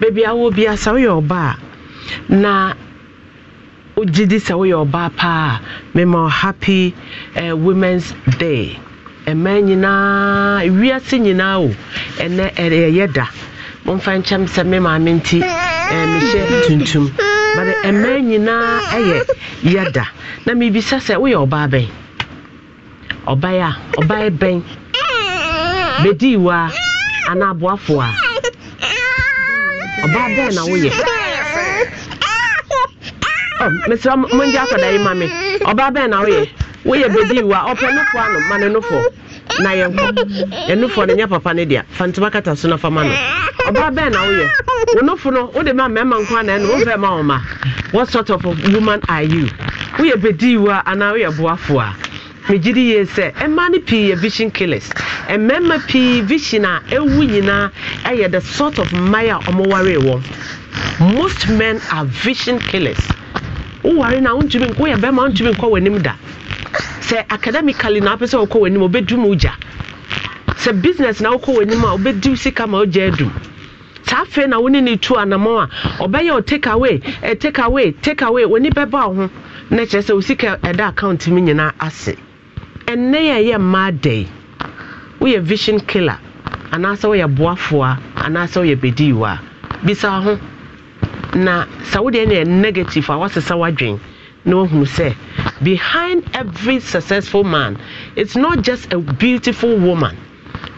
baabi a wɔ biara sɛ woyɛ ɔbaa na wogye di sɛ woyɛ ɔbaa paa mema happy uh, women's day mmaa nyinaa wiase nyinaa o ɛnɛ ɛyɛ da momfa nkyɛm sɛ me maame nti eh, mehyɛ tuntum but mmaa nyinaa ɛyɛ yɛda na miribisa sɛ woyɛ ɔbaa bɛn ɔbae a ɔbae bɛn bɛdii wa anaa a Ọbaa bɛɛ na woyɛ mesrɛ mongye akɔda yi ma me Ọbaa bɛɛ na woyɛ woyɛ bɛdii wa ɔpɛ n'ufu ano ma ne nofo na yɛnkɔ N'ufu no nyɛ papa no dea fa ntoma kata so na fama no Ọbaa bɛɛ na woyɛ wo nofo no wode ma mmarima nko ana ɛno womfɛ ma wo ma what sort of woman are you woyɛ bɛdii wa anaa woyɛ boafoɔ a megye di yie sɛ mmaa no pii yɛ vision killers mmarima pii vision a ewu nyinaa ɛyɛ the sort of mmaayi a wɔware wɔ most men are vision killers woware no a wontumi nkɔ woyɛ bɛrima wontumi nkɔ w'anim da sɛ academically na wopɛ sɛ wokɔ w'anim wobɛdum wogya sɛ business na wokɔ w'anim a wobɛdi sika ma wogya adum saa afei na wone ne tu anammɔ a ɔbɛyɛ o take away eh, take away take away w'ani bɛba wo ho na kyerɛ sɛ wo sika ɛda account mu nyinaa ase ɛnɛ yɛ yɛ mmaa dɛn woyɛ vision killer anaasɛ woyɛ boafoa anaasɛ woyɛ bediiwa bisa ho na sɛ wodeɛ ne yɛ negative a wɔsesa w'adwen na woahunu sɛ behind every successful man it's not just a beautiful woman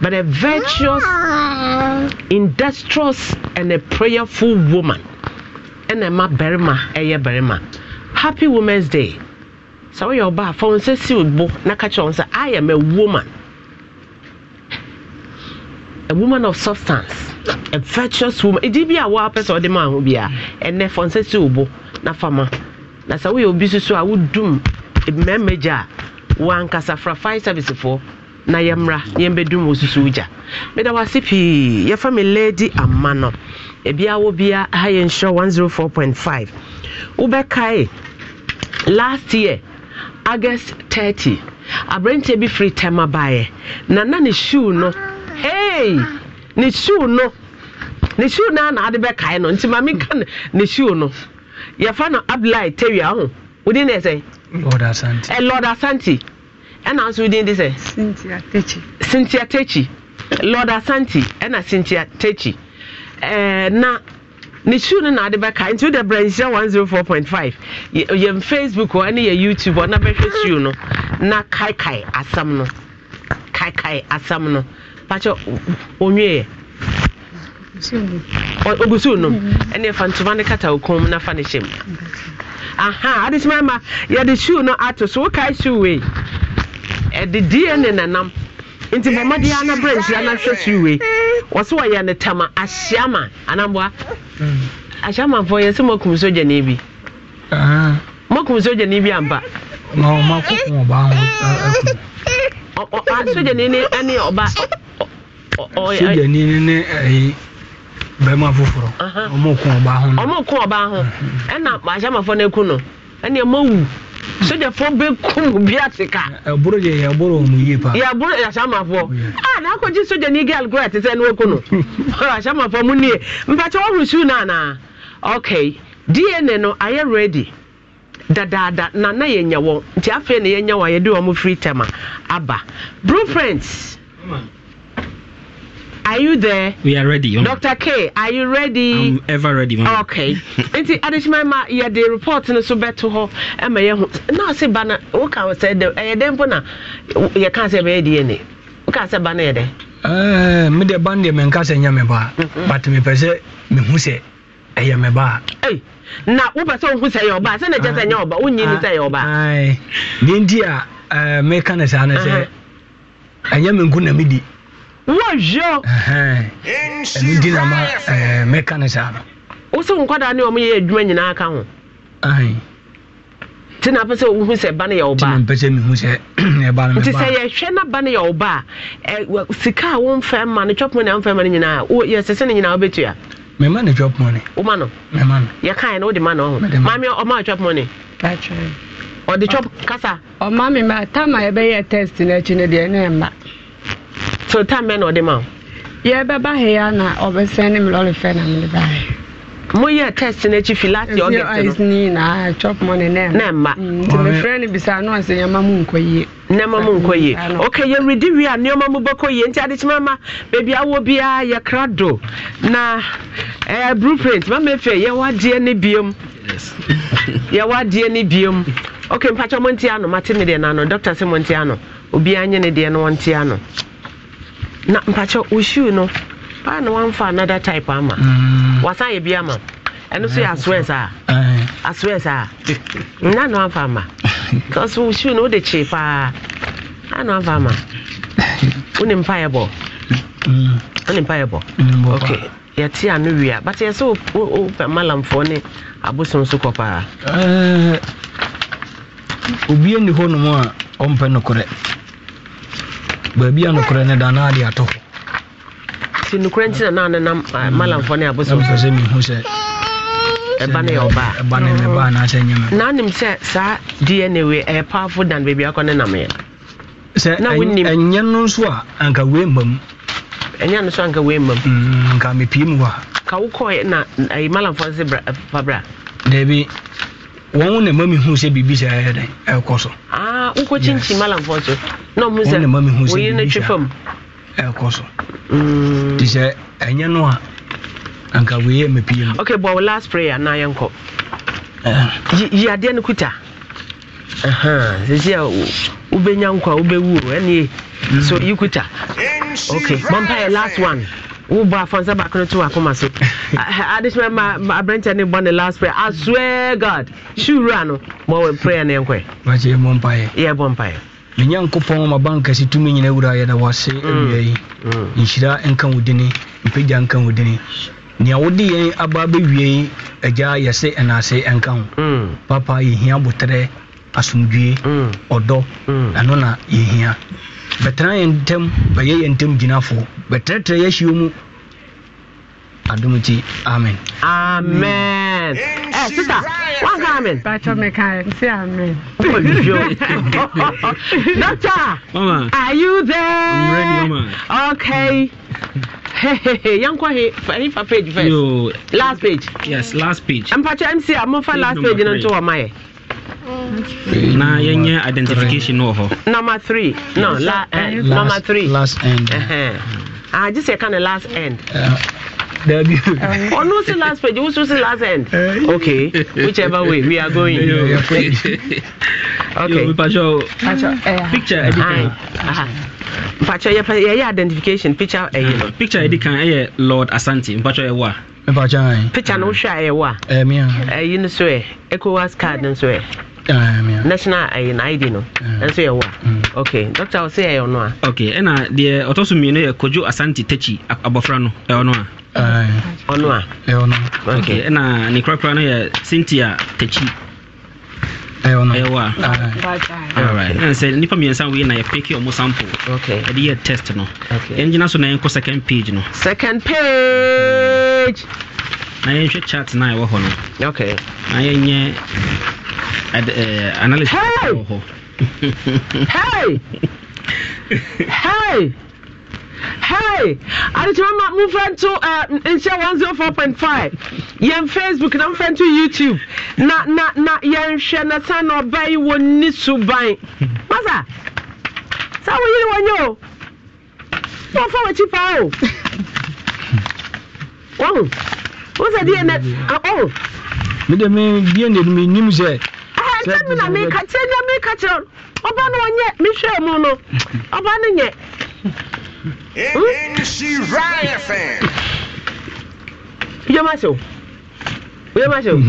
but a virtuous industrious and a prayerful woman ɛna ɛma barima ɛyɛ barima happy women's day sɛ woyɛ ɔbaa fa wo nsa si bo na ka kyerɛ wo sɛ i am a woman a woman of substance a virtuous woman ɛdi bi a woapɛ sɛ ɔde ma ho bia ɛnɛ fa nsa si bo na fama na sɛ woyɛ obi soso a wodum mmarima gya a wankasa fra fire service foɔ na yɛmmra yɛmbɛdum wɔ susu gya meda wase pii yɛfa me lady ama no ebia wɔ bia ha yɛ nhyɛ 104.5 wobɛkae last year august 30 aberanteɛ bi firi tɛm abaeɛ na na ne shoe no hey ne shoe no ne shoe no ana ade bɛkae no nti maame ka ne shoe no yɛfa no abdulai tawia ho wodin ne sɛ eh, lord asante ɛna nso wodin de sɛ cynthia Techi. lord asante ɛna cynthia Techi. eh, na ne shoe no na ade bɛka nti wode brɛnhyira 104.5 yɛm facebook hɔ ne yɛ youtube hɔ na bɛhwɛ shoe no na kaekae asɛm no kaekae asɛm no pakyɛ ɔnweeɛ ogu so nom ɛne ɛfa ntoma no kata wo kɔn na fa no hyɛ mu aha ade kyima ma yɛde shoe no ato so wokae shoe wei ɛde dna nanam nti bɔmmɔde a na berɛ nhyira no hwɛ mm. so wei wɔ se wɔyɛ no tama ahyiama anaboa ahyiamafoɔ yɛ sɛ moakum sogya ne bi moakum sogya ne bi ampa sogya ne ne ne ɔba sogya ne ne ne bɛrima foforɔ ɔmo ko ɔbaa ho ɔmo ko ɔbaa ho ɛna ahyɛmafoɔ no aku no ɛne ɔmawu sojafo bɛ kum bi asika. ɛboro de yɛboro mu yie pa. yɛboro yasamafo ah, a ji soja ni girl go ɛte sɛ ɛnu eko no yasamafo mu nie mpatsɛ ɔhuru su nana ok dna no ayɛ ready dadaada na na yɛ nya wɔn nti afei na yɛ nya wɔn a yɛde wɔn firi tɛma aba blueprints. Mm -hmm. Are you there? We are ready. Um, Dr. K, are you ready? I'm ever ready, ma'am. Okay. Nti adesima ma yɛ de report no so bɛto hɔ ɛma yɛ ho. Na ɔsi ba na woka sɛ de ɛyɛ eh, dɛ mpo na yɛ ka sɛ bɛyɛ deɛ ne. Woka sɛ ba na yɛ dɛ. Ɛɛ mi de ba deɛ mɛ nka sɛ nya mɛ ba. Mm-hmm. But mi pɛ sɛ mi hu sɛ ɛyɛ mɛ ba. Ɛy na wopɛ sɛ ohun sɛ yɛ ɔba sɛ na kyɛ sɛ nya ɔba wonyi ni sɛ yɛ ɔba. Ɛɛ ne nti a ɛɛ eh, mi ka ne sɛ ɛnyɛ mi nku na mi di. wɔhwɛ ɛno nti na ma meka ne saa no wo sɛ wo ne ɔmoyɛ adwuma nyinaa ka ho nti na apɛ sɛ wohu sɛ ba no yɛ wo bapɛ sɛ mehu sɛ nti sɛ yɛhwɛ na ba no yɛ wo ba a sika a womfa ma no twɔpɔ ne amfa ma no nyinaa yɛsɛ sɛ no nyinaa wobɛtua mema ne twɔp ma ɔma ɔde kasa ɔma tama yɛbɛyɛ test no akyi no deɛ ne so time bɛn na ɔde ma o. yɛbɛba ha ya na ɔbɛsɛn ne mlɔre fɛ na mede ba ha moyɛ test no akyi fi last august no chop money ne ne mma nti uh, eh, mefrɛ no bisa no ɔsɛ nyɛma mu nkɔ yie nneɛma mu nkɔ yie ok yɛweredi wie a nneɛma mu bɛkɔ yie nti adekyema ma baabi awɔ biara kra do na eh, blueprint mama efe yɛwɔ adeɛ ne biom yɛwɔ adeɛ ne biom ok mpakyɛ mo ntia no mate me deɛ no ano dɔkta sɛ mo ntia no obiara nye ne deɛ no wɔntia no na mpakyɛ ɔhyiw no paa na wamfa another type ama mm. wasan yɛ bi ama ɛno so yɛ asoɛ saa asoɛ saa nna na wamfa ama kɔso ɔhyiw no wode kye paa a na wamfa ama wone mpayɛ mm. bɔ wone mpayɛ bɔ okay yɛte ano wia but yɛ sɛ wopɛ malamfoɔ ne abosom so kɔ paa eh. obiɛ ni hɔ nom a ɔmpɛ nokorɛ baabi a nokorɛ ne da na ade atɔ hɔ nti na na nenam malamfoɔ ne abosom so sɛ mehu sɛ na anim sɛ saa dna wei powerful dan baabi akɔ ne nam yɛ sɛ ɛnyɛ no nso a anka wei mma mu ɛnyɛ no nso anka wei mma mu nka mepie mu hɔ a ka wokɔɛ mm, mm, na e malamfoɔ nse fa bra daabi wɔn na mami hu sɛ biribi sɛ ɛyɛ dɛn ɛkɔ so. aa ah, nkɔ kyinkyin malam fɔkye na ɔmu sɛ oyi na twi fam. ɛkɔ so. Mm. ti sɛ ɛnyɛ no a anka wei yɛ mɛpie mu. okay bɔ well, last prayer na yɛn kɔ. Eh. yi adeɛ no kuta. sisi a wobɛnya nkwa wobɛwu ɛne so yi kuta. Mm. okay mɔmpa yɛ last one wobɔ afansa baako no to wakoma so adesoma ma aberɛnkyɛ ne bɔ ne last prayer i swear god sewura no ma wɔ prayer ne nkɔɛ wakyɛ yɛbɔ mpaeɛ yɛbɔ mpaeɛ menyankopɔn ma bankɛse tumi nyina wura yɛda wase awia yi nhyira nka wo dini mpagya nka wo dini nea wode yɛn aba bɛwie agya yɛse ɛnaase ɛnka ho papa yɛhia botrɛ asomdwie ɔdɔ ɛno na yɛhia bɛtena yɛn ntam bɛyɛ yɛn ntam gyinafoɔ bɛtrɛtrɛ yɛahyia mu adom nti amen amen ɛ sisa wanka amen bàtɔ mẹka ẹ ṣe amen. doctor are you there. i'm ready mama. okay. yɛnkɔ he Any fa page first. Yo. last page. yes last page. mpatsɛ mc amofa last page no nso wɔ ma yɛ na yɛnyɛ identification wɔ hɔ number three no la, eh, end. number three last end Ah, agye sɛ ɛka ne last end dabi ɔno si last page wusu si last end okay whichever way we are going okay pacho picture ɛdi kan pacho yɛyɛ identification picture ɛyi eh, no picture ɛdi kan ɛyɛ lord asante mpacho ɛwɔ eh, a mepakya picture no wohwɛ mm. a ɛwɔ a ɛyi eh, eh, no so ɛ ecowas card no so ɛ ah, eh, national ɛyɛ na id no ah. ɛnso yɛwɔ a mm. okay doctor ɔsɛ yɛ ɔno a okay ɛna deɛ ɔtɔ so mmienu yɛ kojo asante tachi abɔfra no ɛwɔ no a ah, ɔno a ɛwɔ no okay ɛna ne korakora no yɛ cynthia tachi ɛwɔnsɛ nipa mmiɛnsa wei na yɛpeki ɔmo sample ɛde yɛ test no ɛngyina so na yɛnkɔ second page no second page na yɛnhwɛ chart na ɛwɔ hɔ no na yɛnyɛ eh, analysis wɔ hɔ hey adekyerɛ ma momfa nto nhyɛ 104.5 yɛn facebook na momfa youtube na na na yɛnhwɛ na sa na ɔba yi wɔ ni so ban masa saa woyere wɔnyɛ o na ɔfa w'akyi paa o wɔho wo sɛ deɛ nɛ ɔho mede me bie ne menim sɛ sɛ mi na meka kyerɛ na meka kyerɛ ɔba no ɔnyɛ mehwɛɛ mu no ɔba no nyɛ Ijoma sew. Ijoma sew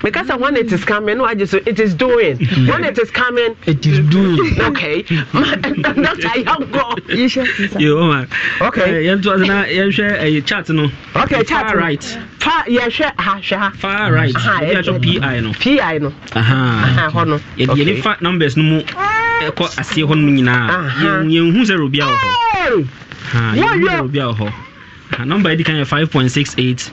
because mm. when it is coming, no, I it is doing. when it is coming, it is doing. Okay, not how you go. You sure? You man. Okay. You to na you share a chat no. Okay, chat. Far right. Far yeah share ha share. Far right. Ah, yeah. PI no. PI no. Aha. Aha. Hono. Yeah, okay. yeah. Fat numbers no mu. Ɛkɔ aseɛ hɔ nom nyinaa yɛnhu sɛ robia wɔ hɔ yɛnhu sɛ robia wɔ hɔ nɔmba ɛdi kan yɛ 5.68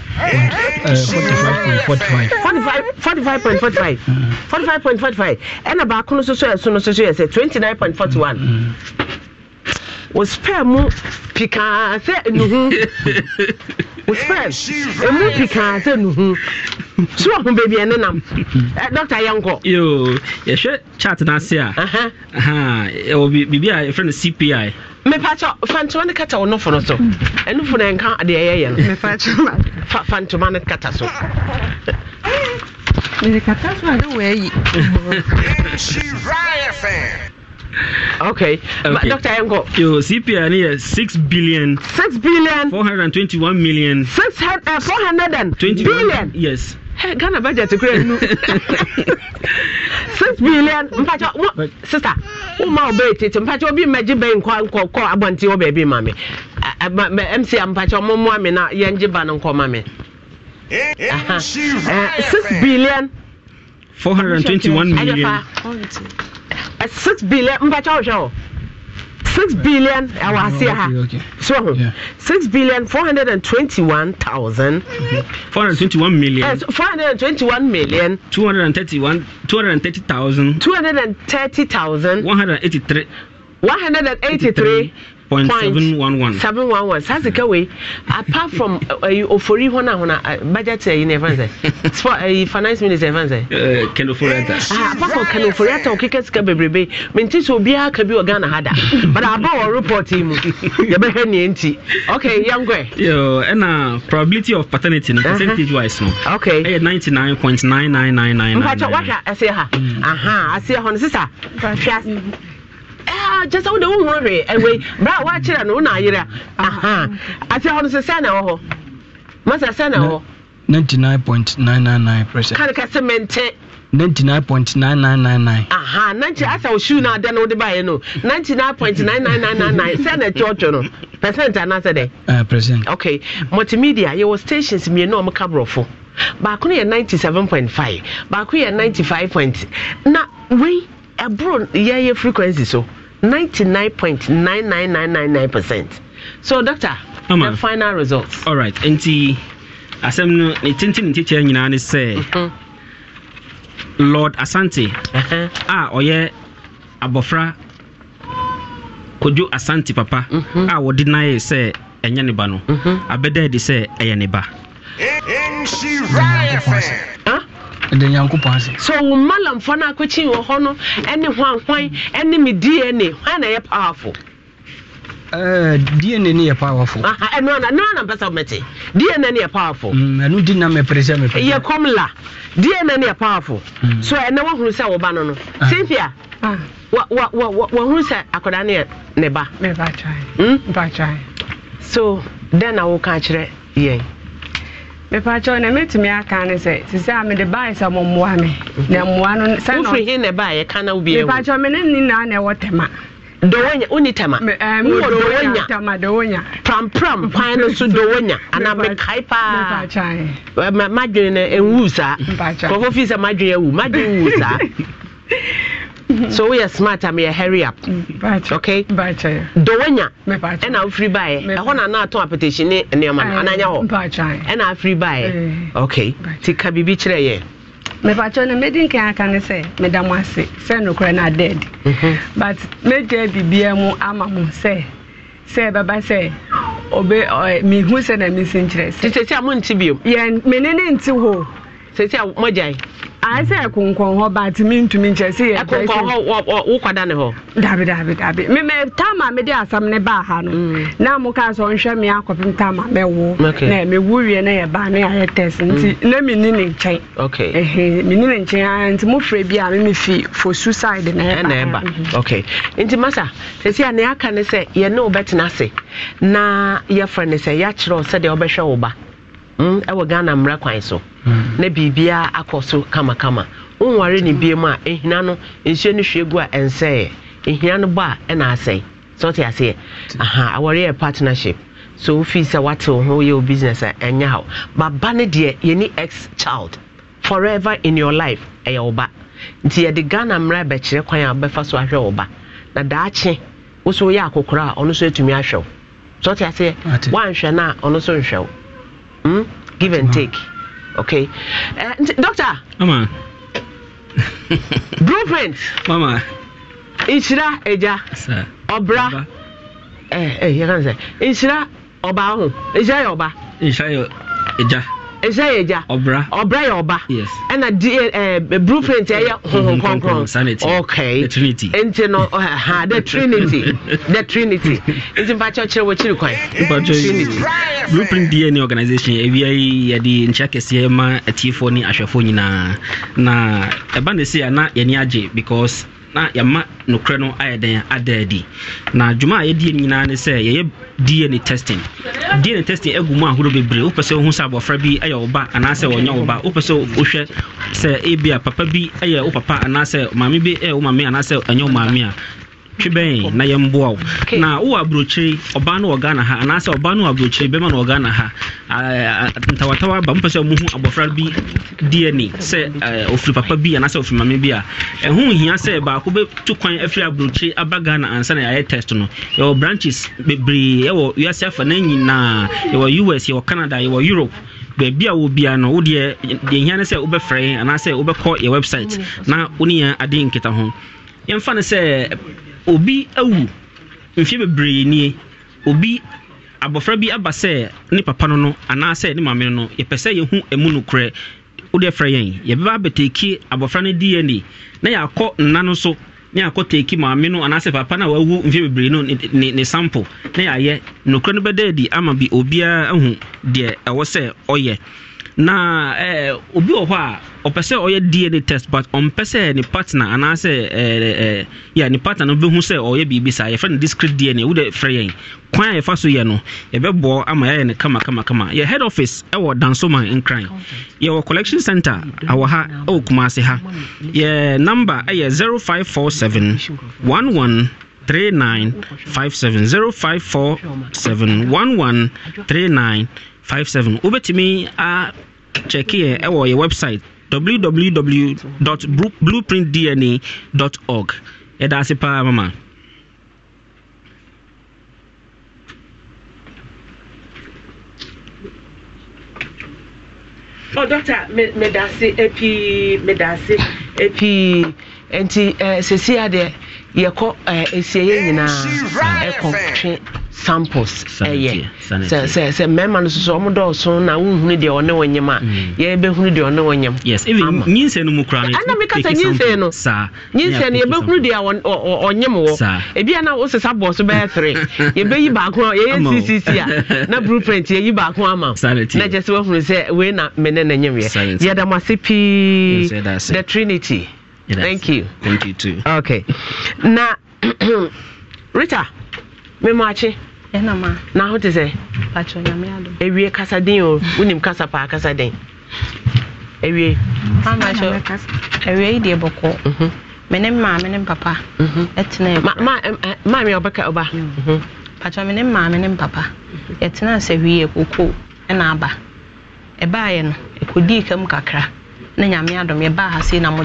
45.45 ɛna baako no soso ɛso no soso yɛ sɛ 29.41 wo spare mu pikaa sɛ nuhu wo spare mu pikaa sɛ nuhu sọ ọhún bèbí ẹni nam ẹ dọkita yẹn nkọ. yoo yẹ hwẹ chat n'ase a ẹwọ biribi a yẹ fẹ no cpi mepakyɛ fa ntoma no kata wo nofo no so ɛnofo no ɛnka adeɛ ɛyɛyɛ no fa ntoma no kata so merekata so ade wɔayi okay, okay. dr yango. yo cpi ni yɛ six billion. six billion. four hundred and twenty-one million. six hundred uh, four hundred and. twenty billion. yes. ghana budget kura nu six billion mpatsɔ mo sista mo ma o bɛyi tete mpatsɔ obi mmɛgye bɛyi nkɔ nkɔ kɔ abɔnten wɔ baabi ma mi mc mpatsɔ mo mu ami na yɛn gye ba no nkɔ ma mi eh, six billion four hundred and twenty one million eh, six billion mpatsɔ ɔhwɛ o. six billion ɛwɔ ase ha so ho six billion four hundred and twenty-one thousand. four hundred twenty-one million. four hundred twenty-one million. two hundred and thirty-one two hundred and thirty thousand. two hundred and thirty thousand. one hundred eighty-three. one hundred and eighty-three point seven one one. seven one one saa sika wei apart from ɛyi eh, eh, ofori hɔn a hɔn a eh, budget ɛyi na ɛfɛn sɛ sport finance minister ɛfɛn sɛ. ɛɛ kɛnɛ ofori ah, apart from kɛnɛ ofori ata okeke sika bebrebe mɛ n ti sɛ obiara ka bi wɔ ghana ha da but aba wɔ report yi mu yɛbɛhwɛ nea nti okay yan kɔ. yoo ɛna probability of paternity na uh-huh. percentage wise no. okay ɛyɛ ninety nine point nine nine nine nine. mpatsɔ wata ɛsɛ ha mm. Aha, aseɛ hɔ no sisan kyɛ sɛ wode wohunu hwee ɛwei berɛ a woakyerɛ no wona ayere a ah. aha ate hɔ oh, no sɛ sɛ na ɛwɔ hɔ masa sɛ na ɛwɔ hɔ 99.999 kane ka sɛ mente 99.9999 aha nanti asa wo shoe na adan wo de baeɛ no 99.9999 sɛ na ɛkyɛ ɔtwe no percent anaasɛ dɛ uh, percent okay multimedia yɛwɔ stations mmienu a ɔmka borɔfo baako no yɛ 97.5 baako yɛ 95. na wei ɛboro yɛyɛ frequency so 99.99999 percent so doctor Mama, the final results all right nti asɛm no ne tenten ne tetiɛ nyinaa ne sɛ mhm. lord asante uh-huh. a ɔyɛ abɔfra kodwo asante papa mm-hmm. a wɔde naeɛ sɛ ɛnyɛ ne ba no mm-hmm. sɛ ɛyɛ ne ba nhyira ɛde nyankopɔn ase so wo malamfoɔ no akɔkyi wɔ hɔ no ɛne hwanhwan ɛne me dna hwan na ɛyɛ powerful eh, dna yɛ powerful no mpɛ sɛ womɛte dna ne yɛ powerful mm, di na mɛpere sɛ mɛpɛ yɛ kɔmla dna ne yɛ powerful mm. so ɛnɛ wahunu sɛ woba no no ah. cynthia ah. wahunu sɛ akwadaa ne yɛ ne ba hmm? so dɛn na woka kyerɛ yɛn mepakyɛw na metumi aka ne sɛ te sɛ a mede bae sɛ mɔmmoa me na mmoa no wofiri he e na ɛbaɛ ka na wobiɛ mepakyɛw me ne na ɛwɔ tɛma eh, oh, dowonya woni tama wowɔ dowonya kwan no so dowonya anaa mekae paa madwene no e ɛnwu saa nkurɔfoɔ fii sɛ madwene awu madwene wu e saa Mm-hmm. so woyɛ smart am yɛ hurry up mm-hmm. okay dowonya ɛna wofiri baeɛ ɛhɔ na na atɔn apetition ne nneɛma no ananya hɔ ɛna afiri baeɛ ok, ti ka biribi kyerɛ yɛ mepatwɛ no mɛdi nkan aka ne sɛ meda mo ase sɛ nokorɛ no adɛadi mm-hmm. but mɛgya biribia mu ama mo sɛ sɛ ɛbɛba sɛ obe mehu sɛ na mesi nkyerɛ sɛ tete a monte bio yɛ mene ne nte hɔ sɛsi a mɔgyae ayɛ sɛ ɛkonkɔn hɔ ba ntumi ntumi nkyɛ sɛ yɛ ɛkonkɔn hɔ wo kwada ne hɔ dabi dabi dabi meme taama mede asam ne baa ha no mm. na mo kaa sɛ ɔnhwɛ me akɔpem taama mɛwo na mewu wie na yɛbaa na yɛayɛ test mm. nti na menni ne nkyɛn menni ne nkyɛn ara nti mofrɛ bi a meme fi fo suicide na ɛba mhm. nti masa sɛsi a ne aka ne sɛ yɛne wobɛtena ase na yɛfrɛ ne sɛ yɛakyerɛ wo sɛdeɛ wobɛhwɛ wo ba Mm, ɛwɔ ghana mmara kwan so mm. na biribiaa akɔ so kamakama woware ne a ɛhina no nsuo no hwe gu a ɛnsɛeɛ ɛhina no bɔ a ɛna asɛe aseɛ aha partnership so wofii sɛ woatew ho woyɛ wo business a ɛnyɛ haw baba no deɛ yɛni ex child forever in your life ɛyɛ wo ba nti yɛde ghana bɛkyerɛ kwan a wobɛfa so ahwɛ na daakye wo so woyɛ akokora a ɔno so atumi ahwɛ wo mm? give and take okay uh, doctor mama blueprint mama nhyira agya ɔbra eh, eh, yɛka sɛ nhyira ɔba ho nhyira yɛ ɔba nhyira yɛ agya ɛhyɛ yɛ gya ɔbra yɛ ɔba ɛna ɛɛ blueprint ɛyɛ honhom kɔnkɔn okay nti no oh, ha the trinity the trinity nti mpa kyerɛ kyerɛ wɔkyiri kwan trinity blueprint deɛ ne organisation ewia eh, yi yɛde nkyɛn kɛseɛ ma atiefoɔ eh, ne ahwɛfoɔ nyinaa na ɛba ne se a na eh, yɛn agye because na yɛma nokorɛ no ayɛ dɛn ada na dwuma a yɛdie no nyinaa ne sɛ yɛyɛ dna testing dna testing agu mu ahoro bebree wopɛ sɛ wohu sɛ abɔfra bi ɛyɛ wo ba anaasɛ wɔnyɛ wo ba wopɛ sɛ wohwɛ sɛ ebia papa bi ɛyɛ wo papa anaasɛ maame bi ɛyɛ wo maame anaasɛ ɛnyɛ wo maame a twe bɛn na yɛmboa wo na wowɔ aburokyiri ɔbaa no wɔ ghana ha anaasɛ ɔbaa no wɔ aburokyiri bɛma no wɔ ghana ha ntawatawa ba mopɛ sɛ mohu abɔfra bi dna sɛ ɔfiri papa bi anaasɛ ɔfiri mame bi a ɛho hia sɛ baako bɛtu kwan afiri aburokyiri aba ghana ansa na yɛayɛ test no yɛwɔ branches bebree yɛwɔ wiase afa na nyinaa yɛwɔ us yɛwɔ canada yɛwɔ europe baabi a wɔbia no wodeɛ deɛ hia ne sɛ wobɛfrɛ yɛn anaasɛ wobɛkɔ yɛ website na wo ne yɛn ade nketa ho yɛmfa no sɛ obi awu mfe bebree nie obi abɔfra bi aba sɛ ne papa no no anaasɛ ne maame no yɛpɛ sɛ yɛhu ɛmu nokorɛ wode frɛ yɛn yɛbɛba abɛteki abɔfra no dna na yɛakɔ nna no so ne akɔ teki maame no anaasɛ papa no a wawu bebree no ne, ne sample na yɛayɛ nokorɛ no bɛda adi ama bi obiara ahu deɛ ɛwɔ sɛ ɔyɛ na eh, obi wɔ hɔ a ɔpɛ sɛ ɔyɛ dna test but ɔmpɛ sɛ ne partner anaasɛ eh, eh, yɛ ne partner no bɛhu sɛ ɔyɛ biribi saa yɛfrɛ no discrete dna wode frɛ yɛn kwan a yɛfa so yɛ no yɛbɛboɔ ama yɛayɛ no kama. yɛ head office ɛwɔ dansoman nkran yɛwɔ collection center awɔ ha ɛwɔ kumase ha yɛ number ɛyɛ 0547 11 3957 0547 11 39 five seven wobɛtumi akyɛke yɛ ɛwɔ yɛ website www blueprint dna org yɛda ase paa mama Oh, doctor, me, me da se epi, me da se epi, enti, eh, se si ade, yɛkɔ ɛsieyɛ eh, nyinaa ɛkɔtwe samples ɛyɛ sɛ sɛ sɛ mmarima no soso ɔmo dɔɔso na wohunu deɛ ɔne wɔ nyɛm a mm. yɛbɛhunu deɛ ɔne wɔ nyɛm. yes even nyinsɛn no mu kura no. ana mi kasa nyinsɛn no nyinsɛn no yɛbɛhunu deɛ ɔnyɛm wɔ ebi ana o sisa bɔɔso bɛyɛ tiri yɛbɛyi baako a yɛyɛ ccc a na blueprint yɛyi baako ama na kyɛ sɛ wɔhunu sɛ wei na mene na nyɛm yɛ yɛdamase pii the trinity. Thank you. Thank you Rita, me na sɛ. ewie kasa den o wunim kasa paa kasa den. ewie. ewie yi deɛ bɔkɔ. Mhm. me maame ne papa. ɛtena mhm. ewu. ma maame eh, ɔbɛka ɔba. patro me maame mm. mhm. ne papa. yɛtena sɛ wie ɛna aba. ɛbaayɛ no kakra. ne nyame yɛbaa ha na mo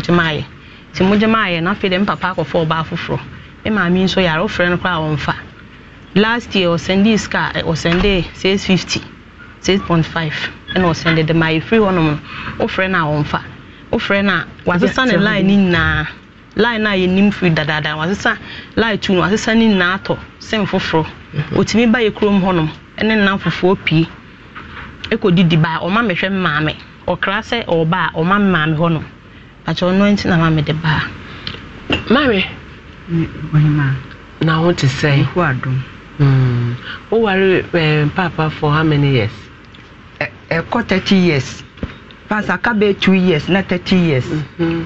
nti mogye ma ayɛ no afei dɛ mpapa akɔfa ɔbaa foforɔ me maame nso yare wofrɛ no koraa ɔmfa last year ɔsɛnde sika ɔsɛnde 650 6.5 ɛna ɔsɛnde de ma ɛfiri hɔ nom no wofrɛ no a ɔmfa wofrɛ no a wasesa ne line ne nyinaa line no a yɛnim firi dadaada wasesa line tu no wasesa ne nyinaa atɔ sɛn foforɔ ɔtumi mhm. ba yɛ kurom hɔnom ɛne nna foforɔ pie ɛkɔdidi baa ɔma mehwɛ me maame ɔkra sɛ ɔba a ɔma me maame hɔnom akyɛ ɔno nti na maame de baa mame na wo te sɛ woware papa for how many years ɛkɔ 30 years pas aka bɛɛ 2 years na 30 years hmm.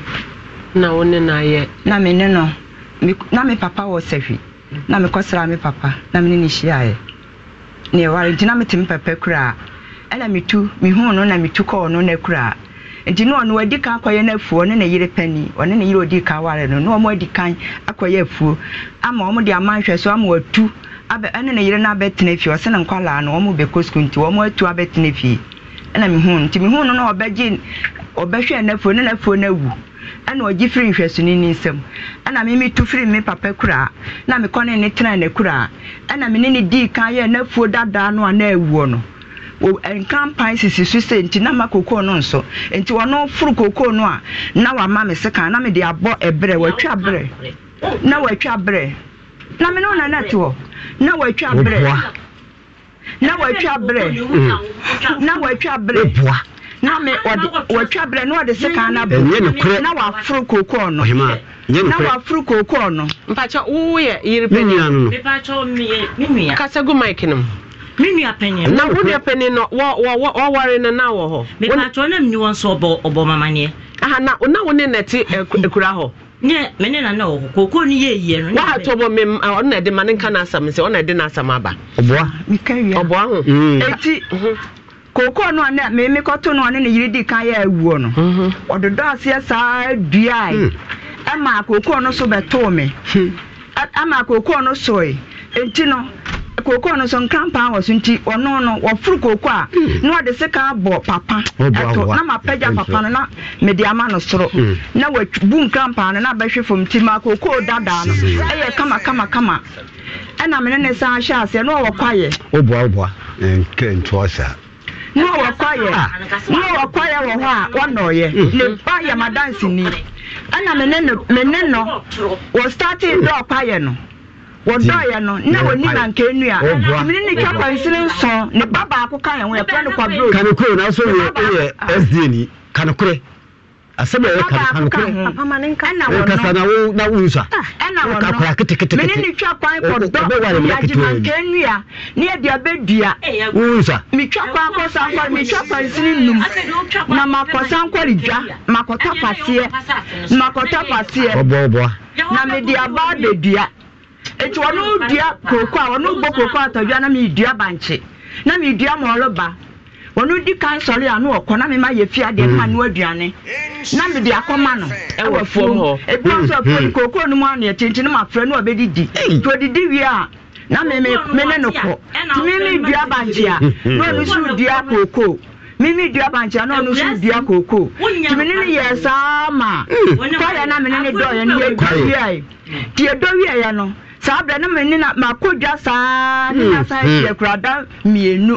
na wo ne no ayɛ na me ne no na me papa wɔ sɛhwi na mekɔsra me papa na mene ne hyiaeɛ ne ɛware nti na mete me papa kura a ɛna metu mehuu no na metu kɔɔ no na kura nti na ɔno adi kan akɔyɛ no afuo ɔne ne yere pani ɔne ne yere odi kan ware no na ɔmo adi kan akɔyɛ afuo ama ɔmo de amanhwɛ so ama watu abɛ ɛne ne yere no abɛtena fie ɔsɛ ne nkwalaa no ɔmo bɛkɔ sukuu nti ɔmo atu abɛtena fie ɛna mihun nti mihun no na ɔbɛgye ɔbɛhwɛ n'afuo ne n'afuo no ɛna ɔgye firi nhwɛsoni ne nsam ɛna mimi tu firi me papa kura na mekɔ ne ne tena ne kura ɛna me ne ne dii kan yɛ n'afuo dadaa no a na awuo no nkampan sisi so sɛ nti na ma kokoo no nso nti wɔn furu kokoo no a na wama me sekan na me de abɔ ɛbrɛ wɔatwa brɛ na wɔatwa brɛ na me no na net wɔ na wɔatwa brɛ na wɔatwa brɛ mm. na wɔatwa brɛ na me wɔatwa brɛ na wɔde sekan na bɔ na wɔaforo kokoo no na wɔaforo kokoo no. mpatsɔ wo yɛ yiri pɛ ni. ne nua no no. kasa gu mic no me nua panyin na wo nua panyin no wɔware no na wɔ hɔ mepatɔ na mni wɔn nso ɔbɔ ɔbɔ aha na na wo ne na eh, eh, hɔ me ne na na wɔ hɔ kookoo yɛ yie no eh, na ɛde ma ne nka ɔno na ɛde na-asam aba ɔboa ɔboa ho mm. eti mhm. kookoo no kɔto no ne yiri di kan yɛ no mhm. aseɛ saa dua yi mm. ɛma kookoo no so kookoo no nso nkrampa wɔ so nti ɔno no wɔforo kookoo a hmm. na wɔde sika abɔ papa ato na mapagya papa no na mede ama no soro hmm. na wabu nkrampa no na abɛhwe fam nti ma kookoo dadaa no ɛyɛ kama kama kama ɛna mene ne san hyɛ aseɛ na ɔwɔ kwayɛ woboa woboa nkɛ ntoa saa na ɔwɔ kwayɛ ah. na ɔwɔ kwayɛ wɔ hɔ a wɔnɔɔyɛ hmm. ne ba yɛ madanseni ɛna mene no mene no wɔ starting dɛ ɔkwayɛ no wɔdɔɔyɛ no na wɔni nanka nu a tumi ne ka kwansini nson ne ba baako ka yɛn ho yɛfrɛ no kwaburo. kanokoro n'aso yɛ eyɛ sda ni kanokoro asɛm yɛ kanokoro ɛna wɔn kasa na wo na wo nsa ɛna wɔn no mene ne twa kwan kɔ dɔ yagye nanka nu a ne yɛ deɛ bɛdua wo nsa metwa kwan kɔ san kɔ metwa kwansini num na makɔ kɔ ne dwa makɔta paseɛ makɔta paseɛ na mede aba abɛdua. nti ɔno dua kuroko a ɔno bɔ kuroko atɔdwa na mi dua bankye na mi dua mɔlɔba ɔno di kan sɔre a no ɔkɔ na mi ma yɛ fi adeɛ ma mm. no aduane na mi de akɔma no ɛwɔ fom ebi wɔn nso ɛfɔ mm, mm. kuroko no mu ano yɛ tenten ma fɛ no ɔbɛdi di nti ɔdidi wie a na mi mi ne no kɔ ti mi mi dua bankye a na ɔno nso dua kuroko mímí dua bankyia náà ọ̀nà sùn dua kòkó tìmínì ni yẹ sáà mà kọ́lẹ̀ náà mi ní ni dọ́ọ̀yẹ ni yẹ dọ́ọ̀yẹ tiẹ̀ dọ́ọ̀yẹ yẹ no saa abirɛ ne ma ni na ma ko dwa saa ne hmm, na saa yɛ hmm. da mmienu.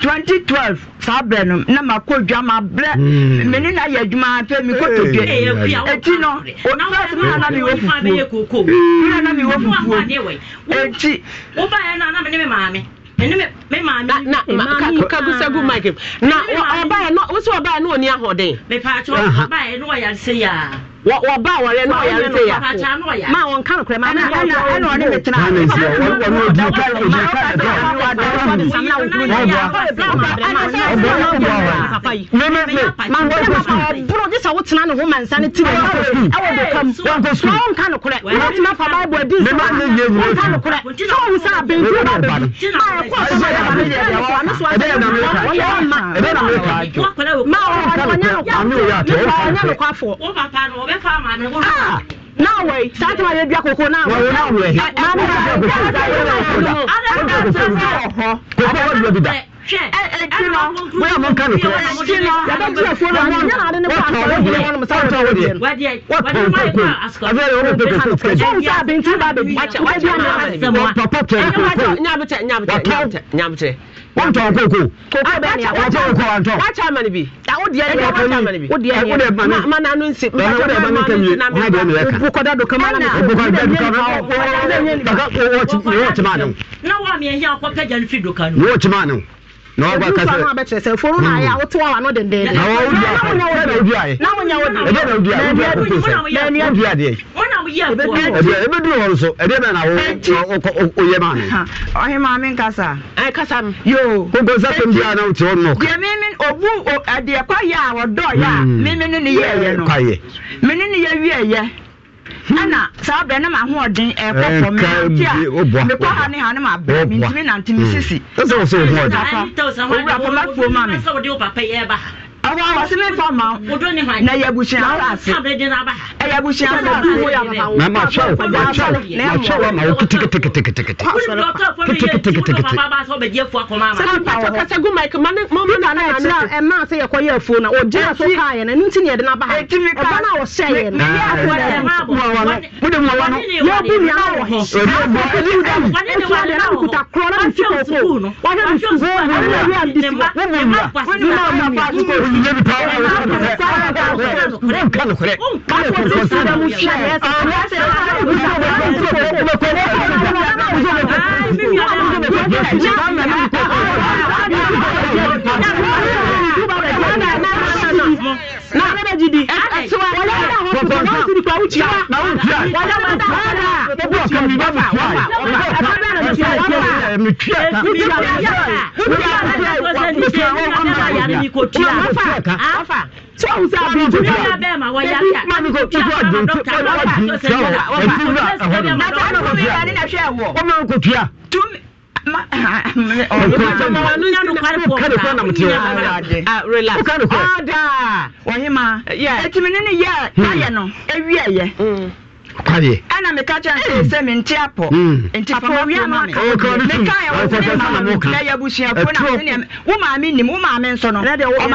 twenty twelve saa bẹrẹ no na ma kó dwa ma brẹ hmm. mẹni na yẹ adwuma fẹ mi kó tó dwe eti no omi fẹsi mi na mi wo fufuo mi na mi hmm. wo fufuo eti. wọ́n bá yẹn náà mi ní mi maame kabusagu mike na ɔbaɛ no wosi ɔbaɛ no oni ahoɔden. mepaakyɛ ɔbaɛ no ɔyare sɛ yaa wọba awọre náà yàrá ṣe máa wọn kánò kúrẹ́ máa náà yàrá ẹnà ọ̀nà mi tẹ̀lé àwọn ọ̀nà ọ̀dà ọ̀dà ọ̀dà ọ̀dà ọ̀dà ọ̀dà ọ̀dà ọ̀dà ọ̀dà ọ̀dà now wait start my baby koko now wait now wait mama koko koko bi da wọ́n mọ̀ nǹkan nìkan yàtọ̀ tí a fọ́nà mọ́ wọ́n tọ̀ wọ́n jẹ́ wọ́n sáré tọ̀ wọ́n jẹ́ wọ́n tọ̀ wọ́n kókó àbẹ́ rẹ̀ wọ́n pèpè tó kẹ́jì. wọ́n sá bìntín bá bèbí wọ́n pàpà tẹ̀ kókó wọ́n tọ̀ wọn tọ koko. koko bẹẹ ni a wọn tọ koko wọn tọ. wọn tọ mẹni bi. awo diẹ ni ẹ wọn o diẹ o de ma nu kẹmi ye o de mi yẹ kan. do kama na mi. o do kama na mi. o ti ma ne. do kanu na ɔba kasɛ ɛbi nsɛm abɛkyerɛ sɛ foro na ayɛ a wote wawa no dendenden na wɔn wudi ayɛ na wɔn wudi ayɛ na wɔn wudi ayɛ na wɔn wudi ayɛ na wɔn wudi ayɛ ebedu wɔn so ɛdi bɛ na wo oyɛ maa mi. ɔhe maa mi nkasa. ɛɛ kasa mi. yoo koko sasɛm bi a na ti wɔn nɔ. diɛ mi mi obu ɛdiɛ kɔ yɛ a wɔdɔ yɛ a hmm. mi mi ni ni yɛ yɛ no mi ni ni yɛ wi yɛ ɛna saa bɛn ne ma ho ɔden ɛkɔ fɔm nanti a mekɔ ha ne ha ne ma bɛn mintimi nante mi sisi owura pɔma kuo ma mi awo awo sini fa ma na yɛ busua alaase ɛyɛ busua alaase na ma kyɛw ma kyɛw ma kyɛw ama wo kitikitikitikitikiti kitikitikitikitikiti sɛbi pàtó kasa gu maik ma ne mo mo na ne kyerɛ ɛmaa sɛ yɛkɔ yɛ afuo na ɔgye yɛ so kaa yɛ na ne ti ne yɛde n'aba ha ɔba na ɔhyɛ yɛ na mo de mu awa no yɛ bu nua wɔ he ɛfɛ ɛbu da mu ɛfɛ ɛdi na mu kuta korɔ na mu ti kɔkɔ wɔhɛ mu sukuu wɔhɛ mu yɛ mu di sukuu wɔhɛ mu yɛ mu di sukuu yíyé bi taa awo nka no korɛ nka kɔnfɔnsi na ɛtiwa wɔyɛ ɛda hɔ tutu n'o siri kɔ awo tia wɔyɛ wɔda wɔda ebi ɔkɛ mi bɛ mi tia yi ɛfɛ bɛ na mi tia yi wɔfa mi tia mi tia mi tia mi tia mi tia mi tia mi tia mi tia mi tia mi tia mi tí o sá bí ju yà ẹbí mami ko tutu ọdún tí o lọ di tí o ẹbí wúlò ẹhọdún. ọmọ nkotuya ɔhema ɛtumi ne ne yɛ ayɛ no ɛwiɛyɛ kwadeɛ. ɛna meka kyerɛ sɛ sɛ mente apɔ nti papawia no akameka ɛwɔ sɛ ne maame na yɛ abusuafo na sɛneɛ wo maame nim wo maame nso no ɔbaa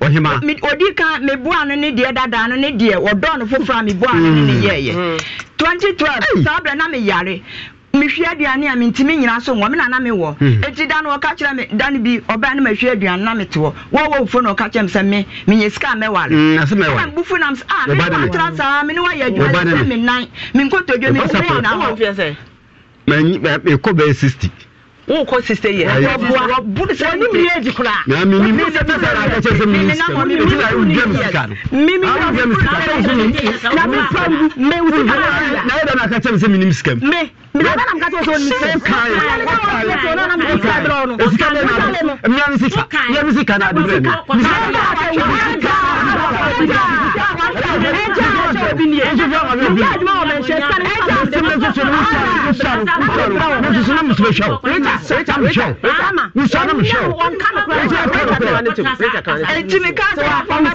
ɔhema odi me mebua no ne deɛ dadaa no ne deɛ ɔdɔɔ no foforɔ a mebua no ne ne mm. yɛɛyɛ 2012 mm. saa berɛ na meyare mehwɛ aduane a mentumi nyina so wɔ me na na mewɔ ɛti mm. da no wɔka kyerɛ me da no bi ɔbaa no mahwɛ aduane na mete hɔ no ɔka kyerɛ me sɛ me menyɛ sika a mɛware mbufu nam ah, sɛ a mewatra saa mene wayɛ adwuma sɛ me nan menkɔtɔdwo mekɔ bɛɛ 60 wokɔ sista yɛ wɔne mmiri agi koraammenim sikam sika na adebrɛ asɛm na nsoso no wosare wosare nansoso na mesɛ bɛhwɛ wo mehyɛ wo wosa na mehyɛ wo nti meka sɛmene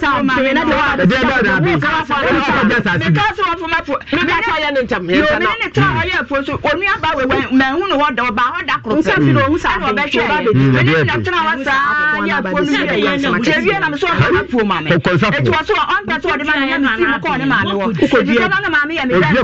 ta ɔyɛ afuo so ɔnua ba wɛ mahu no hɔ da ɔba hɔ da korɔpɛne ɔbɛhwɛ mene tena hɔ saa ne afuo no yɛwie nam sɛ ɔda afuo ma me ɛti wɔ so ɔmpɛ sɛ ɔde ma ne yɛ mesii mu kɔɔ ne maame hɔ ɛti sɛ na ne maame yɛ medɛ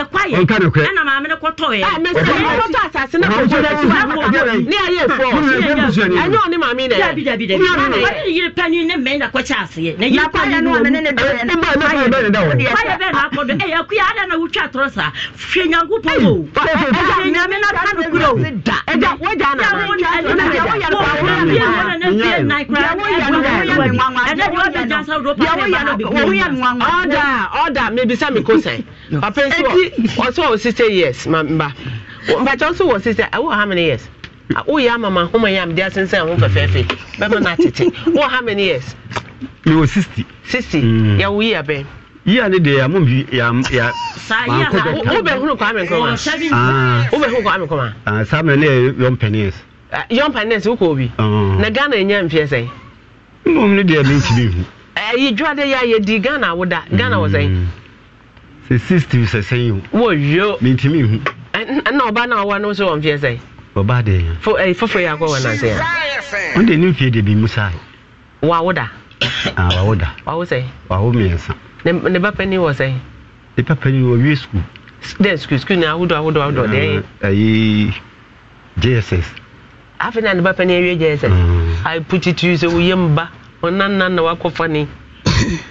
yɛ kwaye ɛna maame ne kɔtɔ yɛ ɛkɔtɔ asase ne kɔtɔ yɛ ne a yɛ fɔ ɛnyɛ ɔne maame na yɛ yiri panyin ne mɛ na kɔkyɛ aseɛ na yiri panyin no ɔne ne bɛ ne bɛ ne bɛ ne da wɔ kwaye bɛ na akɔdɔ ɛyɛ kuya ada na wotwa atɔrɔ sa hwɛ nyanko pɔn o ɛyɛ nyame na pa no kuro ɛda wagya na ɛda ɔda mebisa me ko sɛ papa nsi wɔ also wɔ sixty years ma mba mpakyɛ also wɔ sixty ɛwɔ how many years uh, woyɛ ama ma ahoma fɛfɛɛfɛ bɛma wɔ how many years sixty sixty yi yíyá de yamu bi yam ya. saa yíyá sa o bɛ hun kwame nkɔma o bɛ kwame ne ye o k'o bi. na ghana enya nfiɛ sɛ. n de yɛ ti bi hu. ɛɛ ghana ghana wɔ sɛ. Eh? Mm. system sɛsɛ yi o. wò yio. mintimi hu. ɛnna ɔbaa náà wà n'oṣù wọn fi ɛsɛ. ɔbaa de yẹn. fo ɛyi eh, foforɔ yà kó wọn n'ase yà. wọn de ni nfiye de bi musa. wàwó da. aa ah, wàwó da. wàwó sɛ. wàwó mìɛnsa. ne ne ba pɛ ni wɔ sɛ. ne ba pɛ ni wɔ wiye sukuu. den sukuu sukuu ni ahodoɔ ahodoɔ ahodoɔ dɛ. ɛyi ah, jss. afei na ne ba pɛ ni ɛwiɛ jss. ayi ah. puti tu sɛ wòye mba ɔnan nan na wakɔ fani.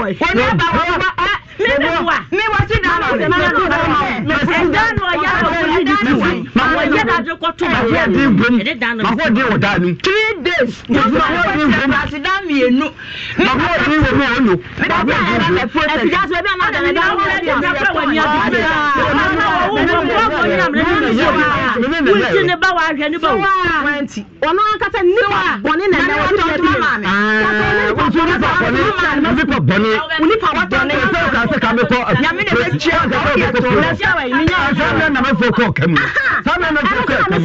oni aba wa wa ɛ ne ne wa ne wa ti three days nu saa na na jẹ kẹ ẹkọ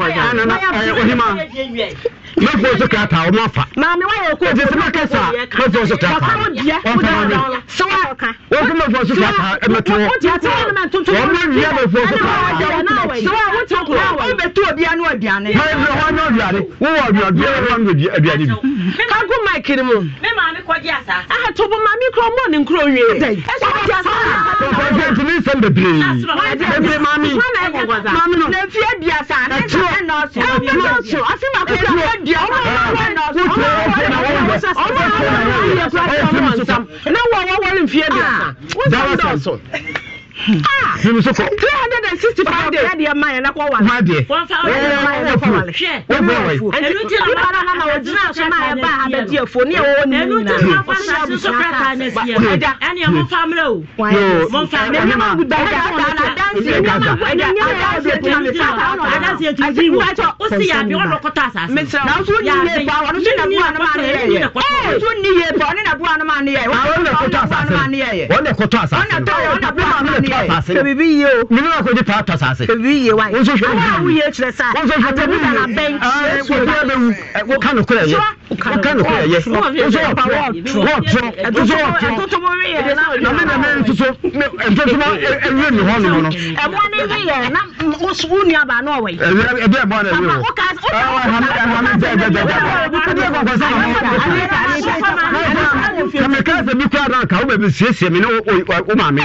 mi. ẹ ẹ ohima mɛfo so krataa ɔmo afa maame wayɛ okun ɛti sɛ mɛka sa mɛfo so krataa ɔmfa na ɔmo sɛ wa wɔn mɛfo so krataa ɛmɛto wɔn mo wia mɛfo so krataa sɛ wa wɔn tɛ kura wɔn bɛ to obiara ne aduane wɔn bɛ wɔn ne aduane wɔn wɔ aduane wɔn wɔn bɛ aduane bi kanko maiki ni mu ahato bɔ maame kura ɔmo ne nkura owie ɛsɛ wɔn ti asa ntumi nsɛm bebree bebree maame maame no na efie biasa ne nsa ɛna ɔso ɛna ɔso ɔsi ma ko ɛna ɔso deɛ ɔmo ɔmo na ɔmo ɔmo na ɔmo na ɔmo yɛ kura kura ɔmo nsam na wɔn wɔwɔre mfie deɛ ɔmo nsam dɔɔso mímu so three hundred and sixty five days. wọ́n deɛ ma yẹn nakɔ wale. wọ́n deɛ wọ́n deɛ ma yẹn nakɔ wale. hwɛ wọ́n bɛ wale. ɛnu ti na ma na na o gyina so na yɛ ba abɛdi efo ni ewo ni nyina. ɛnu ti na ma fa na soso kura ta ne si yɛ. ɛda ɛni ɛmu famire o. ɛmu famire. ɛni ɛmu guda ɛda ɛda ɛda dansi ɛda ɛda ɛda ɛda ɛda ɛda ɛda ɛda ɛda o si yabi ɔlɔ kɔtɔ asase. na o tun ni ye pa wa o tun na bu anuma ni yɛ yɛ o tun ni ye pa o ni na bu anuma ni yɛ yɛ o ni na kɔtɔ asase. o ni na kɔtɔ asase. o na tɔ yɛ o na bu anuma ni yɛ tɔ asase no bibi yie o nínú náà kò di tɔ asase bibi yie wa o sɔsɔ ewu awo yie kyerɛ sa atabi da na bɛn yie sɔ yie wo kanu kura yɛ wo kanu kura yɛ o sɔ wɔ tɔ wɔ tɔ o sɔ wɔ tɔ na mi na mi ntoso ntoso ma ewie mi hɔ nomu no. ɛbɔ ni wi yɛ na o sugu ni aba n'o wɛ. ɛbi ɛbi ɛbɔ na ewie o. papa o ka o ka o ka ɛhami jɛ jɛ jɛ jɛ ɛbi ɛbɔ kɔsɛn na mi kɛsɛ bi kura dan kan o bɛ bi siesie mi ni o maame.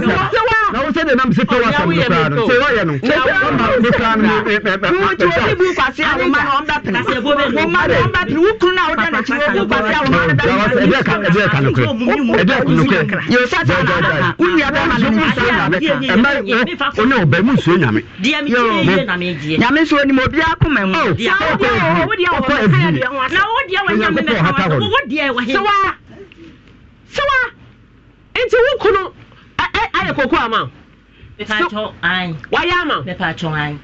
na wo sɛdeɛ nam sɛ fɛ wasɛm no koraa no sɛ wɔyɛ no ɔma no koraa noɛdɛka nokorɛ ɔne ɔba mu nsuo nyame nyame nso onim obiaa koma mu sɛ wa nti wo kunu ayɛ koko ama. wayɛ ama.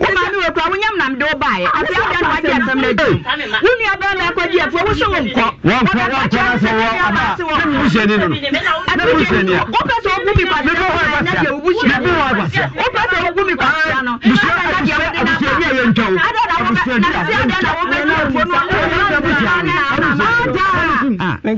woma ne wɔkura wonyam nam de wo baeɛ afei woda na wagye asɛm no adi wo nua bɛɛ ma ɛkɔgye afuɔ wo sɛ wonkɔ wopɛ sɛ wogu mi kwasianyɛ deɛ wobu hyia wopɛ sɛ wogu mi kwasia no ɛda na wobɛnya afuo no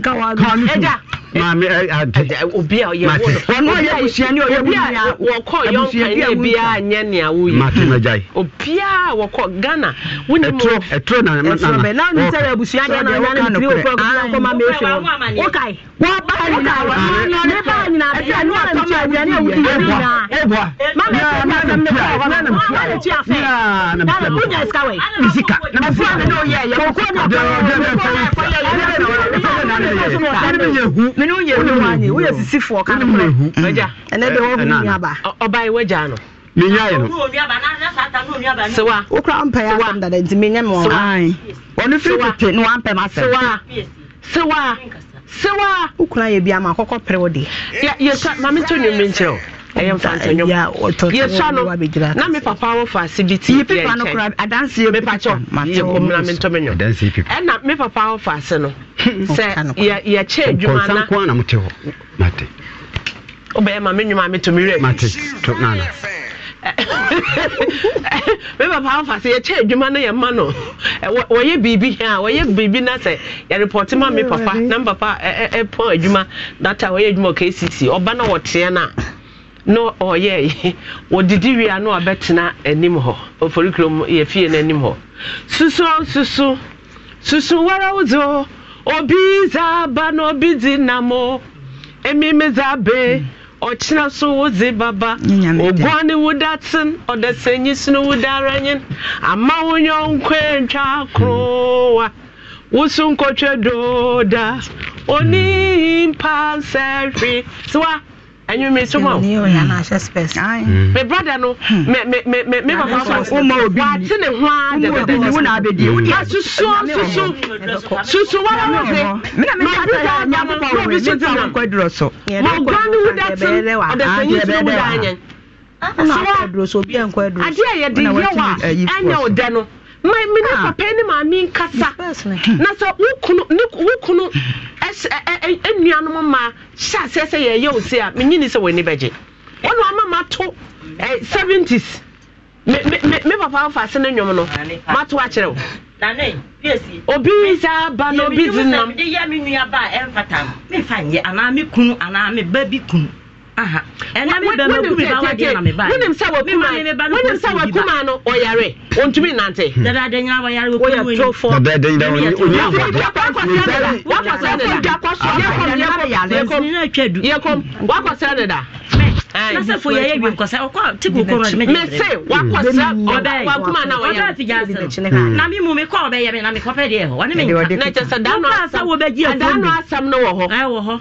wagya maame ade obi a ɔyɛ wɔn no ɔyɛ busuani ɔyɛ busuani wɔkɔ yɔnkɛlɛ biara nyɛ nea woyi mate na gyae obiara wɔkɔ Ghana wuni mu ɛturo ɛturo na na na ɛturo na ɔno sɛ busuani na ɔno kan nukuri ɔkɔ ɔkɔ ma ma efi wɔn wɔkae wɔba wɔkae ne ba nyina bi a ne wa tɔmɔ aduane a wudi yɛ nyinaa ebua mama efi ɛna nam ne kura wa nam kura ne tia fɛ dala ko nya sika wɛ misika na ma fi ɛna ne oyɛ yɛ koko na kɔ yɛ kɔ yɛ kɔ yɛ yɛ yɛ yɛ yɛ yɛ yɛ yɛ yɛ yɛ yɛ me no yɛ no wanye wo yɛ sisi fo ka no mra wagya ɛnɛ de wo hu aba ɔba yi wagya no me nya yɛ no so wa wo kra ampa ya sam da da nti me nya me wo ai ɔno fi tete no ampa ma sɛ wa sɛ wa sɛ wa wo kra yɛ bi ama kɔkɔ pere wo de yɛ yɛ sa ma me to ne me nkyerɛ ɛyɛ Ya mm, eh, oh, no na me papa wɔ fa ase bi me papa wɔ fa no sɛ yɛkyɛ adwuma na wobɛyɛ ma me nwuma metumi werɛ me papa wɔ fa yɛkyɛ adwuma no yɛma no wɔyɛ biribi a wɔyɛ biribi na sɛ yɛrepɔte ma me papa na me papa ɛpɔn adwuma data wɔyɛ adwuma ɔkɛsisi ɔba na wɔteɛ no a na ɔyɛe wɔdidi wia na ɔbɛtena anim hɔ ɔforikurom yɛfie no oh, anim hɔ oh, susu susu susu wara wo obi za ba na obi di nam o emimi za be ɔkyena hmm. so wo ze baba oguane wo daten ɔdasanyi sino wo daranyen ama wo nyɔnko ntwa korowa wo so nkɔtwɛ dooda onimpa nsɛ hwe sewa ɛnwumi soma o hmm. Hmm. me brada no hmm. me me me me me papa wa ate ne ho a dɛdɛdɛ asusu susu susu wala wo fe ma bi da ma mo na obi so tena ma gba ne wu da ten ɔdɛsɛnyi so wu da anyɛ adeɛ a yɛde yɛ wa ɛnyɛ uh, o dɛ no my me ne ah. papa ne maame nkasa na sɛ wo kunu ne wo kunu enuanom ma hyɛ aseɛ sɛ yɛyɛ o se a menyi ni sɛ wɔn ani bɛgye wɔn ama ma to seventies me me me papa afa ase ne nnwom no ma to akyerɛ o. obi saa ba na obi di nam. yɛ mi nua ba ɛnfata mi fa nyɛ anaa mi kunu anaa mi ba bi kunu aha ɛnna mi bɛn mɛ kumi ba wadeɛ na mi ba yi wunim sɛ wakuma wunim sɛ wakuma no ɔyare ontumi nante. dada de nyina wɔyare wɔkɔ wɔn yi dada de nyina wɔn yi onye ahɔ dɛ wakɔsɛ dada wakɔsɛ dada yɛkɔm yɛkɔm yɛkɔm wakɔsɛ dada. nasa fo yɛ yɛ bi nkɔsɛ ɔkɔ ti ko kɔrɔ ni mɛ se wakɔsɛ ɔda wakuma na ɔyare ɔda ti gya sɛ na mi mu mi kɔ ɔbɛ yɛ mi na mi kɔpɛ deɛ hɔ wani mi nka na kyɛ sɛ dan nɔ asam no wɔ hɔ.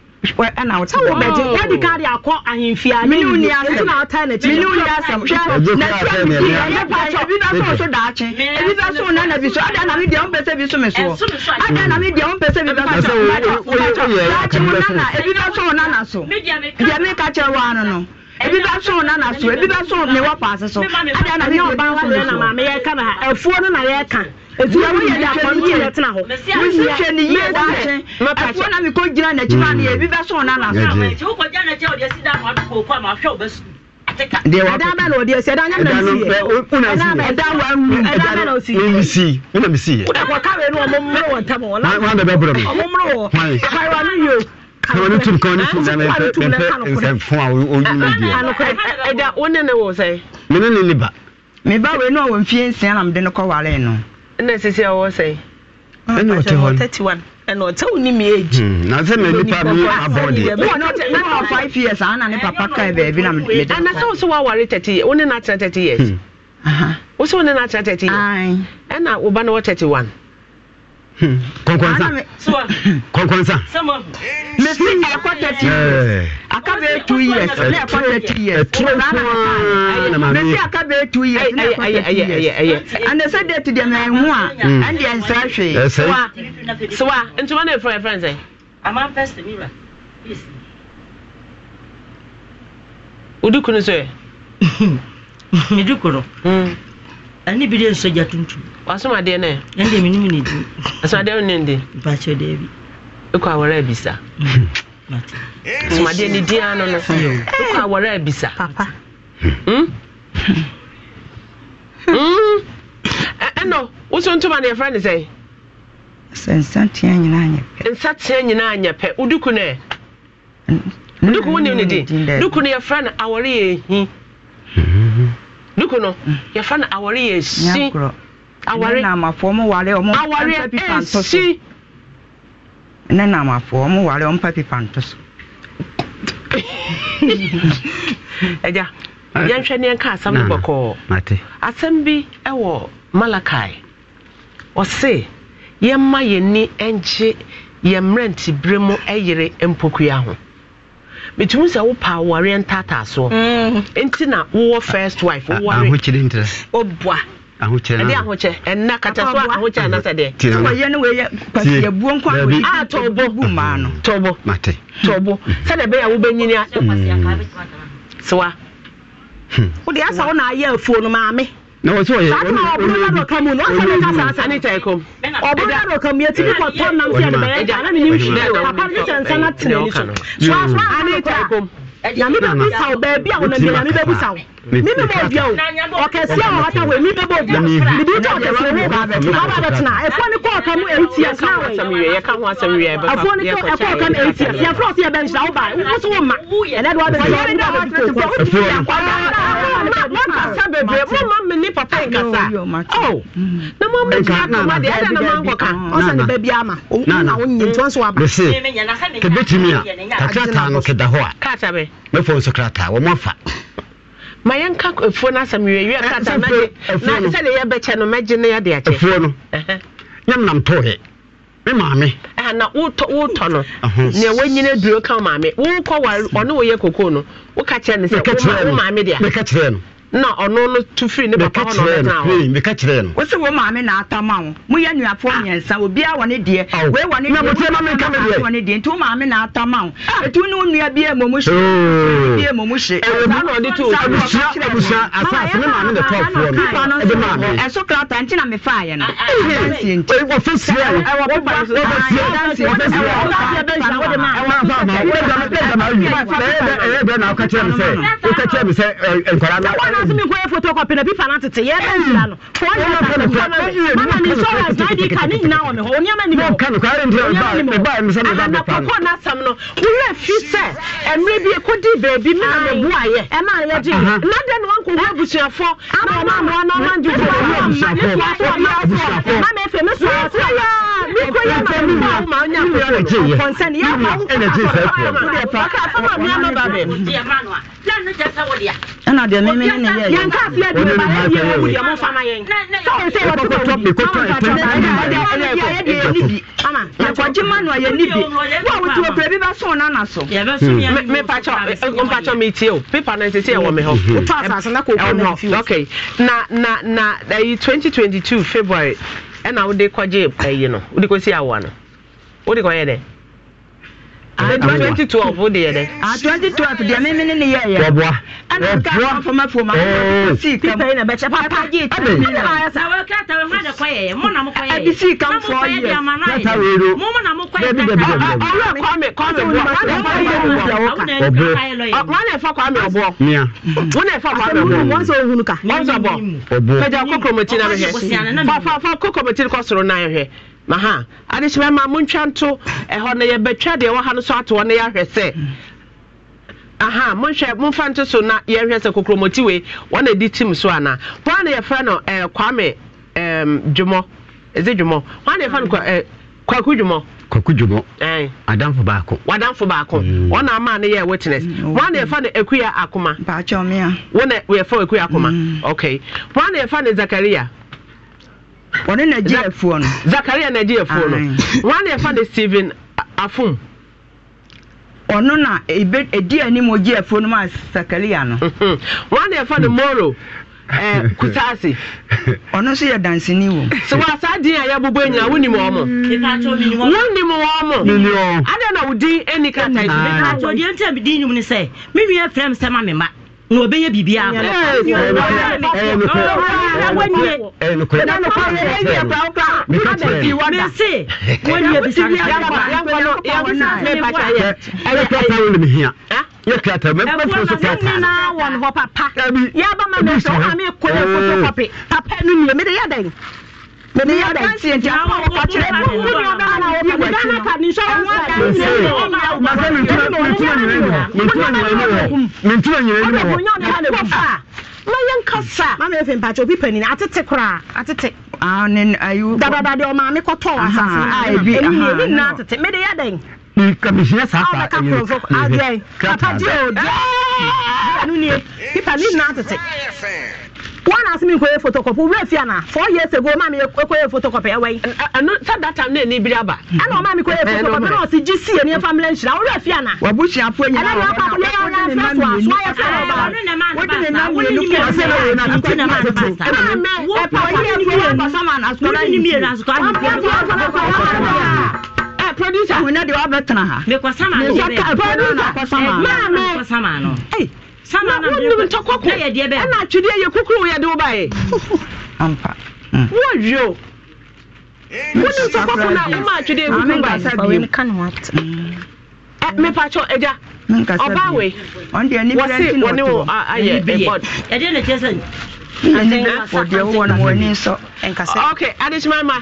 ɛna ka na ebi bɛ sɔn so na na bi so na bi so na ebi bɛ sɔn wa ebi nana so ebi sɔn so ɛfuo na yɛ eti awo yɛ de akɔn ti yɛ tena hɔ wusu hwɛ ni yie da nkyɛn ɛfɔ na mi ko gyina n'akyi na ne ebi bɛ sɔn na na. deɛ wa ɛdan bɛ na ɔdi ɛsi ɛdan nyɛ na ɔsi yɛ ɛdan bɛ ɛdan wa nwi ɛdan bɛ na ɔsi yɛ ɛnsi ɛna mi si yɛ. kuta kɔ kawe nu ɔmo mmerɛ wɔ ntam wɔn na wɔn bɛ bɛrɛ mi ɔmo mmerɛ wɔ kawa mi yio. kawa ne tum kawa ne tum na mɛfɛ mɛfɛ nsɛmfɔn a oyi mi diɛ. ɛda wo ne ne wɔ sɛ. mi ne ne ne ba. mi ba wei ne ɔwɔ mfie nsia na mi de ne kɔ wale no ɛna sisi awɔ sɛn. Ah, ɛna ɔte hɔ thirty one ɛna ɔte wo ni mi age. Hmm, na sɛ mɛ nipa mi abɔ de. wɔn na ɔte na ɔwɔ five years ana ne papa ka ɛ bɛɛbi na mɛ de. ana sɛ wosi wawari thirty years wo ne na atena thirty years. Uh-huh. wosi wo ne na atena thirty years. ɛna wo ba na wɔ thirty one kɔnkɔnsa kɔnkɔnsa. ɛkɔ thirty eh. aka bɛ eh, eh, two years ne ɛkɔ thirty years ɛturo naa mesi aka bɛ two years ne ɛkɔ thirty years ɛnɛ sɛ de ti dɛmɛ ɛhu a ɛnde ɛnsa hwee. siwa siwa ntoma ne efura efura nsɛn. aman pɛsɛ mi ra o dukunu so yɛ. mi ɛne bi deɛ nsogya tuntum wasomadeɛ no ɛn deɛ menim ne din asomadeɛ no ne de mpakyɛ deɛ bi ɛkɔ awɔre abisa hmm. asomadeɛ ne din ano no ɛkɔ awɔre abisa papa hmm? hmm? ɛnɔ woso ntoma ne yɛfrɛ ne sɛ sɛ nsateɛ nyinaa nyɛ pɛ nsateɛ nyinaa nyɛ pɛ woduku no ɛ duku wonim ne din duku no yɛfrɛ no awɔre yɛ hi ne kunu yɛfa no awɔre yɛ si awɔre awɔre ɛsi ne nam afoɔ ɔmo ware ɔmpa eh, pipa nto so. ɛgya yɛnhwɛ ne yɛnka asɛm no bɔkɔɔ asɛm bi ɛwɔ malakai ɔse yɛmma yɛni ɛngye yɛn mmerɛntebere mu ɛyere mpokua ho. bɛtumi sɛ wopa awareɛ ntataasoɔ mm. nti na wowɔ first wife wowɔreɔboa ɛde ahokyɛ ɛnna kata so ahokyɛ anasa deɛ wɔyɛ no wɔyɛ pasi ebuo nkwa wɔyɛ a tɔɔbɔ bu maa no tɔɔbɔ a wobɛnyini a mm. sewa hmm. wode asa wo na ayɛ afuo no maame na wɔsɛ ɔyɛ saa ɔboro na dɔ kamu na ɔsɛ ɛka saa saa ne kyɛ kɔm ɔboro na dɔ kamu yɛti bi kɔtɔ nam sɛ ɛdɛbɛ yɛ ana menim hwee o papa ne kyɛ nsa na tena ni so so asɔ ana kyɛ kɔm nyame bɛ busaw baabi a wɔnam nyame bɛ busaw mi bɛ b'o diya o ɔkɛseɛ wɔ hɔta wɔ mi bɛ b'o diya bibi tɛ ɔkɛseɛ wɔ ba bɛ tena ɛfɔ ni kɔɔ kamu eti ɛfɔ ni kɔɔ kamu eti ɛfɔ yɛfɔ ɔsi yɛ bɛ nsira wo ba woso wo ma ɛnɛ de wa bɛ nsira wo ba wo ti fi akɔla mo kasa bebree mo ma mi ni papa yi kasa ɔ oh. na mo mi ti akama de ɛdɛ na mo nkɔ kan ɔsan ne bɛ bi ama o na o nye ntɔn so wa ba. bese kebe timi a kakrata no keda hɔ a mɛfɔ nso krataa wɔn afa ma yɛn ka efuo n'asɛm yɛ yɛ eh, krataa na na sɛ de yɛ bɛkyɛ no mɛgye ne yɛ de akyɛ. efuo no yɛn nam tɔɔ yɛ mi maame. na wotɔ no nea wɔnyina duro kan maame wokɔ wa ɔne wɔyɛ koko no woka kyerɛ ne sɛ wo maame kyerɛ no na ɔno no tu firi ne papa hɔ na ɔno tena hɔ meka kyerɛ no wosi wo maame na atama wo moyɛ nuafoɔ mmiɛnsa obiara wɔ ne deɛ wei wɔ ne deɛ wei wɔ ne deɛ nti wo maame na atama wo etu ne wo nua bi emu mu hye bi emu mu hye ɛwɔ na ɔde tu abusua abusua asase ne maame de tɔɔfoɔ no ɛde maame ɛso krataa nti na mefa ayɛ no ɛyɛ wɔfɛ sie ɛwɔ wɔfɛ sie wɔfɛ sie wɔfɛ sie ɛwɔ afa ma wɔde dama ɛyɛ bɛ na ɔka kyerɛ mi sɛ ɔka kyerɛ mi sɛ nkwadaa na insurance mi nkɔyɛ photocopy na bi fa n'atete yɛ bɛ nira no four years ago fɔlɔ mama ni insurance na di ka ne nyinaa wɔ mi hɔ oníyɛmɛ ni mi hɔ oníyɛmɛ ni mi hɔ ɛnna kɔkɔɔ n'asɛm no wúlò fi sɛ ɛmúrɛ bi ekó di bèbí mi na mi bu ayɛ ɛmá yɛ di na dɛ ni wọn kò wọ abusuafo na ɔmá mu ɔnà ɔmá ju fún mama efe mi sọ ɔsẹ yá mi kò yẹ màmá mi fún àwọn ọmọ ọnyà kọnsẹni yà fà wù kọkà fún mami àmàbà bẹ. ɛnna deɛ mímí ni yẹn ká fi ẹdun ní báyìí ẹdí ẹwọ wùdí ọmọ fama yẹn sọyìn sẹ yọ tukọ bi ọmọ tọtọ ẹdí ẹdí ẹyẹ níbi ama yẹkọ jimá nù ẹyẹ níbi wọn àwọn tí òpèrè bí bá sùn náà nà so. mpàtsọ mpàtsọ mi tiẹ o pépà náà ti sẹ ẹwọ mi họ. o tọ àṣà àṣà náà kò kún náà fi. ok na na na ẹyi twenty twenty two february ẹna wọ́n de kọjá ẹyi nọ wọ́n de kọ sí àwọn àná wọ́n de kọ yẹ dẹ twenty twelve o de yɛ dɛ. a twenty twelve deɛ mímí ni ne yɛ yɛ. wɔbɔ ɛna ká wọn fɔ ma fɔ ma ɛɛ pípẹ́ yìí na bɛ kyɛ papa ɛbi ɛbi si kan fɔ yɛ kata wero bɛbi bɛbi bɛbi. ɔwúrọ̀ kɔmi kɔmi wọ kɔmi wọ ɔbɔ wọn na ɛfɔ kɔmi ɔbɔ mia wọn na ɛfɔ kɔmi ɔbɔ wọn sɔ ohun ka wọn sɔ bɔ ɔbɔ pɛjá kókòrò mɛtiri náà hɛ fɔ fɔ kókòrò mɛtiri kɔ soro náà hɛ. maha adekyerɛ ma montwa nto ɛhɔ no yɛbɛtwa deɛ ha no so ato na no yɛahwɛ sɛ aha so na yɛhwɛ sɛ kokromɔti wei so na yɛfrɛ no eh, kwame na yɛfrɛ no eh, kwaku kwaku eh. baako baako mm. na ama yɛ witness na yɛfa no akuya akoma baatwɛ ɔmea akoma okay na yɛfa no ɔne uh, nagyeafoɔ no zakaria nagyeafoɔ no wọn na yɛfa de steven afum. ɔno na ɛdi anim ogyeafoɔ no mu a no wọn na yɛfa moro kutaase ɔno nso yɛ dansini wɔ sɛ wɔ saa din a yɛbobɔ nyina wonim wɔ mo wonim wɔ mo adɛ na wo din ɛni ka ta ne sɛ me frɛ m sɛ ma me ma na ɔbɛyɛ biribi amamese wɔnia bisaɛwɔne hɔ papa yɛba ma mɛ sɛ wona mekɔyɛ photocopy papa no nie mede yɛ dɛn ne yɛ da ntiɛ nti awo awo kakyire ɛmu mu ni ɔbɛ na awo bɛ wɔkyi no masa mi ntuma mi ntuma nyina ni wɔ mi ntuma nyina ni wɔ mi ntuma nyina ni wɔ mɛyɛ nkasa mama efe mpatsi obi panyin atete kora atete dabadade ɔmaa mi kɔtɔ wɔ asase nna atete mɛ yɛ dɛn kamisiyɛ saa saa ɛyɛ ɛyɛ kata di o di ɛnu nie pipa ni nna atete wọn na asome nkɔyɛ photocopy wura fi ana four years ago maami ekɔyɛ photocopy ɛwɛ yi. ɛnu sɛ data ne ni biri aba. ɛna ɔmaami kɔyɛ photocopy ɛna ɔsi gyi si yɛ ni efa mìlɛ nhyira wura fi ana. wabu si afɔ nyina wɔn na wɔn de ne nam mienu wɔde ne nam mienu kɔ ɔsɛ na wɔn na tutu na ma tutu. ɛna mɛ ɛpa ɔyɛ mienu akɔsɔmɔ anasukɔla yi mienu asukɔla yi mienu producer. Àwọn ènìyàn de wa bẹ tẹ̀nà ha. Mẹ kọ sáma. Mẹ kọ sáma. Mẹ kọ sáma. Mẹ kọ sáma wonum ntɔkɔko ɛna atwedeɛ yɛ kukuru yɛde wo baɛ mm. o wonum ntɔkɔko na woma atwedeɛ kukuru baɛ mm. mepakyɛ agya ɔbaa wei wɔse wɔne wo ayɛ bɔd ok adekyema ma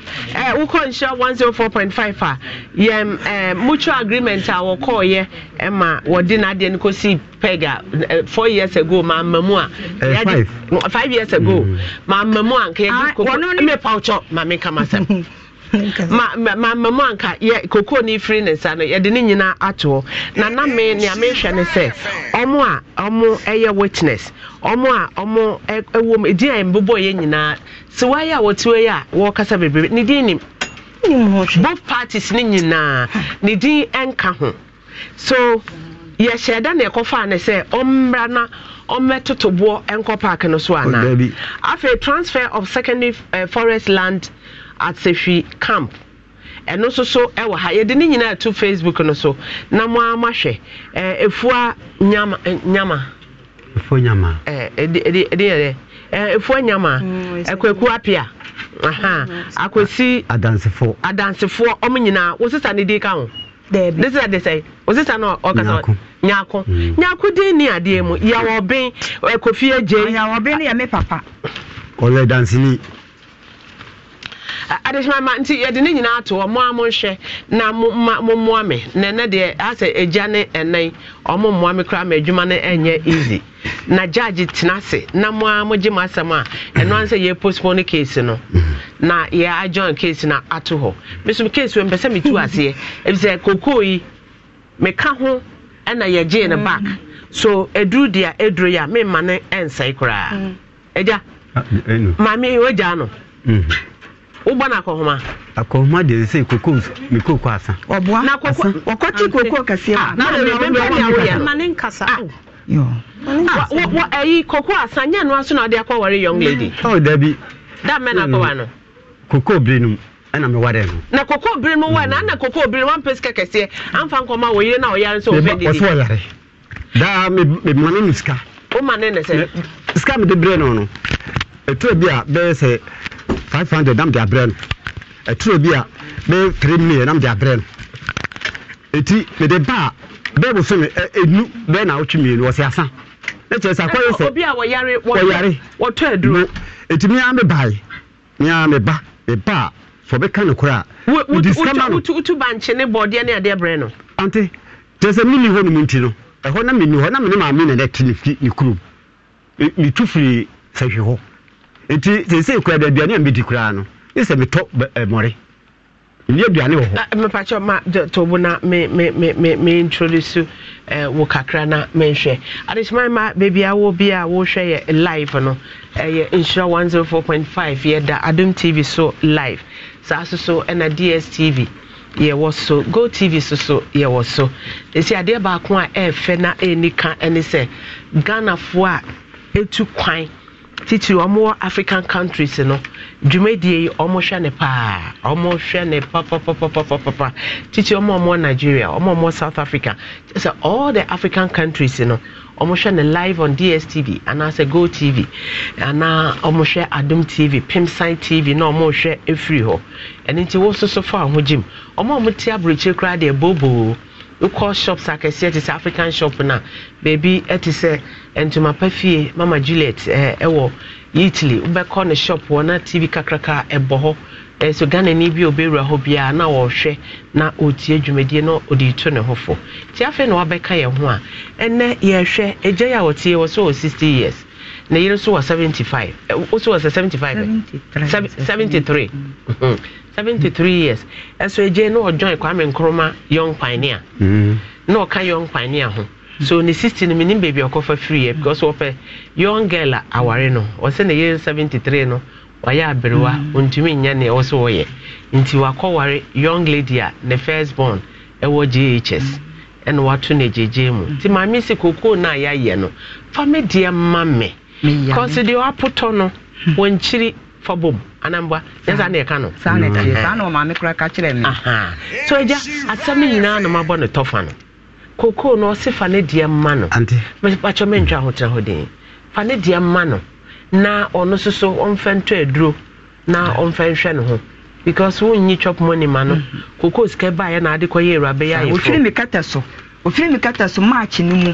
wokɔ nhyɛ 104.5 a yɛ mutual agreement a wɔkɔɔyɛ eh, ma wɔde n'adeɛ no kɔsii peg a four years ago ma ama mu a eh, five years ago mm. ma ama mu a nkɛyɛ mepa wotɔ ma meka masɛm ma ma ma mu anka yɛ kokoo ne firi ne nsa no yɛde ne nyinaa ato hɔ na na me nea mehwɛ ne sɛ ɔmo a ɔmo ɛyɛ witness ɔmo a ɔmo ɛwɔ mu edin a mbobɔ yɛ nyinaa Si siwaayɛ a wɔte wɔyɛ a wɔrekasa bebree ne din nim both parties ne nyinaa ne din ɛnka ho so yɛhyɛ da na ɛkɔfa ne sɛ ɔmmra na ɔmmɛtotoboɔ ɛnkɔ paakị no so anaa afei transfer of secondary uh, forest land. asɛhwi camp ɛno nso so wɔ ha yɛde ne nyinaa ɛto facebook no so na mo ara mahwɛ ɛfua nyama nyama ɛfua nyama edi yɛ dɛ ɛfua nyama ɛkwaku mm, apia mm, akwasi adansefoɔ adansifo ɔmo nyinaa wosisa ne di ka ho desisa desɛ wosisa no ɔkasa nyaako nyaako mm. den ni adeɛ mu yawɔ ben ɛkofi agye yawɔ ben ne yɛ me papa ɔyɛ dansini. adehyemama nti yɛde ne nyinaa ato ɔmo a monhwɛ na mommoa me na ɛnɛ deɛ asɛ agya ne ɛnan ɔmo mmoa me koraa ma adwuma no ɛnyɛ easy na judge tena ase na mo a gye mo asɛm a ɛno an sɛ yɛ postpone case no na yɛ adjoin case no ato hɔ mesom case wɔ mpɛ sɛ metu aseɛ ɛfisɛ kookoo yi meka ho ɛna yɛgyee no back mm. so eduru deɛ ɛduru yɛ a memma no ɛnsɛe koraa agya mm. ah, maame yi wagyaa no mm. wobɔ no akɔhoma akɔhoma deɛ sɛ koko me koko asa ɔboa ah, na wɔkɔkye koko kɛseɛ ɛyi koko asa nyɛ noa so na wode akɔware young lady mm. oh, dabi da mɛ na akɔwa no koko bere nom ɛna meware no na koko bere no wɔ na koko bere no wampɛ sika kɛseɛ amfa nkɔma wɔ yere na ɔyare sɛ ɔfɛ ɔyare daa memane no sika womane ne sɛ sika mede berɛ no no ɛturo bi a bɛyɛ sɛ five hundred nam de abrɛ no ɛturo bi a bɛyɛ three million nam de abrɛ no eti mede ba a bɛyɛ bosome ɛ enu bɛyɛ na awotwe mmienu wɔsi asa ne kyerɛ sɛ akɔyɛ sɛ obi a wɔyare wɔyare wɔtɔ aduro eti mi ara mi ba yi mi ara mi ba mi ba a sɛ ɔbɛka ne kora a wodi sikama no wotu bankye ne bɔɔdeɛ ne adeɛ brɛ no ante kyerɛ sɛ menni hɔ no mu nti no ɛhɔ na menni hɔ na mene maame na dɛ te ne fi ne kurom metu firi sɛhwe hɔ nti sese kura eh, ah, de aduane a mbɛdi koraa no ne sɛ metɔ mɔre nni aduane wɔ hɔ. mepatɛ ma tobo na me me me me me introduce ɛɛ eh, wo kakra na me nhwɛ adesima ma beebi a wo bi a wohwɛ yɛ live no ɛyɛ eh, nhyira one zero four point five yɛ da adum tv so live saa so so ɛna dstv yɛwɔ so go tv so so yɛwɔ so esi adeɛ baako a ɛɛfɛ na ɛɛni ka ɛne sɛ ghanafoɔ a ɛtu kwan titiri ɔmo african countries no dwumadie yi ɔmo hwɛ ne paa ɔmo hwɛ ne papapapapapa titiri ɔmo ɔmo nigeria ɔmo ɔmo south africa sɛ all the african countries no ɔmo hwɛ ne live on dstv anaasɛ go tv anaa ɔmo hwɛ adum tv pimsan tv na ɔmo hwɛ efiri hɔ ɛni nti wɔsoso fa ɔmo gyim ɔmo ɔmo te aburokyire koraa deɛ booboo wokɔ shops akɛseɛ te sɛ african shop no a baabi te sɛ ntoma pa fie mama juliet ɛwɔ eh, italy wobɛkɔ ne shop hɔ na tv kakraka ɛbɔ hɔ eh, so ghanani bi a obɛwura hɔ biara na ɔrehwɛ na ɔretie dwumadie na ɔde to ne ho fo nti afei na wabɛka yɛn ho a ɛnɛ yɛrehwɛ agya yi a wɔteɛ wɔ sɛ wɔ 60 years ne yere nso wɔ seventy five woso wɔ sɛ seventy five seventy three seventy three years ɛso egye na ɔjoin kwame nkrumah young pioneer mm-hmm. na ɔka young pioneer ho so ne sixty no menim baabi ɔkɔfa firi yɛ because wɔpɛ young girl a aware no ɔsɛ ne yere seventy three no wɔyɛ aberewa mm-hmm. ntumi nyɛ nea ɔsɛ wɔyɛ nti wakɔware young lady a ne first born ɛwɔ ghs ɛna wato ne gyegye mu nti maame si kokoo na a yɛayɛ no fa me ma me. kɔnsi deɛ wapotɔ no wɔnkyiri fa bom anamba yɛ saa na yɛka no saa na ɛteɛ mm-hmm. saa na ɔmaame kora ka kyerɛ me so agya asɛm nyinaa na mabɔ ne tɔfa no kokoo no ɔse fa ne deɛ ma no bakyɛ mentwa ho kyerɛ hɔ den fa ne deɛ mma no na ɔno nso so ɔmfa ntɔ aduro na ɔmfa nhwɛ ne ho because wonnyi chop money ma no mm-hmm. kokoo sika baeɛ na ade kɔyɛ awurabɛyɛ ayɛfo ofiri me kata so ofiri me kata so maakye ni mu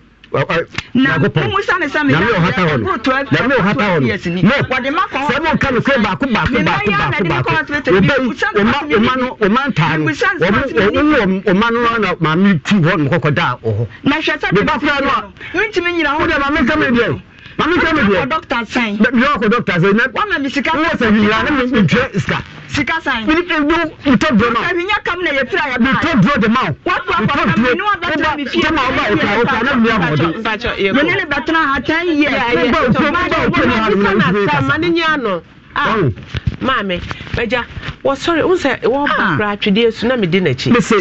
nyame ɔhata hɔ no sɛ monka no sɛ baako baako baako baako wobɛyi ɔma no ɔma ntaa no ɔmo ɔma no na maame ti hɔ no kɔkɔda wɔ hɔ meba fra no a wode ma meka me deɛ mami sɛ mi deɛ dɔkita sɛn mi yɛ ɔkɔ dɔkita sɛn nɛ wɔn na mi sika sɛn wɔn sɛ yiyira ne mi mi twɛ sika sika sɛn mi ni mi mi tɔ duro ma o sɛbi n yɛ kam na yɛ pira yɛ ba mi tɔ duro de ma o mi tɔ duro mi tɔ duro jama o ba o kura o kura ne mi yɛ mɔdi mi ni ne bɛ tena ha ten yɛ mi bɛ o kuro mi bɛ o kuro mi hali mi yɛ mi yɛ ma ni nyɛ nɔ maame bɛgya wɔsɔre n sɛ wɔn ba kura atwedeɛ su na mi di n'akyi. mi se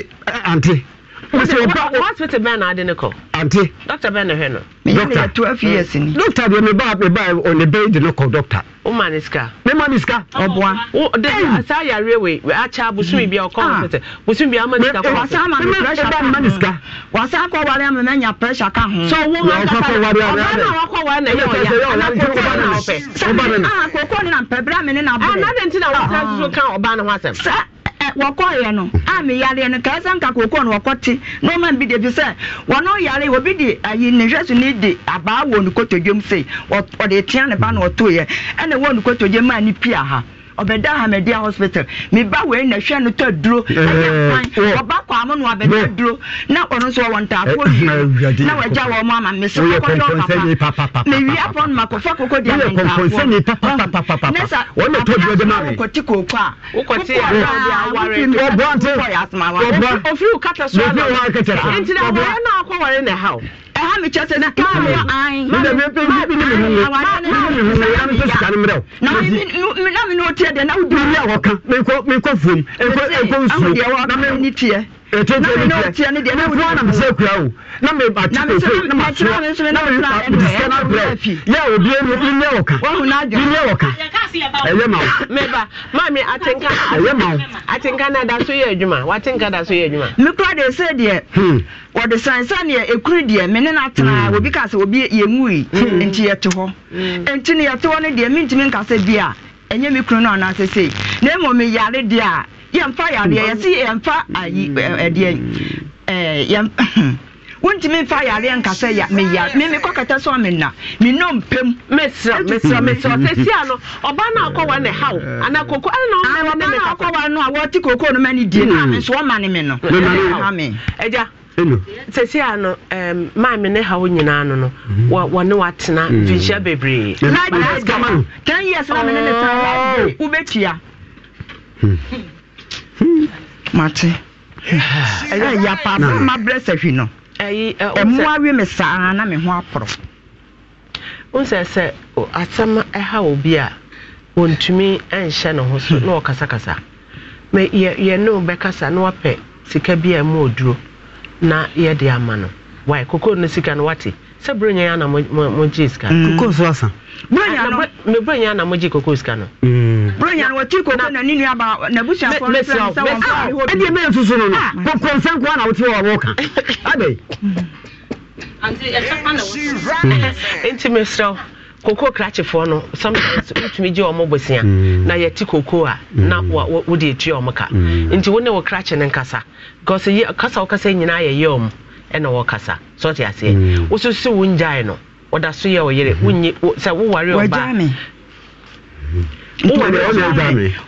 ante hospital bɛn na adi ne kɔ. ante doctor bɛn na hɛ no. doctor twelve years ni. doctor de mi ba mi ba ɔne bɛn de ne kɔ doctor. o ma ne sika. ne ma ne sika. ɔbɔa. o de asa yare we acha busumi bi a ɔkɔ hospital busumi bi a ma ne sika kɔ hospital. wasa ma ne pressure ka ho wasa akɔ wari ama mɛ nya pressure ka ho. so wo ma ka wari na wakɔ wari na yɛ ɔya ana koko na ɔpɛ. sɛ aa koko na mpɛ mi ne na ah, bɔ. aa n'ade nti na wasa ah. soso kan ɔba ne ho asɛm na ah, wɔkɔɔyɛ no a meyareɛ no kaɛ sɛ nka kookoo no wɔkɔte na ɔma bi de fi sɛ wɔno yare obi de ayi ne hwɛ ne de abaa wɔ ne kotodwom sei ɔde tea ne ba na ɔtoeɛ ɛna ɛwɔ ne kotodwom a ne pia ha ɔbɛda hamadia hospital meba wei na ɛhwɛ no tɔ duro ɛyɛ eh, kwan eh, oh. ɔba kɔ amu no abɛda duro na ɔno nso ɔwɔ ntaafoɔ wie na wɔagya wɔn mu ama me so kɔkɔdɔ papa mewia pɔn ma kɔfa koko di ama ntaafoɔ ne sa apia so na wɔkɔti kooko a wokɔti a wɔware wɔbɔ ante wɔbɔ ofiri kata so ala ntina wɔyɛ na akɔware na ha o ɛha mi kyɛ sɛ na na me ne wo teɛ deɛ na wodmia wɔka mekɔ fuom ɛnkɔ nsuo ɛtɛnamsɛ na na wɔde sane ɛkuru deɛ mene no atenaa hmm. obi ka sɛ obi yɛwui hmm. nti yɛte hɔ hmm. nti no yɛte hɔ no deɛ nka sɛ bi a ɛnyɛ me no anaasɛ sei na mmom meyare deɛ a yɛmfa yareɛ yɛsi yɛmfa ayi ɛdeɛ ɛɛ yɛm wontumi mfa yareɛ nkasa ya meya me mekɔ kata so amena menɔ mpam mesrɛ mesrɛ mesrɛ sɛ sia no ɔba no akɔwa ne haw anaa koko ɛne na akɔwa no a wɔte koko no ma ne die no mm. nso wɔma ne me no agya sesia no maa ne haw nyinaa no no mm-hmm. wɔne watena mm-hmm. mfinhyia bebree ten years na me ne ne tena oh. wobɛtua hmm. mate ɛyɛ yapa ma brɛ sahwi no ɛmmoa we me saa na me ho aporɔ wo sɛ sɛ asɛm ɛha wo bi a wɔntumi ɛnhyɛ ne ho so na wɔkasakasa ma yɛne wo bɛkasa na wapɛ sika bi a ɛma ɔduro na yɛde ama no why koko mm. no sika no wate sɛ berɛ nya na mogye sika koko so asa meberɛ nya na mogye koko sika no ɛdeɛ mɛ nsusu no no a na wote wɔ wɔka adɛ nti mesrɛ koko krakyefoɔ no sometimes wotumi gye ɔmo bosia na yɛte koko a na wode ɛtua ɔmo ka nti wo ne wo krakye no nkasa because kasa wo kasa ɔmo ɛna wɔkasa sɔte aseɛ hmm. woso so wo ngyae no ɔda so yɛ ɔyere wonye sɛ woware ɔba hmm.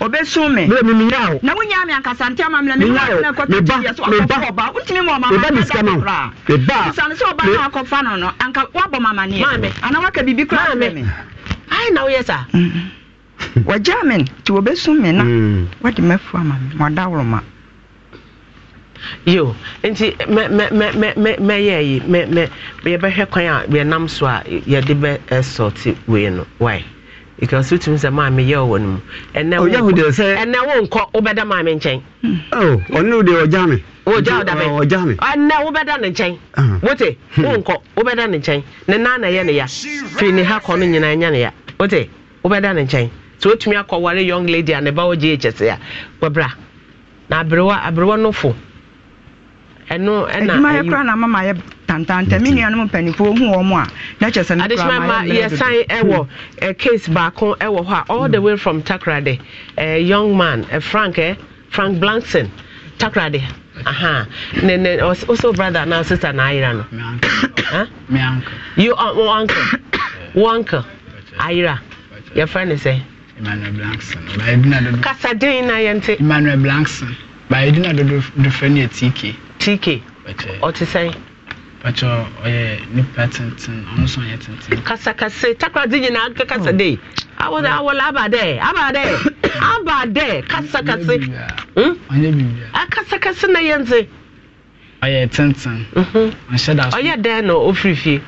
ɔbɛsum me na wonya me ankasa nte ama mena mekɔtɛyɛ so akɔkɔ ɔba wotumi ma ɔmamasane sɛ ɔba no akɔfa no no anka woabɔ mamaneɛ anaa woaka biribi koraa me ai na woyɛ saa wɔgya me nti wɔbɛsum me na hmm. wode mafua ma me mɔda woroma yo nti mɛyɛ yi yɛbɛhwɛ kwan a yɛnam so a yɛde bɛ ɛsɔte eh, wei no wai because wotumi sɛ maa meyɛ wɔ no mu ɛnɛ wonkɔ wobɛda maa me nkyɛn hmm. oh, ɔne deɛ ɔgya me ɔgya me ɛnɛ wobɛda ne nkyɛn ah. wote hmm. wonkɔ wobɛda ne nkyɛn ne naa na ɛyɛ ne ya firi ne ha kɔ no nyinaa ɛnyɛ ne ya wote wobɛda ne nkyɛn sɛ wotumi akɔware young lady a ne ba wɔ gyee kyɛse a wɔbra na aberewa aberewa no fo ɛno ɛna adwuma yɛ kora na mama yɛ tantanta me mm-hmm. nuanom mpanimfoɔ hu wɔn a na kyerɛ sɛ ne yɛ san ɛwɔ case baako ɛwɔ hɔ a all the mm. way from takrade ɛ eh, young man ɛ eh, frank ɛ eh, frank blankson takrade aha ne ne also brother na sister na ayira no mi uncle you uh, uncle wo uncle ayira yɛfrɛ ne sɛ emmanuel blankson kasaden na yɛnte emmanuel blankson ba uh, uh, oh, yɛdi oh. hmm? na dodo dofra oh, mm-hmm. no yɛ tk tk ɔte sɛn pàtó ɔyɛ nipa tenten ɔno nso yɛ tenten. kasakase takoradi nyinaa kakasa de awɔde awɔle aba dɛ aba dɛ aba dɛ kasakase. ɔnyɛ a kasakase na yɛ nze. ɔyɛ tenten. ɔhyɛ da so. ɔyɛ dɛn na ofiri fie.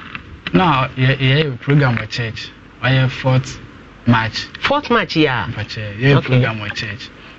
na yɛ program wɔ church ɔyɛ fourth march. fourth march yɛ a. mpakyɛ yɛ program wɔ church.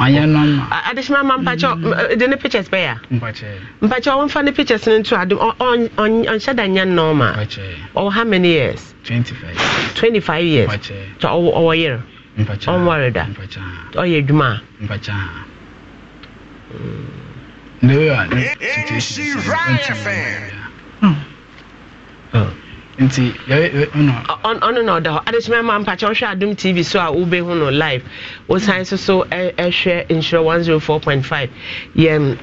ɔyɛ nɔma adesima ma mpakyɛ de ne pictures bɛyɛ a mpakyɛ wɔmfa ne pictures no nto ade ɔnhyɛ da nyɛ nɔma ɔwɔ how many years 25 25 years ɔwɔ yere ɔnware da ɔyɛ adwuma a nti ɔno na ɔda hɔ adesoma ma mpakyɛ ɔhwɛ adom tv so a wobɛhu no live wosan so so ɛhwɛ nhyerɛ 104.5 yɛn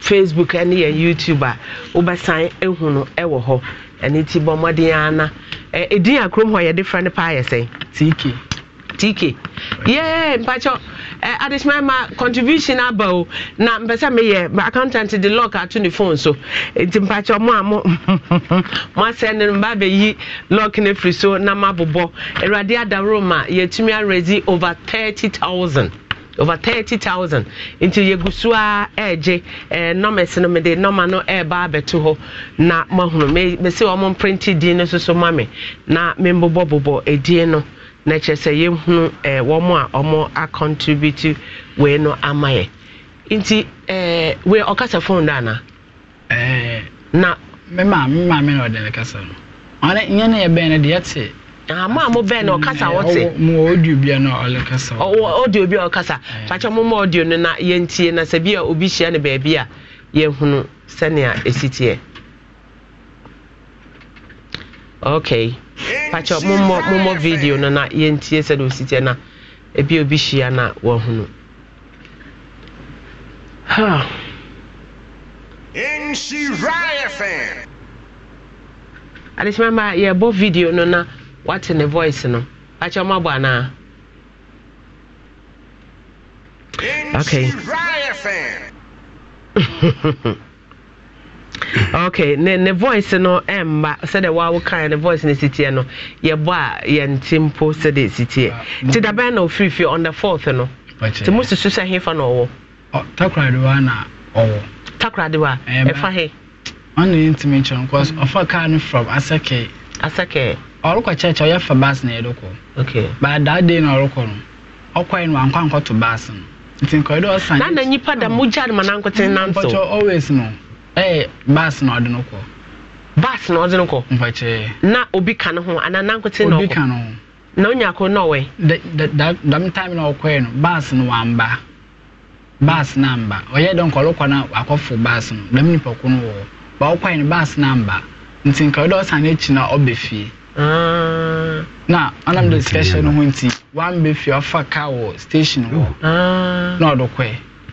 facebook ne yɛn youtube a wobɛsan ehu no ɛwɔ hɔ ɛne ti bɔ mmɔden ana ɛdin a kurom hɔ yɛde frɛ no paa yɛ sɛn tk tk yɛ mpakyɛ adesima ma contribution aba o oh, na mpɛ sɛ meyɛ ma accountant the lock at the phone so nti mpakyɛ mo a mo mo asɛn no mba abɛyi lock ne firi so na ma bobɔ awurade adaworo ma yɛtumi aredi over thirty thousand over thirty thousand eh, eh, eh, nti yɛgu so a ɛregye ɛɛ nɔmɛs no mede nɔma no ɛreba abɛto hɔ na mahunu mɛ mɛsi omo mprinti din no so ma mi na mɛ mbobɔbobɔ edin e no. na kyerɛ sɛ yɛhunu eh, wɔm a ɔmɔ acontribute wei no ama yɛ nti eh, wei ɔkasa fone da ana eh, na mema mema me na ɔde ne kasa no ɔne nyɛ no yɛbɛn no deɛ ɛte ah, mo a mo bɛn no ɔkasa wɔte mo audio bia na ɔle kasa audio bia ɔkasa pakyɛ mo ma audio no na yɛntie na sɛ a obi hyia no baabi a yɛhunu sɛnea ɛsi teɛ ok pakyɛ mommɔ video nọ na yɛntie sɛde site na ebi e obi ya na wɔhunu adekyima ma yɛbɔ video no na in ne voice no pakyɛ ɔmo abɔ na okay ok ne ne voice no mma sɛdeɛ wawo kan ne voice no sitiɛ no yɛbɔ a yɛnte mpo sɛdeɛ sitiɛ nti mm. da bɛn na ofirifi on the fourth no ti mo susu sɛ na ɔwɔ. takora adiwa na ɔwɔ. takora de ɛfa e he. ɔno yɛ ntumi nkyɛn mm. ɔfa kaa from asɛkɛ. asɛkɛ. ɔrekɔ kyɛkyɛ ɔyɛ fa baasi na yɛde kɔ. ok but that day na ɔrekɔ no ɔkɔ yi no baasi no nti nkɔyɛ na na da mm. ma ɛyɛ eh, bus na ɔde no kɔ bus na ɔde no kɔ mpɛkyɛ na obi ka ho nankote na ɔkɔ obi ka ho na onya ko na ɔwɛ e? dam time na ɔkɔɛ e no bus no wamba na amba ɔyɛ dɛ nkɔlɔ kɔ na wakɔfo no dam nipa ko no wɔ ba no na mba. nti na ɔbɛ na ɔnam de no ho nti fie ɔfa ah. wɔ station ah. na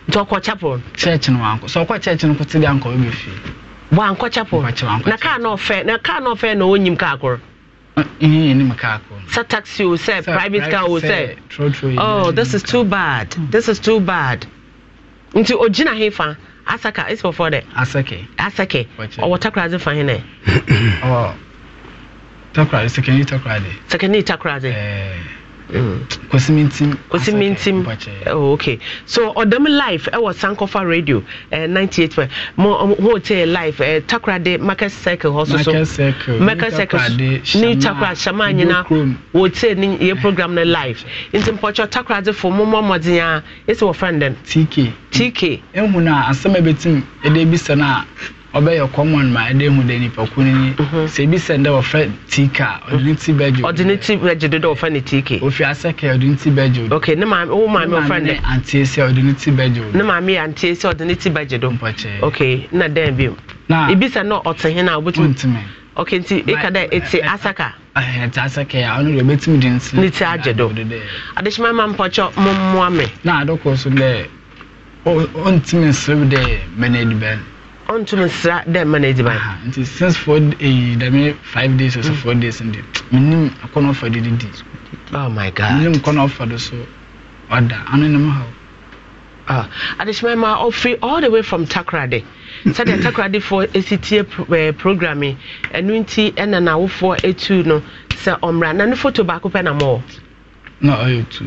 nti ɔkɔ chapel church no wankɔ sɛ ɔkɔ church no kote de ankɔ bɛbɛ fie wankɔ chapel na kaa na ɔfɛ na kaa na ɔfɛ na ɔnyim kaa koro sɛ taxi o sɛ private car o sɛ oh this is too bad mm. this is too bad nti ogyina he fa asaka esi fɔfɔ dɛ asake ɔwɔ takora fa he nɛ ɔwɔ takora sekeni takora kɔsimintim kɔsimintim oh, okay so ɔdɛm live ɛwɔ sankofa radio ɛɛ eh, ninety eight point mo um, mo te life. ɛɛ eh, takoradi market circle hɔ so. market circle market circle ni takora shama nyina wo te ni ye program na life. nti mpɔtɔ takoradi fo mo mo mɔdenya esi wɔ friend den. tk tk ehun na asɛm ebetim ɛde ebi sɛ na ɔbɛyɛ common ma ɛde hu dɛ nipa kun ni mhm. sɛ ebi sɛ ndɛ wɔfrɛ tika ɔde ne ti bɛgye ɔde ne ti bɛgye dodo wɔfrɛ ne tike ofi asɛkɛ ɔde ne ti bɛgye o ok ne maame wo maame wɔfrɛ ne antie sɛ ɔde ne ti bɛgye o ne maame yɛ antie sɛ ɔde ne ti bɛgye do mpɔkyɛ ok na dɛn bi mu na ebi sɛ no ɔte hen a obetumi ntumi ok nti eka dɛ ete asaka ɛte asaka yɛ ɔno deɛ obetumi de nsi ne ti agye do adehyemma ma mpɔkyɛ mo mmoa me na adokɔ so dɛ ɔntumi nserew dɛ mɛnɛ edibɛn ɔntum nsira dɛ mma na ediban. nti since four ee dami five days ɛsɛ mm. four days ndi mi nim akɔnɔ ɔfa de didi. oh my god mi nim kɔnɔ ɔfa do so ɔda ano ne mu ha. adesima ma ɔfiri all the way from takrade sɛdeɛ takradefoɔ ɛsi tie program yi ɛno nti ɛna n'awofoɔ etu no sɛ ɔmmra um, na ne foto baako pɛ na mɔɔ. na ɔyɛ two.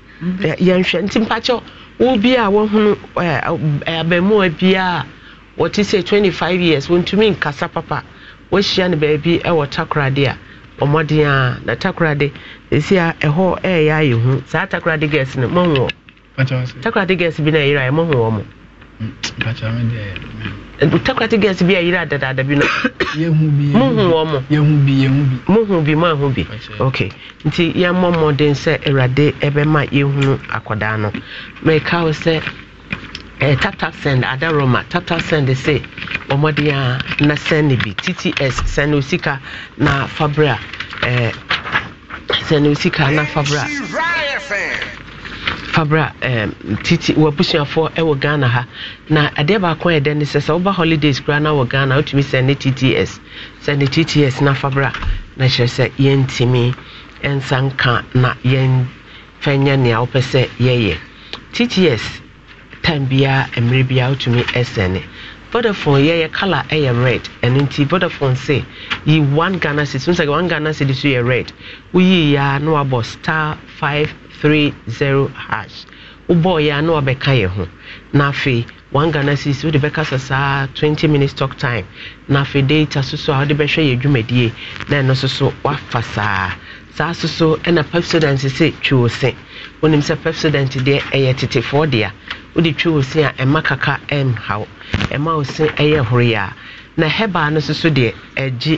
yɛnhwɛ nti mpakyɛw wo bi a wɔhunu abaamua bi a wɔte sɛ 25 years wɔntumi nkasa papa wɔahyia no baabi wɔ takorade a ɔmmɔden a na takorade ɛsi a ɛhɔ ɛyɛ ayɛ hu saa takorade gas no mahu wɔ takorade gas bi no ɛyerɛ a ɛmahu wɔ mo Mm. takrate girls bi a yere adadaada bi hu mohu wɔ mo mohu bi Mu moaho bi ok nti yɛmmɔ mmɔden sɛ awurade ɛbɛma yɛhunu akɔdaa no mɛka wo sɛ eh, taptap send ada roma taptap send sɛ ɔmmɔden a na send bi tts send o sika na Fabra Ẹ eh, send o sika na Fabra. fabra eh, titi wabusuafoɔ eh, wɔ ghana ha na adeɛ baako a yɛdɛ ne sɛ sɛ woba holidays koraa na wɔ ghana wotumi sɛ ne tts sɛ ne tts na fabra na kyerɛ sɛ yɛntimi nsa nka na yɛmfa nyɛ nea wopɛ sɛ yɛyɛ tts time biara mmerɛ biara wotumi sɛne vodafone yɛ yɛ colour yɛ red ɛno nti vodafone sɛ yi one ghana cedi so sɛ one ghana cedi so yɛ red woyi yɛ a na wabɔ star five three zero hash wobɔɔ yɛ a na wabɛka yɛ ho na afei one ghana cedi so wode bɛka sa saa twenty minutes talk time na afei data soso a wode bɛhwɛ yɛ dwumadie na ɛno soso wafa saa saa soso ɛna pepsodent sɛ twi wo se wonim sɛ pepsodent deɛ ɛyɛ tetefoɔ deɛ a wode twi wo se a ɛma kaka ɛnhaw ɛma wo se ɛyɛ horoyɛ a na heba no soso deɛ ɛgye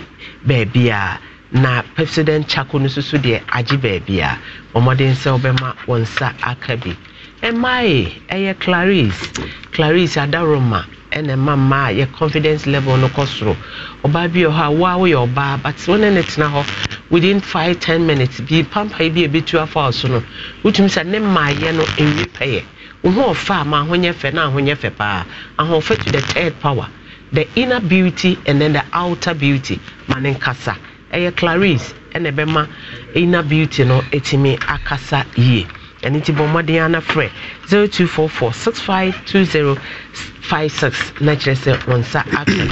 baabi a na president chako no soso deɛ agye baabi a ɔmmɔden sɛ wobɛma wɔ nsa aka bi ɛmaae ɛyɛ clarice clarice adaroma ɛna ɛma mmaa yɛ confidence level no kɔ soro ɔbaa bi wɔ hɔ a waa woyɛ ɔbaa but wɔn ne tena hɔ within five ten minutes bi pampa bi a ebi tu afa so no wotumi sɛ ne mmaayɛ no ewi pɛyɛ wohu ɔfa a ma ahonyɛ fɛ na ahonyɛ fɛ paa ahoɔfɛ to the third power the inner beauty and then the outer beauty ma ne nkasa ɛyɛ clarice ɛna ɛbɛma inner beauty no ɛtumi akasa yie ɛno nti bɔ mmɔden ana frɛ 0244652056 na kyerɛ sɛ wɔ nsa aka bi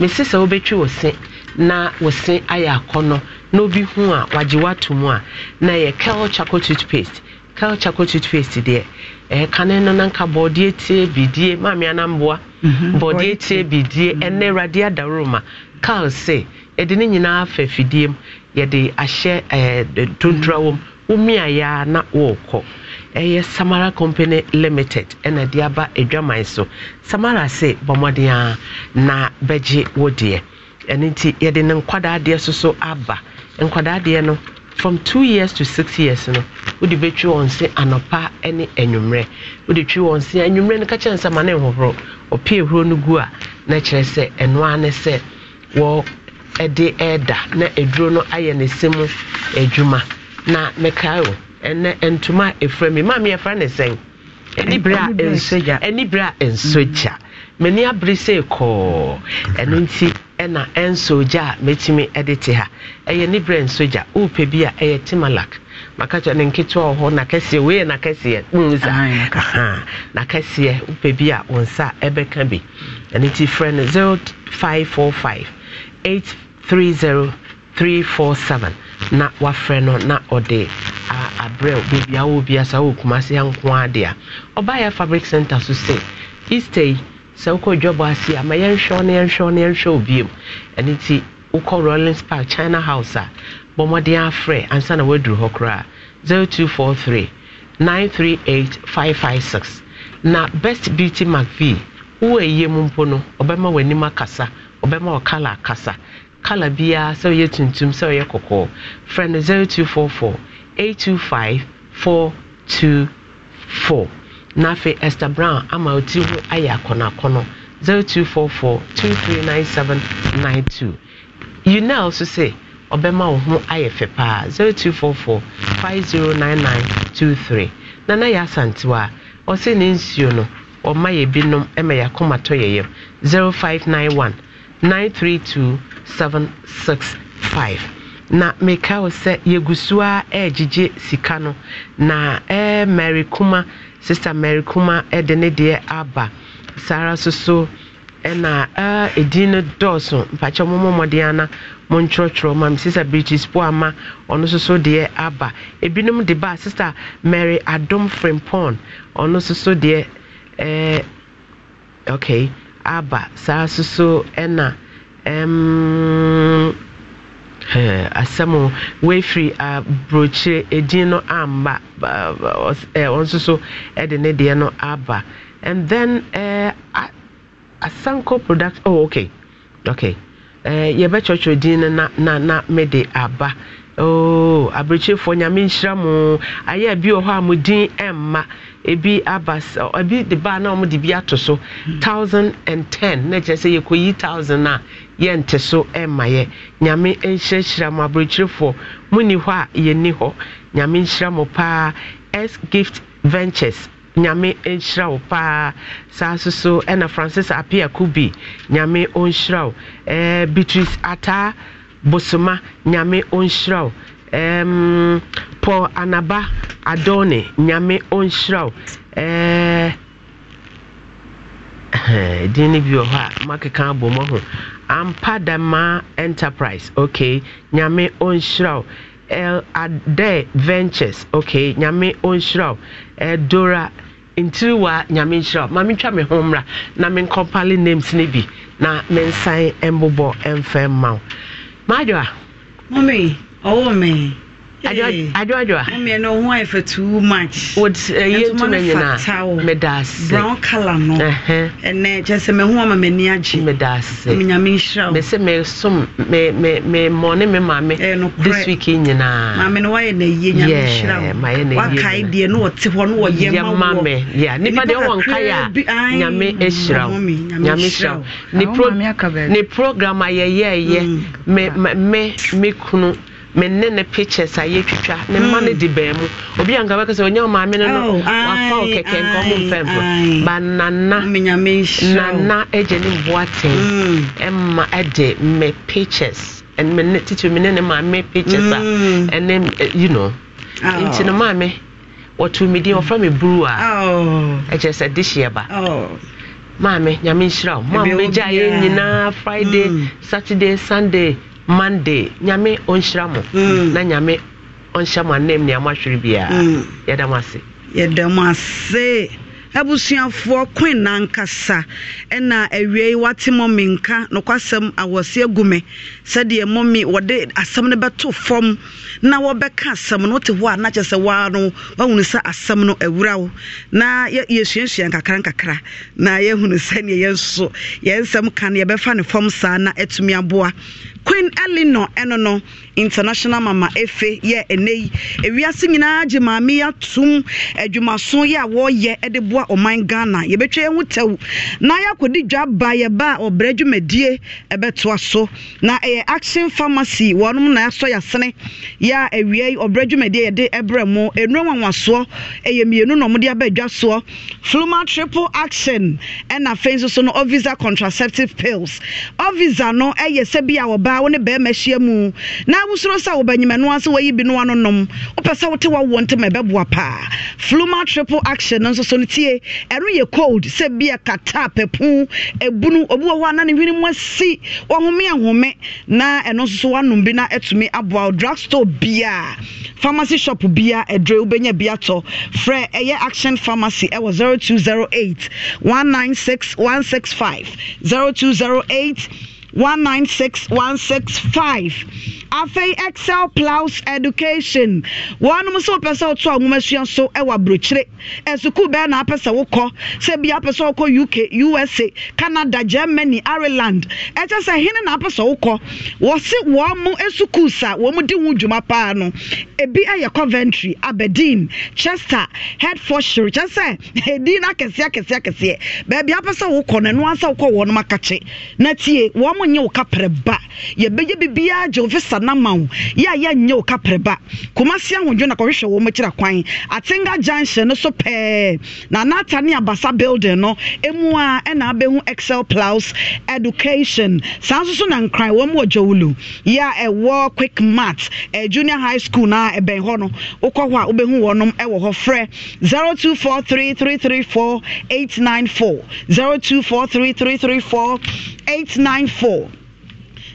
mesi sɛ wobɛtwi wo se na wo se ayɛ akɔnnɔ na obi hu a wagye wato mu a na ɛyɛ kel chaco toothpaste kel chaco toothpaste deɛ Eh, kane no na nka bɔɔdeɛ tie bidie maame anamboa mhm. bɔɔdeɛ tie bidie ɛnɛ mhm. awurade adaroma kaa se yɛde ne nyinaa fa fidie mu yɛde eh, ahyɛ ɛɛ ntontura wɔm mhm. womia yɛa na wɔrekɔ eh, ɛyɛ samara company limited ɛna de aba adwaman so samara se bɔ na bɛgye wo deɛ ɛno nti yɛde ne nkwadaadeɛ so so aba nkwadaa nkwadaadeɛ no from two years to six years no wode bɛtwi wɔn se anɔpa ne anwummerɛ wode twi wɔn se anwummerɛ no ka kyerɛ nsɛma ne nhohoro ɔpee huro no gu a na kyerɛ sɛ ɛno a ne sɛ wɔ ɛde ɛɛda na aduro no ayɛ ne se mu adwuma na mekae o ɛnɛ ntoma efura mi maame yɛfra ne sɛn ɛnibere a nsogya ɛnibere a nsogya. Mm -hmm m'ani abere sɛ kɔɔ ɛno nti ɛna ɛnsogya a mɛtumi ɛde te ha ɛyɛ ne berɛ nsogya wopɛ bi a ɛyɛ timalak maka kyerɛ ne nketewa wɔ hɔ nakɛseɛ wei yɛ nakɛseɛ nsa nakɛseɛ wopɛ bi a wo nsa ɛbɛka bi ɛno nti frɛ no 0545 830 347 na wafrɛ no na ɔde abrɛ beebi a wɔ biasa wɔ kumase nko adeɛ a ɔbaayɛ fabric center so sɛ easter yi sɛ wokɔ dwabɔ ase ama yɛnhwɛ wo na yɛnhwɛ wo na yɛnhwɛ wo biom ɛno nti wokɔ rollins park china house a bɔ mmɔden afrɛ ansa na woaduru hɔ koraa 0243 938556 na best beauty mcv wowɔ ayie mu mpo no ɔbɛma w'anim akasa ɔbɛma wɔ kala akasa kala biara sɛ ɔyɛ tuntum sɛ ɔyɛ kɔkɔɔ frɛ no 0244 825 424 na afei esther brown ama ɔtiri ho ayɛ akɔnɔakɔnɔ 0244 239792 unel so sɛ ɔbɛma wo ho ayɛ fɛ paa 0244 509923 na na yɛ asantewa a ɔse ne nsuo no ɔma yɛ binom ma yɛakoma tɔ yɛyɛ 0591 932765 na meka wo sɛ yɛgu so eh, a sika no na ɛɛ eh, mary kuma sister mary kuma de ne deɛ aba saa ara so so ɛna ɛdin no dɔɔso mpakyɛ mommɔ mmɔden ana mo nkyerɛkyerɛ ma me sister bridges po ama ɔno nso deɛ aba ebinom de ba sister mary adom frimpon ɔno nso so deɛ ɛɛ okay aba saa nso so ɛna ɛɛm. Um, Eh, asɛm wɔafiri aburokyire ah, edin no amba eh, ɔn nso so de ne deɛ no aba and then eh, asanko product oh okay okay yɛbɛkyerɛkyerɛ din no na na na mede aba Oh, aberɛkyefoɔ nyame nhyira mo ayɛ bi wɔ hɔ a mo din mma ebi aba ebi de baa na ɔmo de bi ato so thousand and ten na kyerɛ sɛ yɛkɔyi thousand a nte so mma yɛ nyame nhyirahyira mo aberɛkyerefoɔ mo ni hɔ a yɛni hɔ nyame nhyira mo paa s gift ventures nyame nhyira wo paa saa so so ɛna francis apia kubi nyame ɔnhyira wo ɛɛ beatrice ataa bosoma nyame ɔnhyira wo um, paul anaba adone nyame ɔnhyira wo eh, eh din no bi wɔ hɔ a makeka abɔ ho ampa dama enterprise okay nyame ɔnhyira el ade ventures okay nyame ɔnhyira eh, dora ntiriwa nyame nhyira wo ma me ho mmra na menkɔmpale names no bi na mensan mbobɔ mfa mma maadwa. mummy ọwọ́ mi adwoadwoa mmiɛno ho ayɛ fa too much would ɛyɛ tu no nyinaa meda ase brown color no ɛnɛ kyɛ sɛ meho ama m'ani agye meda ase menyame nhyira wo mesɛ mesom memmɔne me maame eh, this week nyinaa maame no woayɛ na yie nyame nhyira wo wakae deɛ ne wɔte hɔ no wɔyɛ ma me yeah nipa deɛ wɔn kae a nyame ahyira wo nyame nhyira wo ne pro ne program a yɛyɛɛyɛ mm. me me me kunu menne ne pictures a yɛtwitwa ne mma no de baa mu obi anka bɛka sɛ ɔnyɛ ɔmaame no no oh, wafa wo kɛkɛ nka ɔmo mfɛmfo ba nana nana agye ne mboaten hmm. ɛma ɛde me pictures ɛne titiri me ne maame pictures a hmm. ɛne eh, you know oh. nti no maame wɔto me din wɔfra me buru a oh. ɛkyɛ sɛ de hyeɛ ba maame nyame nhyira wo ma mmɛgya yɛ nyinaa friday hmm. saturday sunday monday nyame ɔnhyira mo mm. na nyame ɔnhyɛ mo anam nea moahwere biara mm. yɛda mo ase yɛda mo ase abusuafoɔ kwen nankasa ɛna awia yi wate mɔ me nka nokwasɛm awɔse agu me sɛdeɛ mɔ me wɔde asɛm no bɛto fam na wɔbɛka asɛm no wote hɔ a na kyɛ sɛ woa no woahunu sɛ asɛm no awura wo na yɛsuasua nkakra nkakra na yɛhunu sɛneɛ yɛn so ka no yɛbɛfa ne fam saa na atumi aboa queen elinor ɛno no international mama efe yɛ ɛnɛ yi ewiase nyinaa gye maame yi atum adwumaso yɛ a wɔreyɛ de boa ɔman ghana yɛbɛtwa yɛn ho tɛw na yɛakɔdi dwa ba yɛba a ɔbrɛ dwumadie ɛbɛtoa so na ɛyɛ action pharmacy wɔnom na yɛasɔ yɛasene yɛ a awia yi ɔbrɛ dwumadie yɛde ɛbrɛ mu nnuro nwanwasoɔ ɛyɛ mmienu na ɔmode aba adwa soɔ fluma triple action ɛna afei nso so no ovisa contraceptive pills ovisa no ɛyɛ sɛ bi a ɔbaa a wo ne bɛrima ahyia mu na wosoro sɛ wobɛnyima no ase wayi bi no ano nom wopɛ sɛ wote wawo ntema ɛbɛboa paa fluma triple action no nso so no tie ɛno yɛ cold sɛ bia kata pɛpo ebunu obi wɔ hɔ a na ne hwene mu asi wahome ahome na ɛno nso so wanom bi na ɛtumi aboa wo drug store bia pharmacy shop bia ɛdre wobɛnya bi atɔ frɛ ɛyɛ action pharmacy ɛwɔ 0208 196 165 0208 196165 afei excel plows education wɔnom sɛ wopɛ sɛ woto awoma sua so wɔ aburokyire asukuu bɛɛ na apɛ sɛ wokɔ sɛ bia apɛ sɛ wokɔ uk usa canada germany ireland ɛkyɛ sɛ hene na apɛ sɛ wokɔ wɔse wɔn mo sa wɔn mo di ho dwuma paa no ebi yɛ coventry aberdeen chester hertfordshire kyɛ sɛ edin akɛseɛ akɛseɛ akɛseɛ baabi apɛ sɛ wokɔ no ɛno ansa wokɔ wɔnom akakye na tie wɔn mo nyɛ wo kaprɛba yɛbɛyɛ bibiaa gye wo visa na ma wo yɛ a yɛanyɛ wo kaprɛba kumase ahodwo na kɔhwehwɛ wɔ makyira kwan atenga junction no so pɛɛ na anata ne abasa building no ɛmu a ɛna abɛhu excel plus education saa nso so na nkran wɔn wɔ gyawulu yɛ a ɛwɔ quick mat ɛ e junior high school na ɛbɛn hɔ no wokɔ hɔ a wobɛhu wɔnom ɛwɔ hɔ frɛ 0243334894 0243334894 four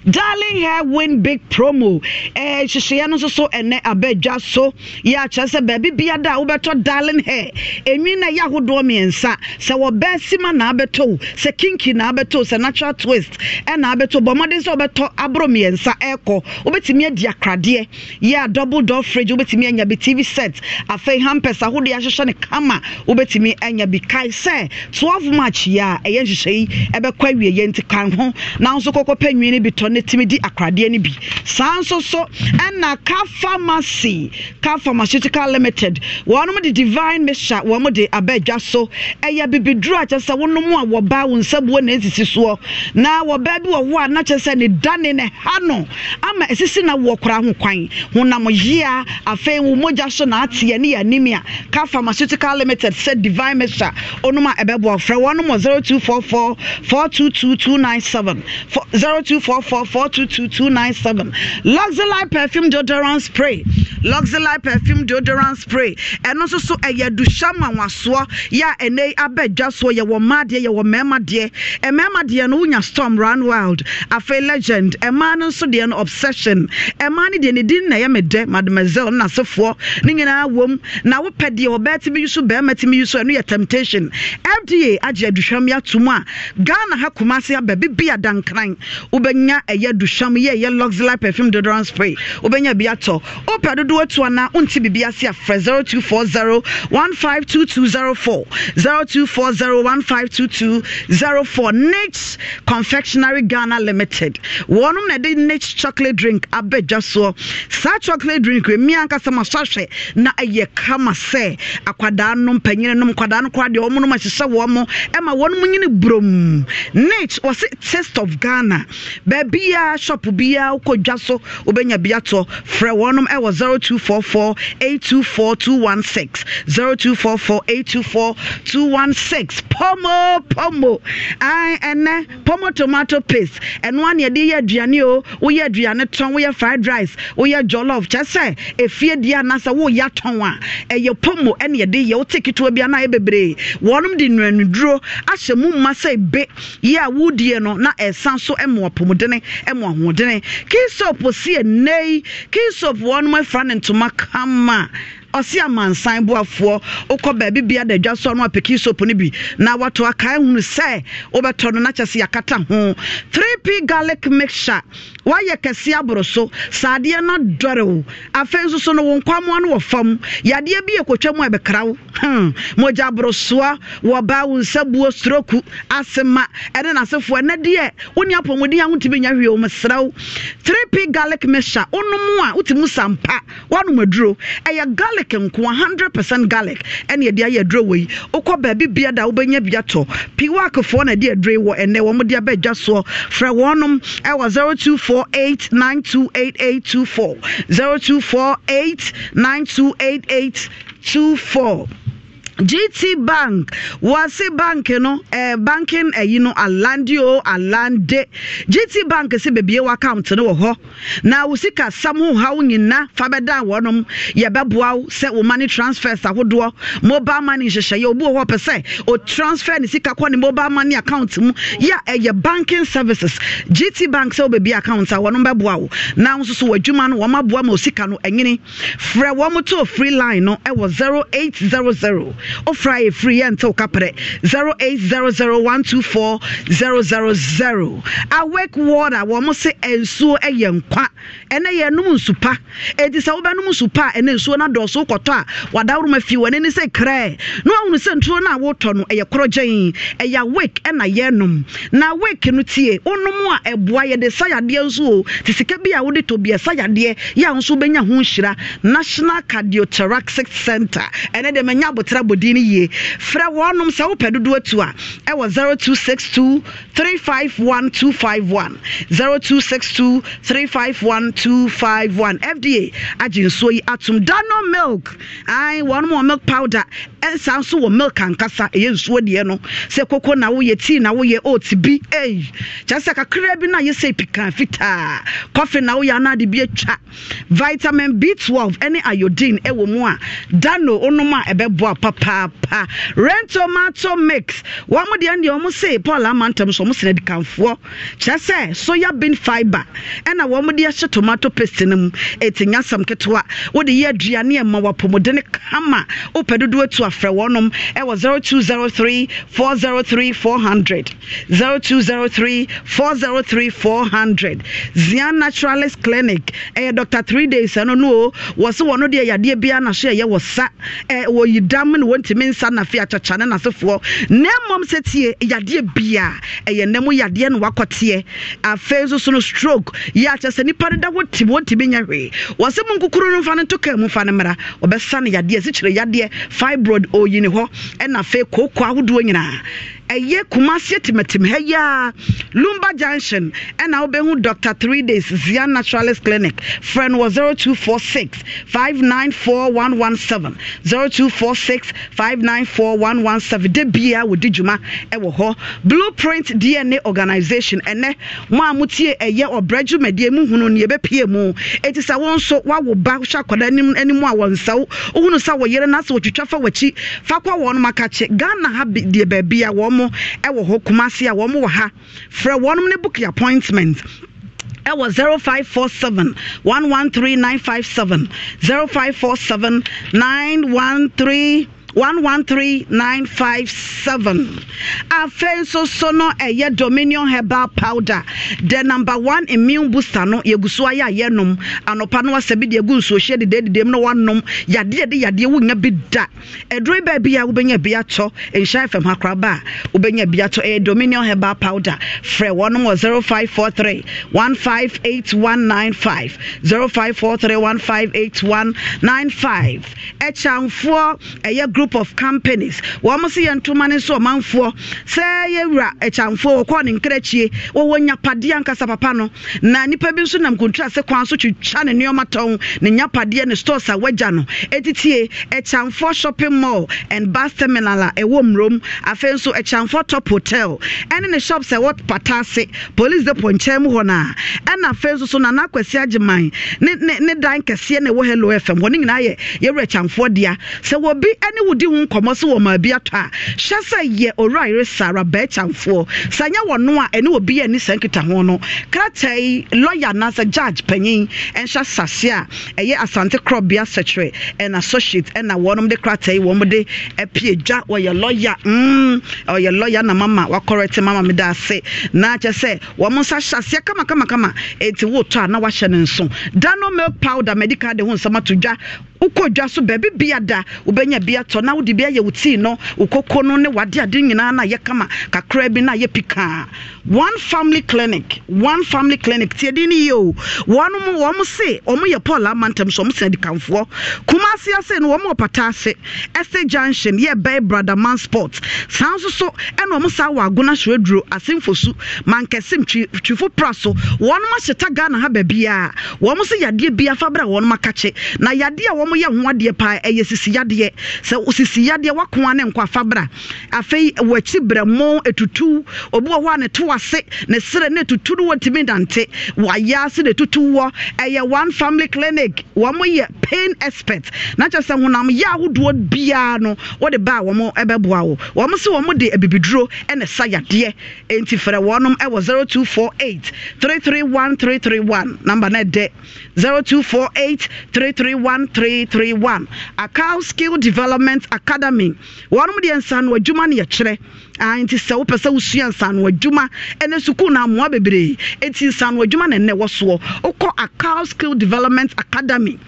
darling hair win big promo ɛɛ hyehyɛeɛ no nso so ɛnɛ abɛdwa so yɛ akyerɛ sɛ baabi bia da a wobɛtɔ darling hair enwi na ɛyɛ ahodoɔ mmiɛnsa sɛ wɔbɛɛ sima na abɛtɔ sɛ kinky na abɛtɔ sɛ natural twist ɛna eh, abɛtɔ bɔ ɔmɔden sɛ wɔbɛtɔ aboro mmiɛnsa ɛɛkɔ wobɛtumi adi akradeɛ yɛ a double door fridge wobɛtumi anya bi tv set afei hampers ahodoɔ ahyehyɛ ne kama wobɛtumi anya eh, bi kae sɛ twelve march yɛ a ɛyɛ eh, nhyehyɛ yi ɛbɛkɔ awie yɛ nti kan ho nanso kɔkɔpɛ nwi no bi tɔ no tumi di akradeɛ no bi saa nso so ɛna ka pharmacy ka pharmaceutical limited wɔnom de divine Mesha. wɔn de abɛɛdwa so ɛyɛ bibiduro a kyɛ sɛ wɔnom a wɔbaa wɔn nsabuo na esisi soɔ na wɔbaa bi wɔ hɔ a na kyɛ sɛ ne dane ne ha no ama esisi na wɔkora ho kwan honam yia afei wɔn mogya so na ne yɛ anim a ka pharmaceutical limited sɛ divine Mesha. wɔnom a ɛbɛboa frɛ wɔnom wɔ zero two four four two two two nine seven Luxury perfume deodorant spray Luxury perfume deodorant spray ɛno nso so ɛyɛ duhyɛ manwasoɔ yɛ a ɛnɛ abɛ dwa soɔ yɛwɔ mmaa deɛ yɛwɔ mmarima deɛ mmarima deɛ no wonya storm run wild afei legend mmaa no nso deɛ no obsession mmaa no deɛ ne din na ɛyɛ me dɛ mademoiselle no nasefoɔ ne nyinaa wɔm na wopɛ deɛ ɔbɛɛ timi yi so bɛrima timi yi so ɛno yɛ temptation fda agye aduhwam yɛato mu a ghana ha kumase aba bibi adankran wobɛnya ɛyɛ duhwam yɛ ɛyɛ luxury perfume deodorant spray wobɛnya bi atɔ wopɛ dodoɔ to anaa wonte biribi ase two two zero four. nich confectionary ghana limited wɔnom na ɛde nich chocolate drink abɛdwa soɔ saa chocolate drink ɛmi ankasa masɔhwɛ na ɛyɛ kama sɛ akwadaa no mpanyini nom akwadaa no koraa deɛ wɔn nom ahyehyɛ wɔn mo ɛma wɔn nyini brom nich wɔsi taste of ghana baabi bia shop bia wokɔ dwa so wobɛnya bi atɔ frɛ wɔnom ɛwɔ 0244 824216 0244 824216 pomo pomo Ay, ɛnɛ pomo tomato paste ɛno a ne yɛde yɛ aduane o woyɛ aduane tɔn woyɛ fried rice woyɛ jollof kyɛ efie deɛ anaasɛ woyɛ atɔn a ɛyɛ pomo ɛne yɛde yɛ wote ketewa bi anaa yɛ bebree wɔnom de nnuanuduro ahyɛ mu ma ebe yɛ a wodie no na ɛsan so ɛmoa pomodene ma ahoɔdene kinsop si ɛnnɛ yi kinsop wɔnom afira ne ntoma kama ɔse amansan boafoɔ wokɔ baabi bia da adwa so no apɛki sop no bi na wato akae hunu sɛ wobɛtɔ no na kyɛ sɛ yɛakata ho 3p garlic mixture wayɛ kɛse aboro so saa adeɛ no dɔre wo afei nso so no wo nkwamoa no wɔ fam yadeɛ bi ɛkɔtwa mu a ɛbɛkra wo hmm. mogya aborosoɔ wɔbaa wo nsabuo buo stroku asema ɛne n'asefoɔ ɛnɛ deɛ wo ne a wontumi nya hwee wo mesrɛ 3p garlic mixture wonom a wotumi sampa woanom aduro ɛyɛ garlic nko 100% garlic ayɛ aduro wɔ yi wokɔ bia da wobɛnya na ɛde aduro wɔ ɛnɛ soɔ four eight nine two eight eight two four zero two four eight nine two eight eight two four gt bank wɔase bank no eh, banking ayi eh, no alande o alande gt bank sɛ bebie wɔ account no wɔ hɔ na wo sika sam nyina fa bɛda wɔnom yɛbɛboa wo sɛ wo money transfers ahodoɔ mobile money nhyehyɛeɛ obi wɔ hɔ pɛ sɛ o transfer ne sika kɔ ne mobile money account mu ya ɛyɛ eh, banking services gt bank sɛ wo bebie account a wɔnom bɛboa wo na wo nso so w'adwuma no wɔmaboa ma o sika no ɛnyini frɛ wɔn to free line no ɛwɔ 0800 ɔfra yɛ firi yɛnte wo kaprɛ 080012400 awake water wɔ mo se nsuo yɛ nkwa ɛnɛ yɛnom nsupa ɛti sɛ wobɛnom nsupa a ɛnɛ nsuo no dɔɔso wokɔtɔ a wadaworoma fii w'ani ne sɛ krɛ na wahunu sɛ nturo no a wotɔ no ɛyɛ korɔgyɛn ɛyɛ awake ɛna yɛnom na awake no tie wonom a ɛboa yɛde sa yadeɛ nso o te sika bi a wode tɔ bi ɛsa yadeɛ yɛ a nso wobɛnya ho nhyira national cardiothoracic center ɛnɛ deɛ manya abotrabo abɔdin no yie frɛ wɔnom sɛ wopɛ dodoɔ tu a ɛwɔ 0262 351251 fda agye nsuo yi atom dano milk ai wɔnom wɔ milk powder ɛnsa nso wɔ milk ankasa ɛyɛ nsuo deɛ no sɛ koko na woyɛ tea na woyɛ oat bi ei kyerɛ sɛ kakra bi no a yɛsɛ pikan fitaa coffee na woyɛ anaade bi atwa vitamin b12 ne iodine ɛwɔ mu a dano wonom a ɛbɛboa papa Papa, paapa tomato mix wɔn mo deɛ deɛ wɔn se paul amantam so wɔn sena dikanfoɔ kyerɛ sɛ soya bean fibre ɛna wɔn deɛ hyɛ tomato paste no mu eti nyasam ketewa wɔde yɛ aduane ɛma wɔpɔmɔden kama wɔpɛ dodoɔ tu afrɛ wɔnom ɛwɔ zero two zero three four zero three four hundred zero two zero three four zero three four hundred zian naturalist clinic ɛyɛ eh, doctor three days ɛno no o wɔsi wɔn no deɛ yadeɛ bi anaso ɛyɛ wɔ sa ɛɛ wɔ yidam ne wɔ. wɔntumi nsa nafe akyakya ne n'asefoɔ na mmom sɛ tie yadeɛ bia ɛyɛ nam yadeɛ no wakɔteɛ afei nso so no stroke yɛ akyɛ sɛ nipa no da wɔtim wɔntumi nya hwee wɔsɛ mu nkokoro no mfa no nto kaa mu fa no mmara wɔbɛsa no yadeɛ asikyerɛ yadeɛ fibroid ɔyi ne hɔ ɛna afei kooko ahodoɔ nyinaa ɛyɛ kumasi tìmɛtìmɛ ha yia lumba junction ɛna wobɛhu dr three days zia naturalist clinic frɛ no wɔ zero two four six five nine four one one seven zero two four six five nine four one one seven de bia wòdi dwuma ɛwɔ e hɔ blueprint dna organisation ɛnɛ mo a mo tie ɛyɛ ɔbrɛ dwumadie mu hunu nea ebɛpie mu eti sɛ wɔn nso wawo ba hyɛ akɔda anim anim a wɔn nsaw ohunu sɛ wɔyere na sɛ wɔtwitwa fa wɔkyi fa wɔn maka kye ghana ha deɛ baabi a wɔn wɔn wɔ hɔ kumase a wɔn wɔ ha frɛ wɔn ne book appointment ɛwɔ 0547 113957 0547 913 113957 afei nso so no ɛyɛ dominion herbal powder the number one immune booster no yɛgu so ayɛ a yɛnom anɔpa no wasɛ bi de ɛgu nsuohyɛ dedededem na wanom yadeɛ de yadeɛ wonya bi da ɛduru baabi a wobɛnya bi atɔ nhyia fm akoraba a wobɛnya bi atɔ ɛyɛ e, dominion herbal powder frɛ wɔnom wɔ 0543 158195 0543 158195 ɛkyɛnfoɔ ɛyɛ group group of companies wɔn si yɛ ntoma ne nso ɔmanfoɔ sɛ yɛwura ɛkyɛnfoɔ wɔkɔ ne nkrakyie wɔwɔ nyapadeɛ ankasa papa no na nipa bi nso nam kontra ase kwan so twitwa ne nneɛma tɔn ne nyapadeɛ ne stores a wɔagya no etitie ɛkyɛnfoɔ shopping mall and bus terminal a ɛwɔ mmurom afei nso ɛkyɛnfoɔ top hotel ɛne ne shops a ɛwɔ pata ase police depo nkyɛn mu hɔ na ɛna afei nso so nana akwasi agyeman ne ne ne dan kɛseɛ na ɛwɔ hello fm wɔn nyinaa yɛ yɛwura ɛkyɛnfoɔ dea sɛ wɔbi ɛne wɔ wodi ho nkɔmmɔ so wɔ maabi atɔ a hyɛ sɛ yɛ owura yere sara bɛɛkyamfoɔ sɛ nyɛ wɔno a ɛne obi ani sɛ nkita ho no krataa yi lɔya anaasɛ judge panyin ɛnhyɛ sase a ɛyɛ asante korɔbea sɛkyerɛ ɛna associate ɛna wɔnom de krataa yi wɔn de apie dwa wɔyɛ lɔya mm, ɔyɛ lɔya na mama wakɔrɛ mama mi da ase na kyɛ sɛ wɔn nsa hyɛ aseɛ kama eti wotɔ a na wahyɛ ne nso dano milk powder medical de ho nsɛm ato dwa wokɔ dwa so baabi bia da wobɛnya bia tɔ na wode bi ayɛ wo tii no wokoko no ne wade ade nyinaa no ayɛ kama kakraa bi no ayɛ pikaa one family clinic one family clinic tie din ne yie o wɔn wɔn se wɔn yɛ paul amantam so wɔn sɛ dikanfoɔ kumasi ase no wɔn ɔpata ase ɛsɛ junction yɛ bɛɛ bradaman sport saa nso so ɛna wɔn saa wɔ agona sureduro asenfosu mankɛse twifo pra so wɔn ahyeta ghana ha baabi wɔn se yadeɛ bi afabra wɔn akakye na yadeɛ a wɔn yɛ ho adeɛ paa ɛyɛ sisi yadeɛ sɛ sisi yadeɛ wakoa ne nkɔ afabra afei wɔ akyi brɛ mo etutu obi wɔ hɔ a ne to wase ne serɛ ne tuturu wɔ tumi dante wayɛ ase ne tutuwɔ ɛyɛ one family clinic wɔn yɛ pain expert na kyerɛ sɛ honam yɛ ahodoɔ biara no wɔde ba a wɔn bɛboa wo wɔn so wɔn de abibiduro ne sa yadeɛ nti frɛ wɔn wɔ zero two four eight three three one three three one namba na ɛdɛ zero two four eight three three one three three one akau skill development academy wɔn deɛ nsa no adwuma no yɛ kyerɛ. Ah, nti sɛ wopɛ sɛ wosua nsano adwuma ɛnɛ sukuu no amoa bebree ɛnti nsano adwuma na wɔ soɔ wokɔ acal skill development academy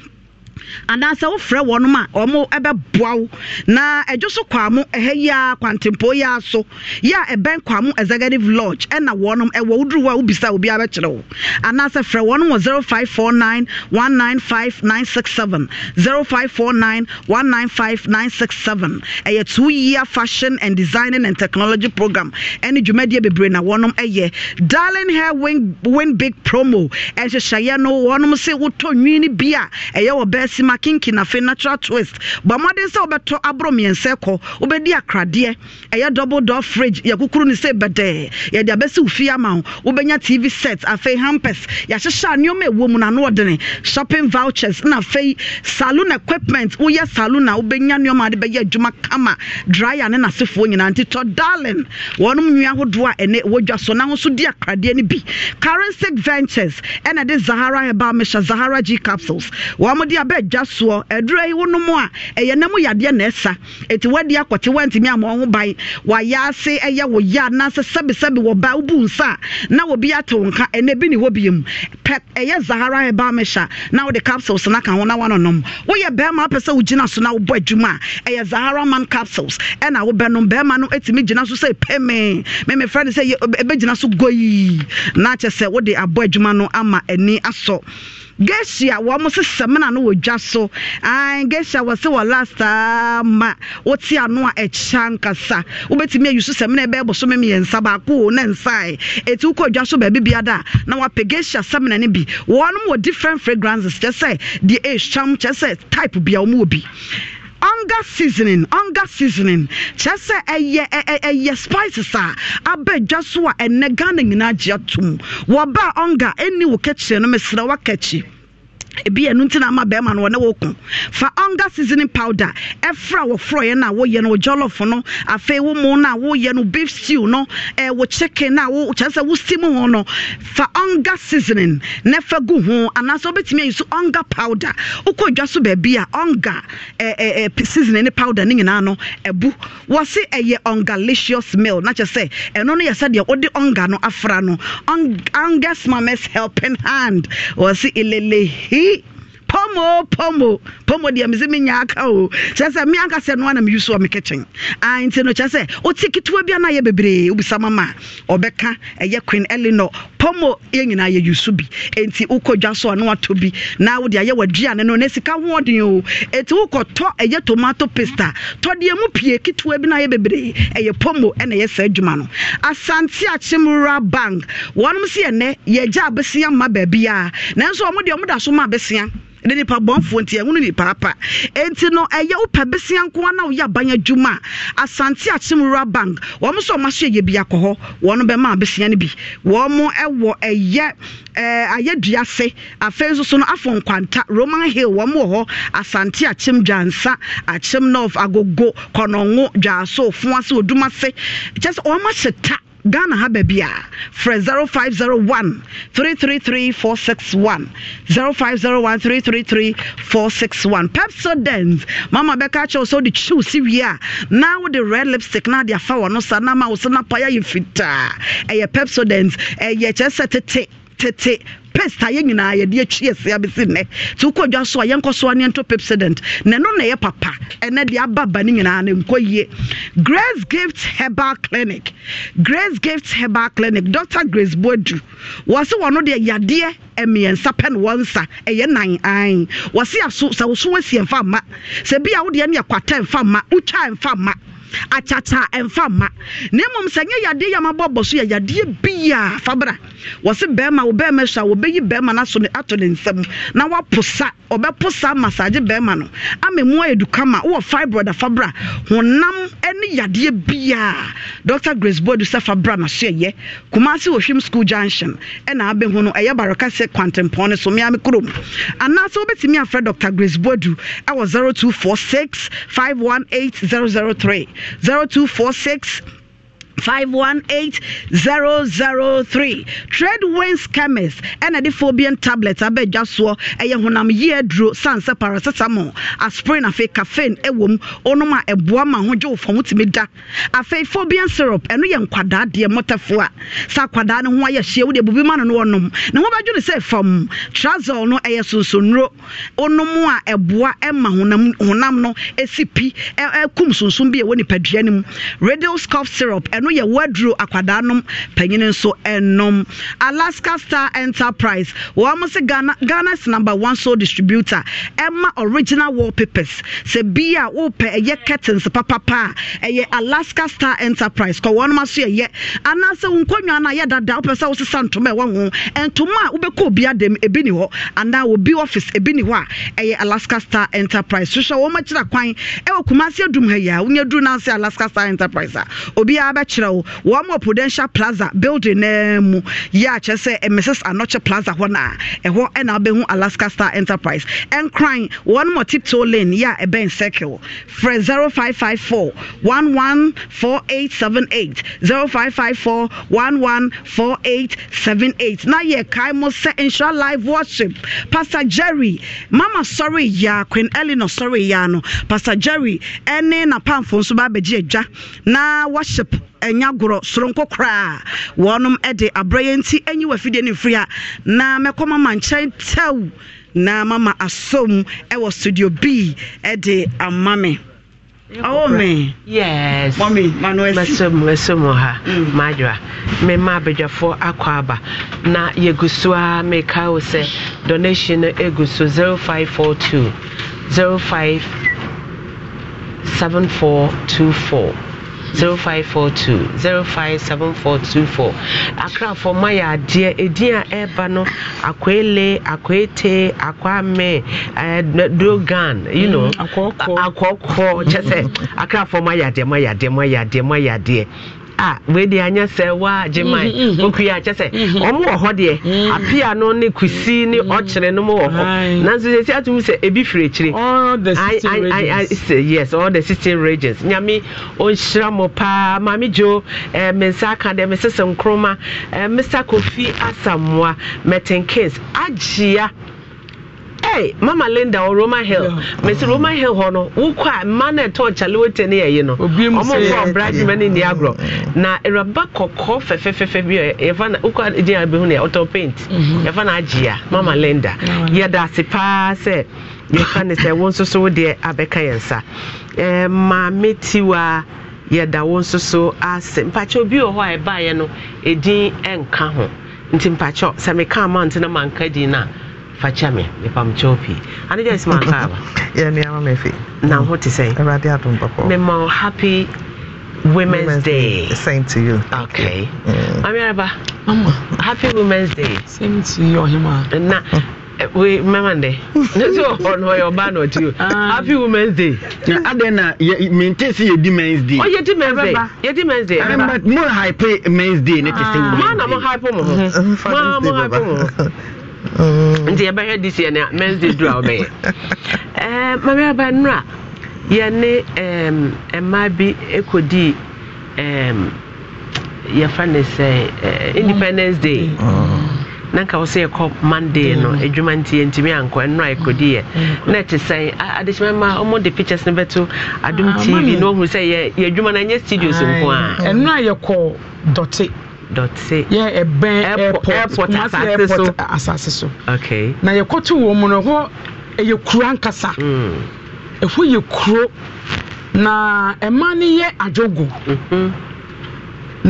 anaasɛ wofrɛ wɔnom a ɔmo ɛbɛboa wo na ɛdwo so kwa mo ɛha yi a kwantempɔ yi a so yi a ɛbɛn kwa mo executive lodge ɛna wɔnom ɛwɔ woduru hɔ a wobisa obi abɛkyerɛ wo anaasɛ frɛ wɔnom wɔ 0549 195 967 0549 195 967 ɛyɛ two year fashion and designing and technology program ɛne dwumadie bebree na wɔnom ɛyɛ darling hair win, win big promo ɛhyehyɛeɛ no wɔnom se wotɔ nwini bi a ɛyɛ wɔ bɛɛ asima na fe natural twist bɔ mmɔden sɛ wobɛtɔ aborɔ mmiɛnsa kɔ wobɛdi akradeɛ ɛyɛ double door fridge yɛkukuru ni se bɛdɛɛ yɛde abɛsi wo fie ama wo wobɛnya tv set afei hampers yɛahyehyɛ nneɔma ɛwɔ mu nano ɔdene shopping vouchers na afei saloon equipment woyɛ saloon a wobɛnya nneɔma ade bɛyɛ adwuma kama dryer ne n'asefoɔ nyinaa nti tɔ darling wɔnom nnua ahodoɔ a ɛnɛ wɔdwa so n'ahosuo di akradeɛ no bi currency ventures ɛna de zahara herbal mission zahara g capsules wɔn mo de abɛ bɛɛ dwa soɔ ɛduro yi wɔnom a ɛyɛ nam yadeɛ na ɛsa eti wɔde akɔte wɔntumi ama ɔho ban wɔayɛ ase ɛyɛ wɔ yɛ anaasɛ sɛbisɛbi wɔ ba wobu nsa na obi ato nka ɛnɛ bi ne hɔ bie mu pɛ ɛyɛ zahara ɛbaa mehyɛ na wɔde capsules na ka ho na wɔnonom wɔyɛ bɛrima apɛ sɛ wogyina so na wobɔ adwuma a ɛyɛ zahara man capsules ɛna wobɛnom bɛrima no ɛtumi gyina so sɛ pɛmee memefrɛ ne sɛ ɛbɛgyina so goyi na kyɛ sɛ wode abɔ adwuma no ama ani asɔ gesi a wɔn sesɛm Samina, no wɔ dwa so an gesi a wɔsi wɔ last ah, ma wɔte ano a ɛkyɛ ankasa wobɛtumi ayi so sɛm na ɛbɛɛbɔ so mɛmi yɛn nsa baako o ne nsa yɛ etu kɔ dwa so baabi biada na wapɛ gesi asɛm Samina ne bi wɔn wɔ different fragrances kyɛ sɛ deɛ ɛɛhyɛm kyɛ sɛ type bia wɔn wɔ bi anga seasoning anga seasoning kyerɛ sɛ ɛyɛ ɛyɛ spices a abɛ dwa so a ɛnɛ ghana nyinaa gye atom wɔba anga ɛni wɔ kɛkyerɛ no mesrɛ wakɛkyi ebi ɛnu na ama bɛrima no wɔne wɔko fa ɔnga seasoning powder ɛfra wɔfrɔyɛ no a woyɛ no jɔlɔfo no afei wo mu no woyɛ no beef stew no ɛwɔ e, chicken na wo kyerɛ sɛ wosi mu ho no fa ɔnga seasoning na ɛfa gu ho anaasɛ wobɛtumi ayi so ɔnga powder wokɔ dwa so baabi a ɔnga ɛɛ ɛɛ seasoning ne powder ne nyinaa no ɛbu wɔsi ɛyɛ e, ɔngalicious meal na kyerɛ sɛ ɛno no yɛ sɛdeɛ wode ɔnga no afra no ɔnga smames helping hand wɔsi elelehi ayi pomo pomo pomo deɛ mese menya aka o kyerɛ sɛ me ankasɛ no ana meyi so a me kitchen nti no kyerɛ sɛ wote ketewa bi ana yɛ bebree wobisa mama a ɔbɛka ɛyɛ e queen elinor pɔmɔ yɛ nyinaa yɛ yusu bi nti wokɔ dwa so a na bi na wode ayɛ waduane no na sika hoɔden o ɛnti wokɔtɔ ɛyɛ tomato pasta tɔdeɛ mu pie ketewa bi no ayɛ bebree ɛyɛ pɔmɔ ɛna ɛyɛ saa adwuma no asante akyemura bank wɔnom si ɛnɛ yɛgya abɛsia ma baabi a nanso wɔn deɛ wɔn da so ma abɛsia ne nipa bɔnfoɔ nti ɛhunu bi paapa nti no ɛyɛ wopɛ besia nko na woyɛ aban adwuma a asante akyemura bank wɔn nso wɔn aso yɛ bi akɔ hɔ wɔn bɛma abɛsia no bi wɔn ɛwɔ wɔ ɛyɛ ɛɛ eh, ayɛdua se afei nso so no afɔ nkwanta roman hill wɔn wɔ hɔ asante akyem dwansa akyem north agogo kɔnɔngo dwaso funase odumase kyɛ sɛ wɔn ahyɛ ta ghana ha baabi a frɛ 0501 333 461 0501 333 461 pepsodent mama bɛka kyerɛ wo sɛ wode kyew si a na wode red lipstick na ade afa wɔ no sa na ma wo so napayɛ yɛ fitaa ɛyɛ pepsodent ɛyɛ kyerɛ sɛ tete tete pesta yɛ nyinaa yɛde atwi abɛsi nnɛ nti wokɔ dwa so a yɛnkɔ so a ne ɛntɔ pepsodent na na papa ɛnɛ de aba ba no nyinaa no nkɔ yie grace gift herbal clinic grace gift herbal clinic dr grace boadu wɔ se wɔno deɛ yadeɛ mmiɛnsa pɛ no wɔn nsa ɛyɛ nan an wɔse aso sɛ woso wasi mfa mma sɛ bia wodeɛ ne yɛkwata mfa mma wotwa mfa mma akyakya ɛmfa mma na mmom sɛ nyɛ yadeɛ yɛ amabɔbɔ so yɛ yadeɛ bia fabra wɔse bɛrima wo bɛrima so a wɔbɛyi bɛrima no aso ne ato ne nsam na waposa ɔbɛposa masagye bɛrima no ama mu ayɛ dukama wowɔ fibroid afabra honam ne yadeɛ bia dr grace boadu sɛ fabra naso ɛyɛ kumase wɔhwim school junction ɛna abɛhu no ɛyɛ baraka sɛ kwantempɔn no so mmea me kurom anaasɛ wobɛtumi afrɛ dr grace boadu ɛwɔ 0246 518 003 0246 518003 trade wins chemist ɛna de phobian tablet abɛdwa soɔ ɛyɛ honam yie duro sansa paracetamol aspirin afei caffeine ɛwɔ mu ɔnom a ɛboa ma ho gye wo fam tumi da afei phobian syrup ɛno yɛ nkwadaa deɛ mmɔtafoɔ a saa akwadaa no ho ayɛ hyia wode bubi ma no no ɔnom ne ho bɛdwo sɛ fam trazol no ɛyɛ sonsonnuro ɔnom a ɛboa ɛma honam no ɛsi pi ɛkum sonsom bi ɛwɔ nipadua no mu radial scoff syrup ɛno ɛno yɛ waduro akwadaa nom panyin nso ɛnom alaska star enterprise wɔn mo sɛ ghana ghana's number one sole distributor ɛma original wallpapers sɛ bia wopɛ ɛyɛ curtains papapa a ɛyɛ alaska star enterprise kɔ wɔn mo aso ɛyɛ anaasɛ nkonnwa no a yɛ dada wopɛ sɛ wosesa ntoma ɛwɔ ho ntoma a wobɛkɔ obi adam ebi ni hɔ anaa obi office ebi ni hɔ a ɛyɛ alaska star enterprise soso wɔn akyerɛ kwan ɛwɔ kumasi adum ha yi a wonye duru n'ase alaska star enterprise a obiara bɛkyɛ kyerɛ wo wɔn wɔ prudential plaza building naa mu yɛ akyɛ sɛ mrs anɔkye plaza hɔ na ɛhɔ ɛna abɛhu alaska star enterprise ɛnkran wɔn wɔ tiptoe lane yɛ ɛbɛn circle frɛ zero five five four one one four eight seven eight zero five five four one one four eight seven eight na yɛ kae mo sɛ nsura live worship pastor jerry mama sɔre yia queen eleanor sɔre yia no pastor jerry ɛne napamfo nso ba abɛgye adwa na worship. ɛnya gorɔ soronko koraa wɔnom de aberɛ yɛ nti anyi wafidie no mfiri a na mɛkɔma ma nkyɛn tɛw na mama asom ɛwɔ studio b de ama me Oh me. Yes. Mommy, Manuel. Mesem, mesem ha. Mm. Madra. Me ma bejafo akwa aba. Na yegusua me ka se donation eguso, 0542 05 7424. zero five four two zero five seven four two four akrafo ma yɛ adeɛ edin eh, a eh, ɛreba no akwele akwete akwame ɛɛ eh, dogan you mm, know akɔkɔ akɔkɔ just sɛ akrafo ma yɛ adeɛ ma yɛ adeɛ ma yɛ Ah, mm-hmm, mm-hmm. a wedi anyɛ sɛ waa gyeman okua akyɛ sɛ ɔmo wɔ hɔ deɛ mm-hmm. apia no ne kusi ne ɔkyerɛ no mo wɔ hɔ nanso sɛ si atum sɛ ebi firi akyire yes all the sixteen regions nyame onhyira mo paa maame jo ɛɛ eh, me nsa aka deɛ me sese nkroma ɛɛ eh, mr kofi asamoa mɛtin agyia. ɛ mama linda wɔ roman hill mesi roman hill hɔ no wokɔ a mma no ɛtɔn kyalewote ne yɛyi no ɔmofɔ ɔbra adwuma no nni agorɔ na awuraba kɔkɔɔ fɛfɛfɛfɛ bi a yɛfa na wokɔ gyina bɛhu no ɔtɔ paint yɛfa no agyea mama linda yɛda ase paa sɛ yɛka ne sɛ wo nso so wodeɛ abɛka yɛn nsa maame tiwa yɛda da nso so ase mpakyɛ obi wɔ hɔ a ɛbaeɛ no edin nka ho nti mpakyɛ sɛ meka amount no manka din no a fakyɛ me mepamkyɛw pii ane gye sɛ mankaaba yɛneama ma afei na ho te sɛ awurade adom papa mema happy Women's, Women's Day. Day. Same to you. Okay. Mm. ba. Mama. Happy Women's Day. Same to you, Hima. Na, we mama de. Nso ọ̀nà ọ̀yọ̀ ọba nọ ti o. Happy Women's Day. Na adé na mèntè sí yẹ di men's day. Ọ oh, yẹ di men's day. Yẹ di men's day. Mo hype men's day ne ti sẹ ah. women's day. Mo na mo hype mo ho. mo hype mo ho. Mm. nti yɛbɛhwɛ this year na men's day duro a wɔbɛyɛ eh, mami aba nnura yɛne mmaa bi kɔdii yɛfa ne sɛ eh, independence day mm. Mm. na nka wo sɛ yɛkɔ monday no adwuma nti yɛntumi ankɔ ɛno a yɛkɔdi yɛ na ɛte sɛn adekyema ma ɔmo de pictures no bɛto adom ah, tv na ɔhunu sɛ yɛ adwuma no ɛnyɛ studios nko a ɛno a yɛkɔ dɔte dot say. yɛ ɛbɛn airport airport asase so asase so. okay. na yɛkɔto wɔn mu no hɔ ɛyɛ kuro ankasa. ɛhɔ mm. yɛ kuro na ɛmaa no yɛ adwogo. Mm-hmm.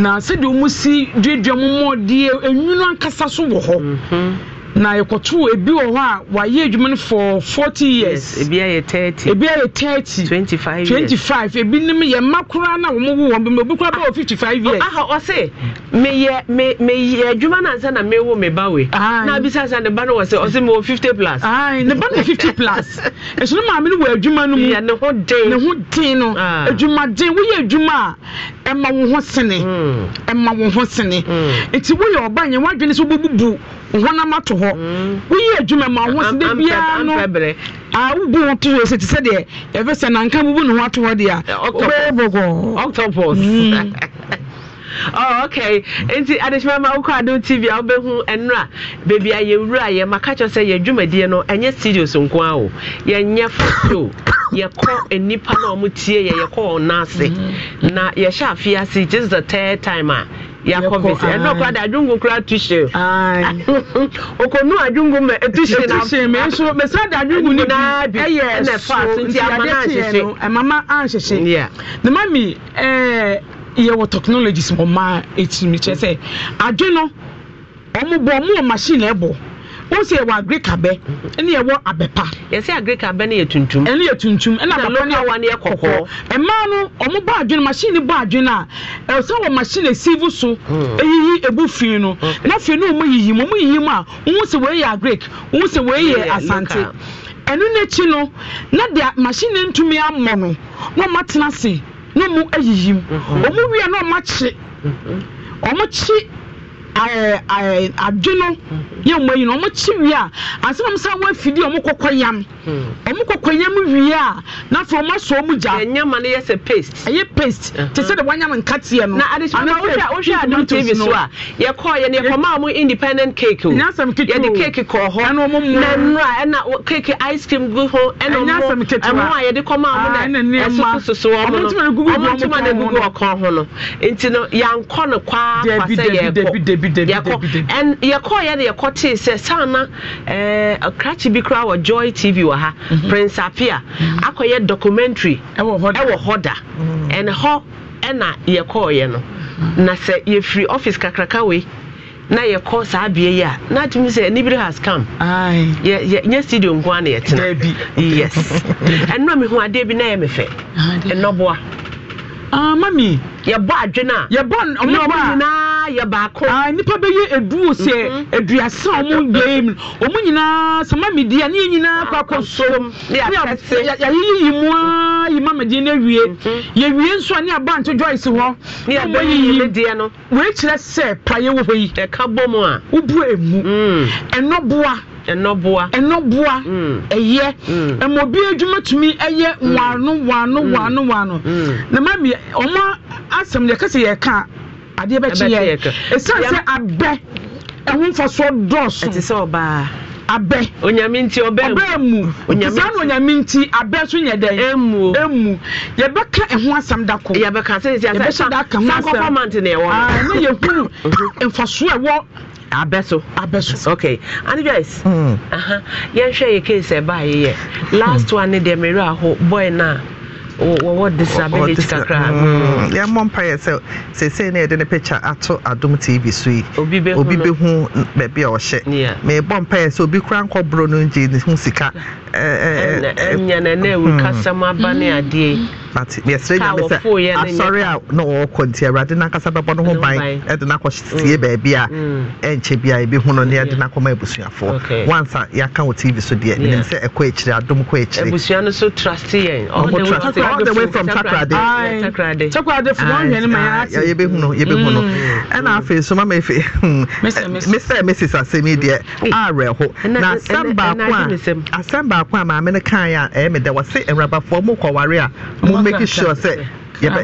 na sɛdeɛ wɔn si duadua mu mɔɔdeɛ enwunu ankasa so wɔ hɔ. Mm-hmm. na yɛkɔtoo ebi wɔ hɔ a wayɛ adwuma no for forty years ebi ayɛ thirty ebi ayɛ thirty twenty five twenty five ebi nim yɛ mma koraa na wɔn wo wɔn bi obi koraa bɛ wɔ fifty five years. aha ɔse meyɛ me meyɛ adwuma nansa na mewo me bawe. we na abisa sa ne ba no wɔse ɔse mewɔ fifty plus. ayi ne ba no fifty plus esu ne maame no wɔ adwuma no mu yɛ ne ho den ne ho den no ah. adwuma den woyɛ adwuma a ɛma wo ho sene hmm. ɛma wo ho sene hmm. nti woyɛ ɔba nyɛ wadwene so wobubu. honam ato hɔ mm. woyɛ adwuma ma ho sɛ da biara no A ho to hɔ sɛ te sɛ deɛ yɛfɛ sɛ nanka bubu ne ho ato hɔ deɛ a wobɛyɛ bɔgɔɔ mm. oh, okay nti adesima ma wokɔ adom tv a wobɛhu ɛnora beebi a yɛwura yɛ maka kyerɛ sɛ yɛ dwumadie no ɛnyɛ studios nko a o yɛnyɛ foto yɛkɔ nnipa na ɔmo tie yɛ yɛkɔ wɔn n'ase mm. na yɛhyɛ afiase this is the third time a yɛakɔ visit ɛnɛ ɔkora de adwongo kora tu hye ɔkɔnu adwongo ma ɛtu hye na nso bɛsa de adwongo ne bi ɛyɛ ɛna fa so nti ama no anhyehye ɛmama anhyehye ne ma mi ɛɛ yɛwɔ technologies wɔ mmaa ɛkyiri mi kyerɛ sɛ adwe no ɔmo bɔ ɔmo wɔ machine ɛbɔ. wosi ɛwɔ agrikabe ɛne ɛwɔ abɛpa. yɛsi agrikabe ne yɛ tuntum. ɛne yɛ tuntum ɛna abɛpa ne yɛ ni yɛ mmaa no ɔmo bɔ adwene machine bɔ adwene a ɛsɛ eh, machine so hmm. eyiyi ebu fi no hmm. na fi no yiyi mu yiyim yiyi mu a ɔmo sɛ agrik ɔmo sɛ wɔyɛ asante ɛno n'akyi no na deɛ machine ntumi amɔ no na atena se na hmm. wia na Mm-hmm. adwe mm-hmm. uh-huh. no yɛ mmɔ yi no ɔmo kyi wie a asɛm am sɛ wɔn afidie ɔmo kɔkɔ yam ɔmo kɔkɔ yam wie a n'afɔ ɔmo asɔ ɔmo gya. ɛnyɛ ma no yɛ sɛ paste. ɛyɛ paste te sɛ de wɔnyam nkateɛ no. na adesina na wohwɛ wohwɛ adam tv so a yɛkɔ yɛ ne yɛkɔma ɔmo independent cake o. Oh. nyasɛm ketewa yɛde cake kɔ hɔ ɛna ɔmo mu na nnura ɛna cake ice cream gu ho ɛna ɔmo ɛmo a yɛde kɔma ɔmo na ɛsososo ɔmo no ɔmo ntoma na gugu ɔkɔn ho no nti no yɛankɔ no kwaa kwa sɛ yɛkɔ. yɛkɔyɛ no yɛkɔtee sɛ sana eh, krakye bi koraa wɔ joy tv wɔ ha mhm. prince apia mhm. akɔyɛ documentary wɔ hɔ da ɛne mhm. hɔ ɛna yɛkɔɔyɛ no na sɛ yɛfiri office kakraka wei na yɛkɔ saa bea yi a na atumi sɛ anibere has come nyɛ studio nko a na yɛtena ɛno a mehu adeɛ bi na yɛ mefɛ ɛnɔboa Uh, mami yɛbɔ adwene a yɛbɔ ɔmo nyinaa yɛ baako uh, ah, nipa bɛyɛ eduo sɛ mhm. eduasa a ɔmo yɛɛ mu ɔmo nyinaa sɛ mami di a ne yɛ nyinaa kɔ akɔ som ne yɛayiyi yi mu a mhm. yi mama di ne wie mhm. yɛwie nso a ne abanto joyce hɔ ne yɛbɛyiyi ne deɛ no wɔn sɛ praeɛ wɔ hɔ yi ɛka bɔ mu a wobu emu mm. ɛnɔboa. Mm. ɛnɔboa ɛnɔboa ɛyɛ ɛmɛ adwuma tumi ɛyɛ nwanu nwanu. na mami ɔmo asɛm deɛ kɛse yɛ ka adeɛ bɛkye yɛ esan sɛ abɛ ɛho nfasoɔ dɔɔso ɛte sɛ ɔbaa abɛ onyame nti mu saa na abɛ so nyɛ dɛ emu emu yɛbɛka ɛho asam dako. yɛbɛka sɛ mante na ɛwɔ nfasoɔ abɛso abɛso okay And guys, anibias yɛnhwɛ yɛ case ɛbaa e yɛ yɛ last hmm. one ne deɛ mmerɛ aho boy na wɔwɔ disability kakra yɛmmɔ hmm. mpa yɛ sɛ seesei na yɛde ne picture ato adom tv so yi obi bɛhu baabi a ɔhyɛ mebɔ mpa yɛ sɛ obi kora nkɔborɔ no ngye ne ho sika nyɛ nɛnɛ awurukasɛm hmm. aba ne adeɛ ate yɛsrɛ nyame sɛ asɔre a na wɔɔkɔ nti awurade nankasa bɛbɔ no ho ban ɛde no akɔ sie baabi a ɛnkyɛ bi a yɛbɛhu no ne ɛde no akɔma abusuafoɔ wansa yɛaka wɔ tv so deɛ menim sɛ ɛkɔ akyiri adom kɔ akyiri all the way from takrade yɛbɛhu no yɛbɛhu no ɛna afei so mama afei mesɛ mesis asɛm yi deɛ awerɛho na asɛm baako a asɛm baako a maame no kaeɛ a ɛyɛ me dɛ wɔse awurabafoɔ mokɔware a mo Making sure say, sɛ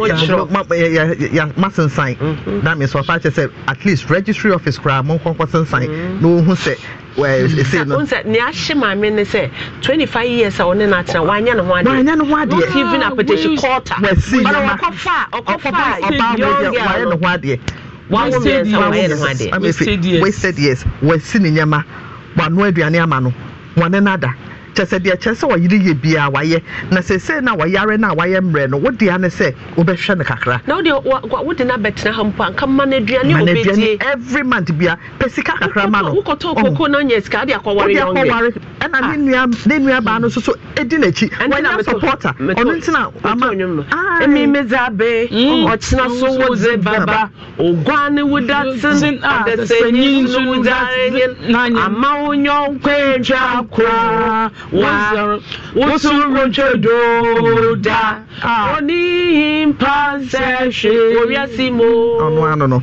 masensan that means ɔfa kyɛ sɛ at least registry office koraa mo nkɔnkɔ sensan mm-hmm. na wɔhu sɛ nea ahye maame ne sɛ 25 years a ɔne natena wanyɛ ne ho adeɛwanyɛ ne ho adeɛ even apetition quarter wasi yɛma ɔkɔfa ɔkɔfa ɔbaa wayɛ ne ho adeɛ wasted years wasted years wasi ne nyɛma wanoa aduane ama no wɔne nada kyɛ sɛ deɛ kyɛ sɛ wɔyere yɛ biaa wayɛ na sɛsei na wɔyare no a wayɛ mmerɛ no wodea ne sɛ wobɛhwɛ no kakra na wode wode no abɛtena ha mpo anka ma no aduane wobɛdie every month bia pɛ kakra ma no wokɔtɔ mm. koko na nyɛ sika ade akɔware yɔnge ɛna ne ah. nua ne nua baa no soso ɛdi n'akyi wɔnyɛ supporter ɔno nti na ama ɛmi mi dza be ɔkyena so ah, wodze baba ogwane wodatsen adasanyin no wodarenyin ama wo nyɔnkɔ etwa koraa wosorontwedoda onimpa nsɛ hwee owiase mu ɔno ano no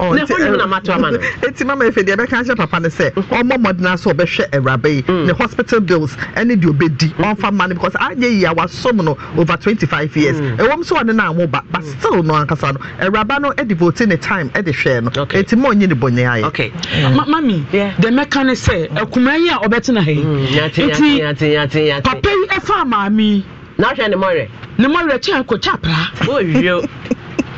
Oh, ne hɔ nom na eh, mato ama no ɛti mama ɛfɛ deɛ ɛbɛka akyerɛ papa no sɛ ɔmmɔ mmɔdena sɛ ɔbɛhwɛ awuraba yi mm. ne hospital bills ɛne deɛ ɔbɛdi ɔmfa mm. ma no because anyɛ yi a wasom no over 25 years ɛwɔm mm. sɛ ɔne no a mo ba but still no ankasa no awuraba no ɛde vote ne time ɛde hwɛɛ no ɛti ma ɔnyɛ ne bɔne ayɛ mami deɛ mɛka ne sɛ akuma yi a ɔbɛtena ha yi nti papa yi ɛfa maame yi na ɔhwɛ ne mɔwerɛ ne mɔwerɛ kyɛn kɔ kyapra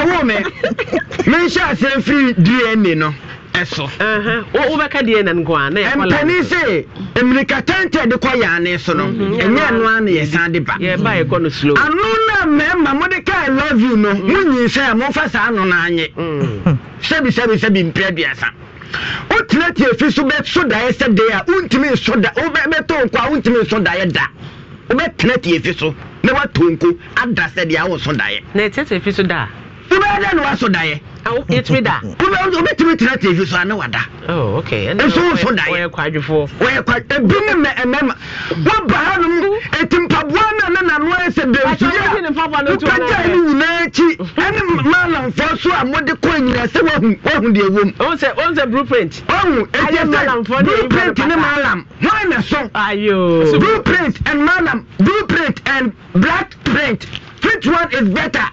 ɔwo me menhyɛ asɛm firi dna no ɛso wobɛka dna nkoa mpani sɛ mmirikatante de kɔ yɛ ane so no ɛnyɛ ɛno a na yɛsan mhm, de ba ano no mo mode ka love you no monyinsɛ a momfa saa no no anyɛ sɛbisɛbisɛbi mpɛ aduasa wotenatia fi so bɛso daeɛ sɛ deɛ a wontumi nso da wobɛtɔ nkɔ a wontumi nso daeɛ da wobɛtena tie fi so na woatɔ nko ada sɛ deɛ awo so daeɛ na ɛtete fi so da wobɛyɛ dɛ na woaso daeɛ yɛtumi da wobɛtumi tena tie fi so a ne wada oh, nso wo so daeɛ wɔyɛ kwadwefoɔ wɔyɛ kwa ebi ne mɛmɛma woaba hanom ɛti ano ayɛ sɛ dansuya wopagya ne nyinaa akyi ɛne malamfoɔ so a mode kɔ nyinaa sɛ wahu deɛ wom ɔhu ɛkyɛ sɛ blueprint ne malam hwan na so blueprint and malam blueprint and black print Street one is better.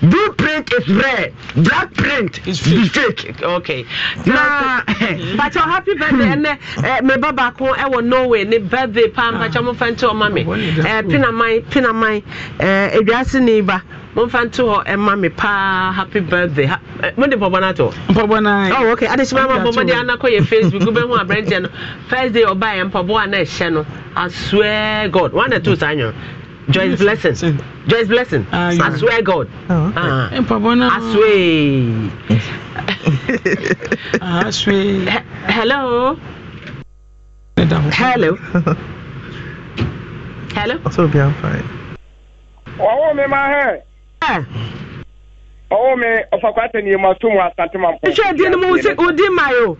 Blue print is rare. Black print is fake. fake. Okay. But your happy birthday ɛnɛ mɛ I baako know when. ne birthday paa ah. mpacha mo fɛn to ɔma mi ɛɛ eh, pinaman pinaman ɛɛ eh, eduase ne ba mo fɛn to hɔ ɛma eh, mi paa happy birthday mo de pɔbɔ n'ato. Oh, okay adesima ma bɔ mo e. anakɔ yɛ Facebook bɛ hu abirɛnjɛ no first day ɔba yɛ mpɔbɔ a na ɛhyɛ e no I swear God one na two saa nyɔ. Joyce Blessing. Joyce Blessing. Uh, ah, yeah. I swear God. Oh, okay. uh, I swear. Ah, I swear. H- Hello. Hello. Hello. I told you I'm fine. Oh, me my hair. Oh, me. Of a quarter, you must do what I'm You should do the most. You do my own.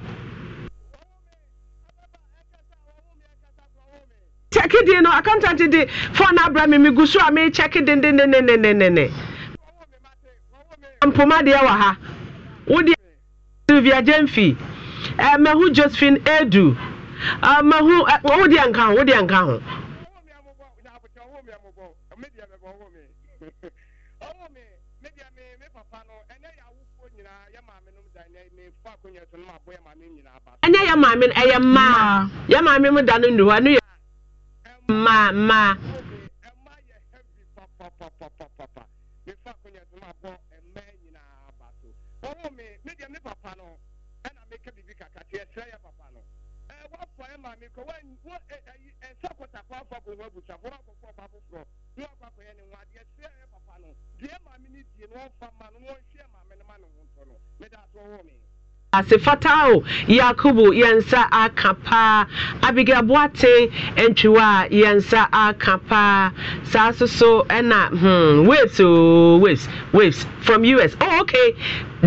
chɛki din no accountant de phone abra me megu so ne ne ne mpoma deɛ wɔ ha wode sylvia gyemfi eh, mahu josephine edu eh, mahu eh, wode anka ho wode anka ho ɛnyɛ yɛ maame no ɛyɛ mmaa yɛ maame mu da no nnuhɔ ɛno yɛ ma ma. Deɛ maame ni die no wɔn fa ma no wɔn hyɛ maame no ma no no mɛ daa so wɔwɔ ase fatao yakubu yɛnsa aka paa abigail boate ntwiwa a yɛnsa aka paa saa so so ɛna hmm waves o oh, waves waves from us oh okay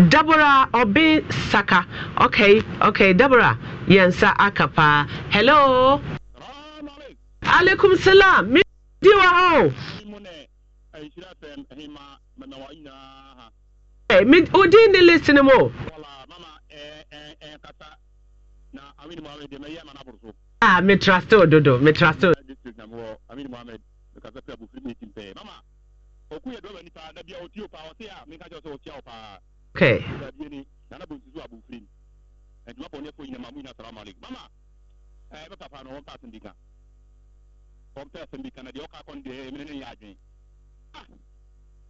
deborah obi saka okay okay deborah yɛnsa aka paa hello alaikum salam mi di wa o. Eh, hey, eh, mi, udin ni listen mo ɛnkasa na amini muhammed dɛmɛ yɛ mana boroso. aa mi traste o dodo mi traste o. district na mɔgɔ amini muhammed mi kasa fɛ bufiri mi ti pɛ mama o kun ye dɔw bɛ nin pa dabi o ti o pa o ti a mi ka jɔ so o ti a o pa. ok. dabi ni nana bo susu a bufiri ɛ tuma bɔ ne fo ɲinɛ ma mu ɲinɛ ma le mama ɛ bɛ papa nɔ wɔn pa sindi kan wɔn tɛ sindi kan na de o ka kɔni de ye ne y'a jɛ ah,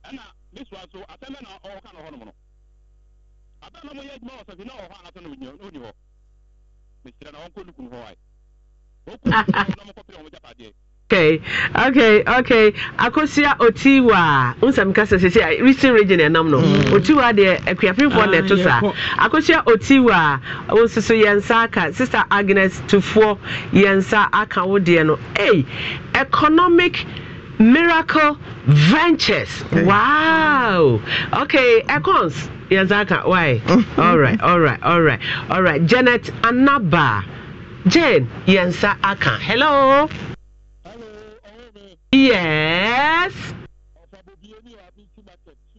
ɛna mi so a fɛn bɛ na ɔ kan na hɔn mɔnɔ abe na moyɛ adwuma wɔ sɔfi na ɔwɔ hɔ anaso na ɔni hɔ mesrɛ na wɔnkɔ nukunu hɔ ae Okay, okay, okay. Akosia Otiwa. Unsam kasa sisi Eastern region enam no. Hmm. Otiwa de akuapinfo ah, na to sa. Akosia Otiwa. Unsusu yensa aka Sister Agnes Tufo yansa aka wo de no. Hey, economic miracle ventures. Wow. Okay, Econs yes, I Why? all right, all right, all right, all right. Janet Anaba. Jane, yes, I can. Hello. Hello. Yes.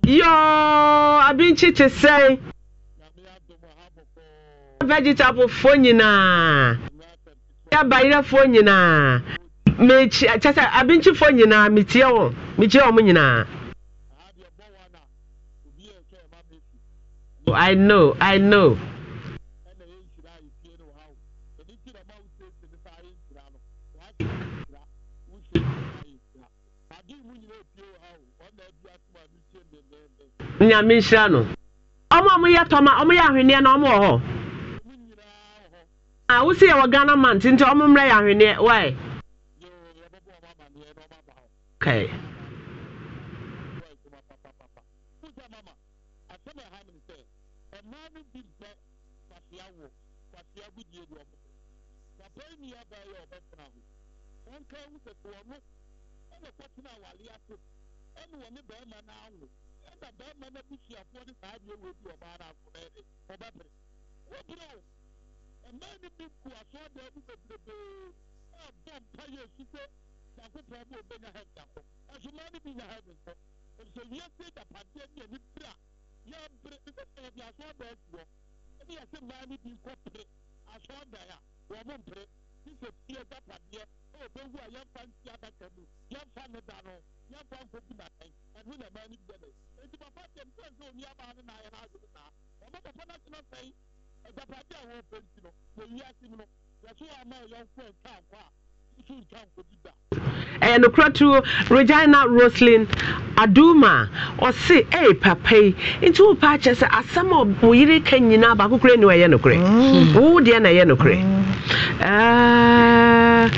Yo, I've been to say. vegetable fo nyinaa yabayirafo nyinaa mekyia kyɛ sɛ abinkyifoɔ nyinaa mekyia wɔn mekyia wɔn nyinaa. I know, I know. nyame nhyira no ɔmo a ɔmoyɛ tɔma ɔmoyɛ ahwenneɛ na ɔmo wɔ hɔ a ah, wosi yɛ wɔ ghana mant nti ɔmo mmerɛ yɛ ahwenneɛ wae okay. pɛn sɛ wɔn ɛna kɔtena awale ato ɛna wɔn ne bɛrima no awo ɛna bɛrima no abusuafoɔ ne saa adeɛ wɔ bi ɔbaa no akɔbɛɛde ɔbɛbere wobere o mmaa no bi ku asɔɔdan mu bebrebee a bɔ mpa yɛ su sɛ nyankopɔn ma ɔbɛnya hɛ ntakɔ ɛsomaa no bi nya hɛ ne nkɔ ɛsɛ wiase dapadeɛ ne ani bere a yɛbere ɛsɛ sɛ yɛde asɔɔdan si hɔ ɛne yɛsɛ mmaa no bi nkɔ pere asɔɔdan a wɔn mpere kristo ti yɛ gyapadeɛ ɛwɔ bɛwu a yɛmfa nti adaka mu yɛmfa ne da no yɛmfa nkogu n'atɛn ɛno na ɛmaa ni bi dɛmɛ eti papa tɛm sɛ nsɛ omi abaa ne n'ayɛ n'adze ne saa ɔmo papa n'akyi no sɛn ɛgyapadeɛ a wɔn pɛ nti no wɔyi ase mu no yɛso ama yɛn nko nka nkɔ a ɛyɛ nokora tuo regina roslin aduma ɔse ɛyɛ papa yi nti wopa akyɛ sɛ asɛm a wo yere ka nyinaa baako kora ni ɛyɛ nokorɛ wo deɛ na ɛyɛ nokorɛ mm.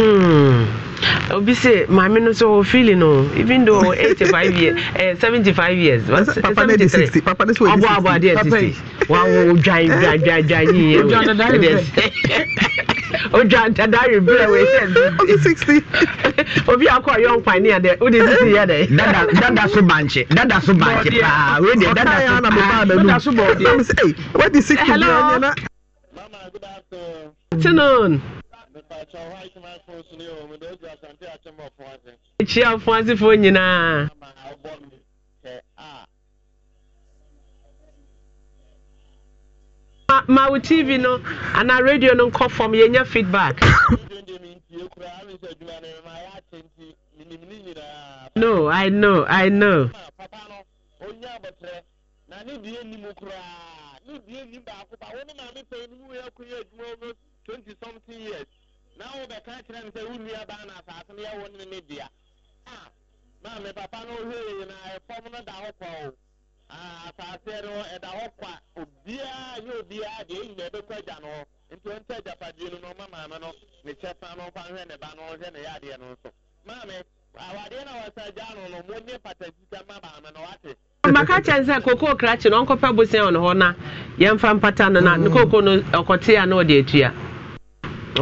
uh, hmm. obi se maame no so feeling no even though eighty five eh, years seventy five years seventy three abo abo adi ẹ sisi wa wo dwan dwan dwan dwan yin yẹn o ọjà ntada rìbílẹ̀ wẹ̀ ṣẹ̀ ẹ̀ obi sixty obi akọ ọyọ nkwanni yà dẹ ọdẹ sisi yà dẹ. dada dada so banche dada so banche paa wei de dada so paa dada so bọ̀ ọdẹ. wọ́n di sixty bí wọ́n yẹn na. mama good afternoon. afternoon. Ekyia afuasifo nyinaa. ma wo tv no anaa radio no nkɔ fam yɛnya feedback. no i know i know. na ne deɛ nim koraa ne deɛ nim baako ba wo ne maame pɛi no mu yɛ ko yɛ adwuma over twenty something years na wobɛka kyerɛ me sɛ wo nua baa na asase no yɛwo ne ne dea a maame papa no ohwee na ɛfɔm no da hɔ pɔo asase no ɛda hɔ kwa obiara nye obiara deɛ eyi na ɛbɛkɔ agya no nti wɔn nkyɛn agyapadeɛ no na ɔma maame no ne kyɛ fa no ɔfa ne ba no ɔhwɛ ne yadeɛ no nso na gya no no nye ma maame no wate. kyɛn sɛ na yɛmfa mpata no na ne koko no ɔkɔte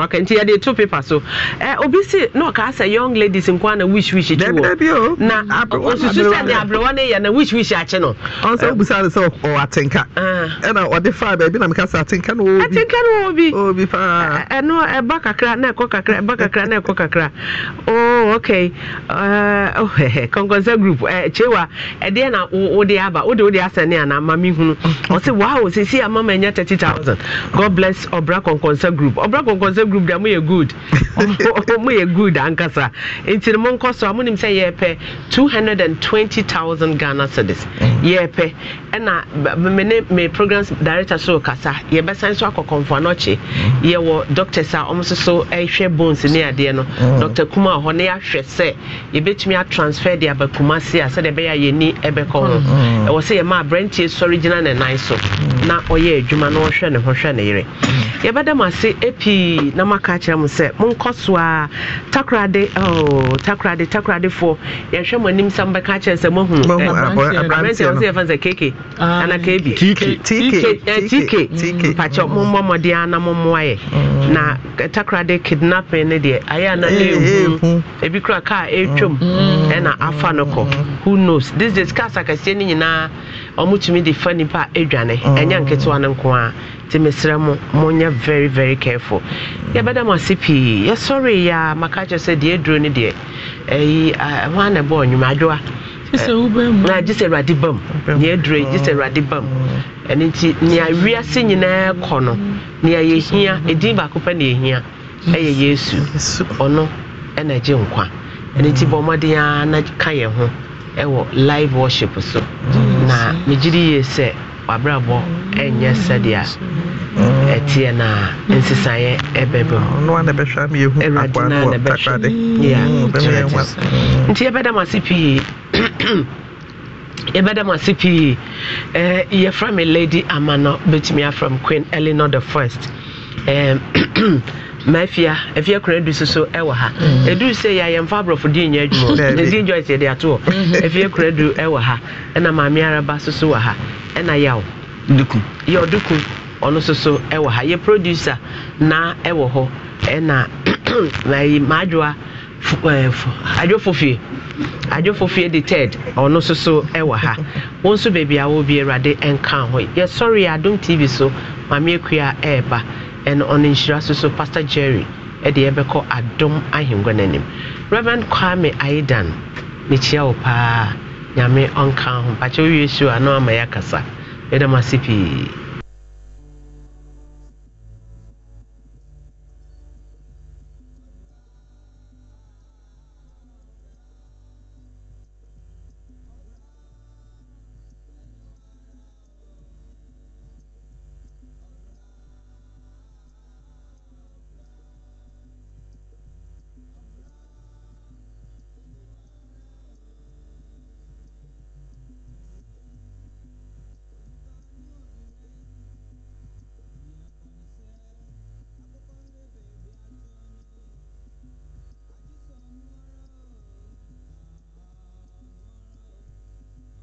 okay nti yɛde to paper so eh, obi si na no, ɔka sɛ young ladies nkwa na wish wish akyi wɔ na mm. osusu sɛ de aberewa no yɛ na wish wish akyi no ɔnsɛ wobusa eh. no sɛ ɔwɔ atenka ah. ɛna ɔde fa baabi na meka sɛ atenka no wɔbi atenka no wɔbi obi paa eh, eh, ɛno ɛba kakra na ɛkɔ kakra ɛba kakra na ɛkɔ kakra oh okay uh, oh, kɔnkɔnsa group kyewa eh, ɛdeɛ na aba wode wode asɛ ne ana ma mehunu ɔse wow sɛsi ama ma ɛnyɛ 30000 god bless ɔbra kɔnkɔnsa group ɔbra kɔnkɔnsa sɛ group da moyɛ good moyɛ good ankasa nti no monkɔ so a monim sɛ yɛpɛ thousand ghana cities mm. yɛpɛ ɛna me ne me programs director so kasa yɛbɛsan so akɔ kɔmfoanɔkye mm. yɛwɔ doctors a ɔmo nso so ɛhwɛ bones ne adeɛ no mm. Doctor kuma wɔ hɔ na yɛahwɛ sɛ yɛbɛtumi atransfer de aba kuma se a sɛdeɛ ɛbɛyɛ a yɛni ɛbɛkɔ ho ɛwɔ sɛ yɛma aberanteɛ sɔre gyina ne nan so na ɔyɛ adwuma na ɔhwɛ ne ho hwɛ ne yere yɛbɛda m ase ɛpii yi na maka akyerɛ mo sɛ monkɔ so a takorade oh, takorade takoradefoɔ yɛhwɛ mo anim sɛ mbɛka akyerɛ sɛ mohu eh, aberanteɛ wɔ sɛ yɛfa sɛ keke ana kebi tk pakyɛ mommɔ mmɔden a na mommoa yɛ mm. na eh, takorade kidnapping no deɛ ayɛ a na ɛhu eh, ebi kora kaa ɛtwam mm. ɛna afa no kɔ who knows this days cars akɛseɛ no nyinaa ɔmo de fa nipa adwane mm. ɛnyɛ nketewa no nko a nti mesrɛ mo monyɛ very very careful yɛbɛda mo ase pii yɛsɔre yɛ a maka kyerɛ sɛ deɛ ɛduro no deɛ ɛyi ho a na ɛbɔɔ nnwuma adwoa na gye sɛ awurade bam nea ɛduro yi gye sɛ awurade bam ɛno nti nea wiase nyinaa kɔ no nea yɛhia ɛdin baako pɛ na yɛhia ɛyɛ yesu ɔno ɛna gye nkwa ɛno nti bɔ mmɔden a na ka yɛn ho ɛwɔ live worship so na megye di yie sɛ wabrabɔ ɛnyɛ sɛdeɛ ɛteɛ na nsesaeɛ ɛbɛbɛ mm, nti yɛbɛda m ase pii yɛbɛda m ase pii yɛfrɛ me lady amana bɛtumi afrɛm queen eleanor the first mafia afia kora du soso ɛwɔ ha ɛduru sɛ yɛ yɛmfa aborɔfo di nyɛ adwuma ɛdi joyce yɛde ato hɔ afia kora du ɛwɔ ha ɛna maame araba soso wɔ ha ɛna yaw duku yɛ ɔduku ɔno soso ɛwɔ eh, ha yɛ producer na ɛwɔ hɔ ɛna maadwoa adwofofie adwofofie de ted ɔno nso so ɛwɔ ha wɔn nso beebi a wɔn bi awurade nka ho yɛsɔre yɛ adum tv so maame akua ɛɛba ɛna ɔno nhyira soso pastor jerry ɛde yɛbɛkɔ adom ahengua no anim reverend kwame aidan ne kyia wo paa nyame ɔnka ho mpakyɛ wowie so a na ama yɛakasa yɛdam ase pii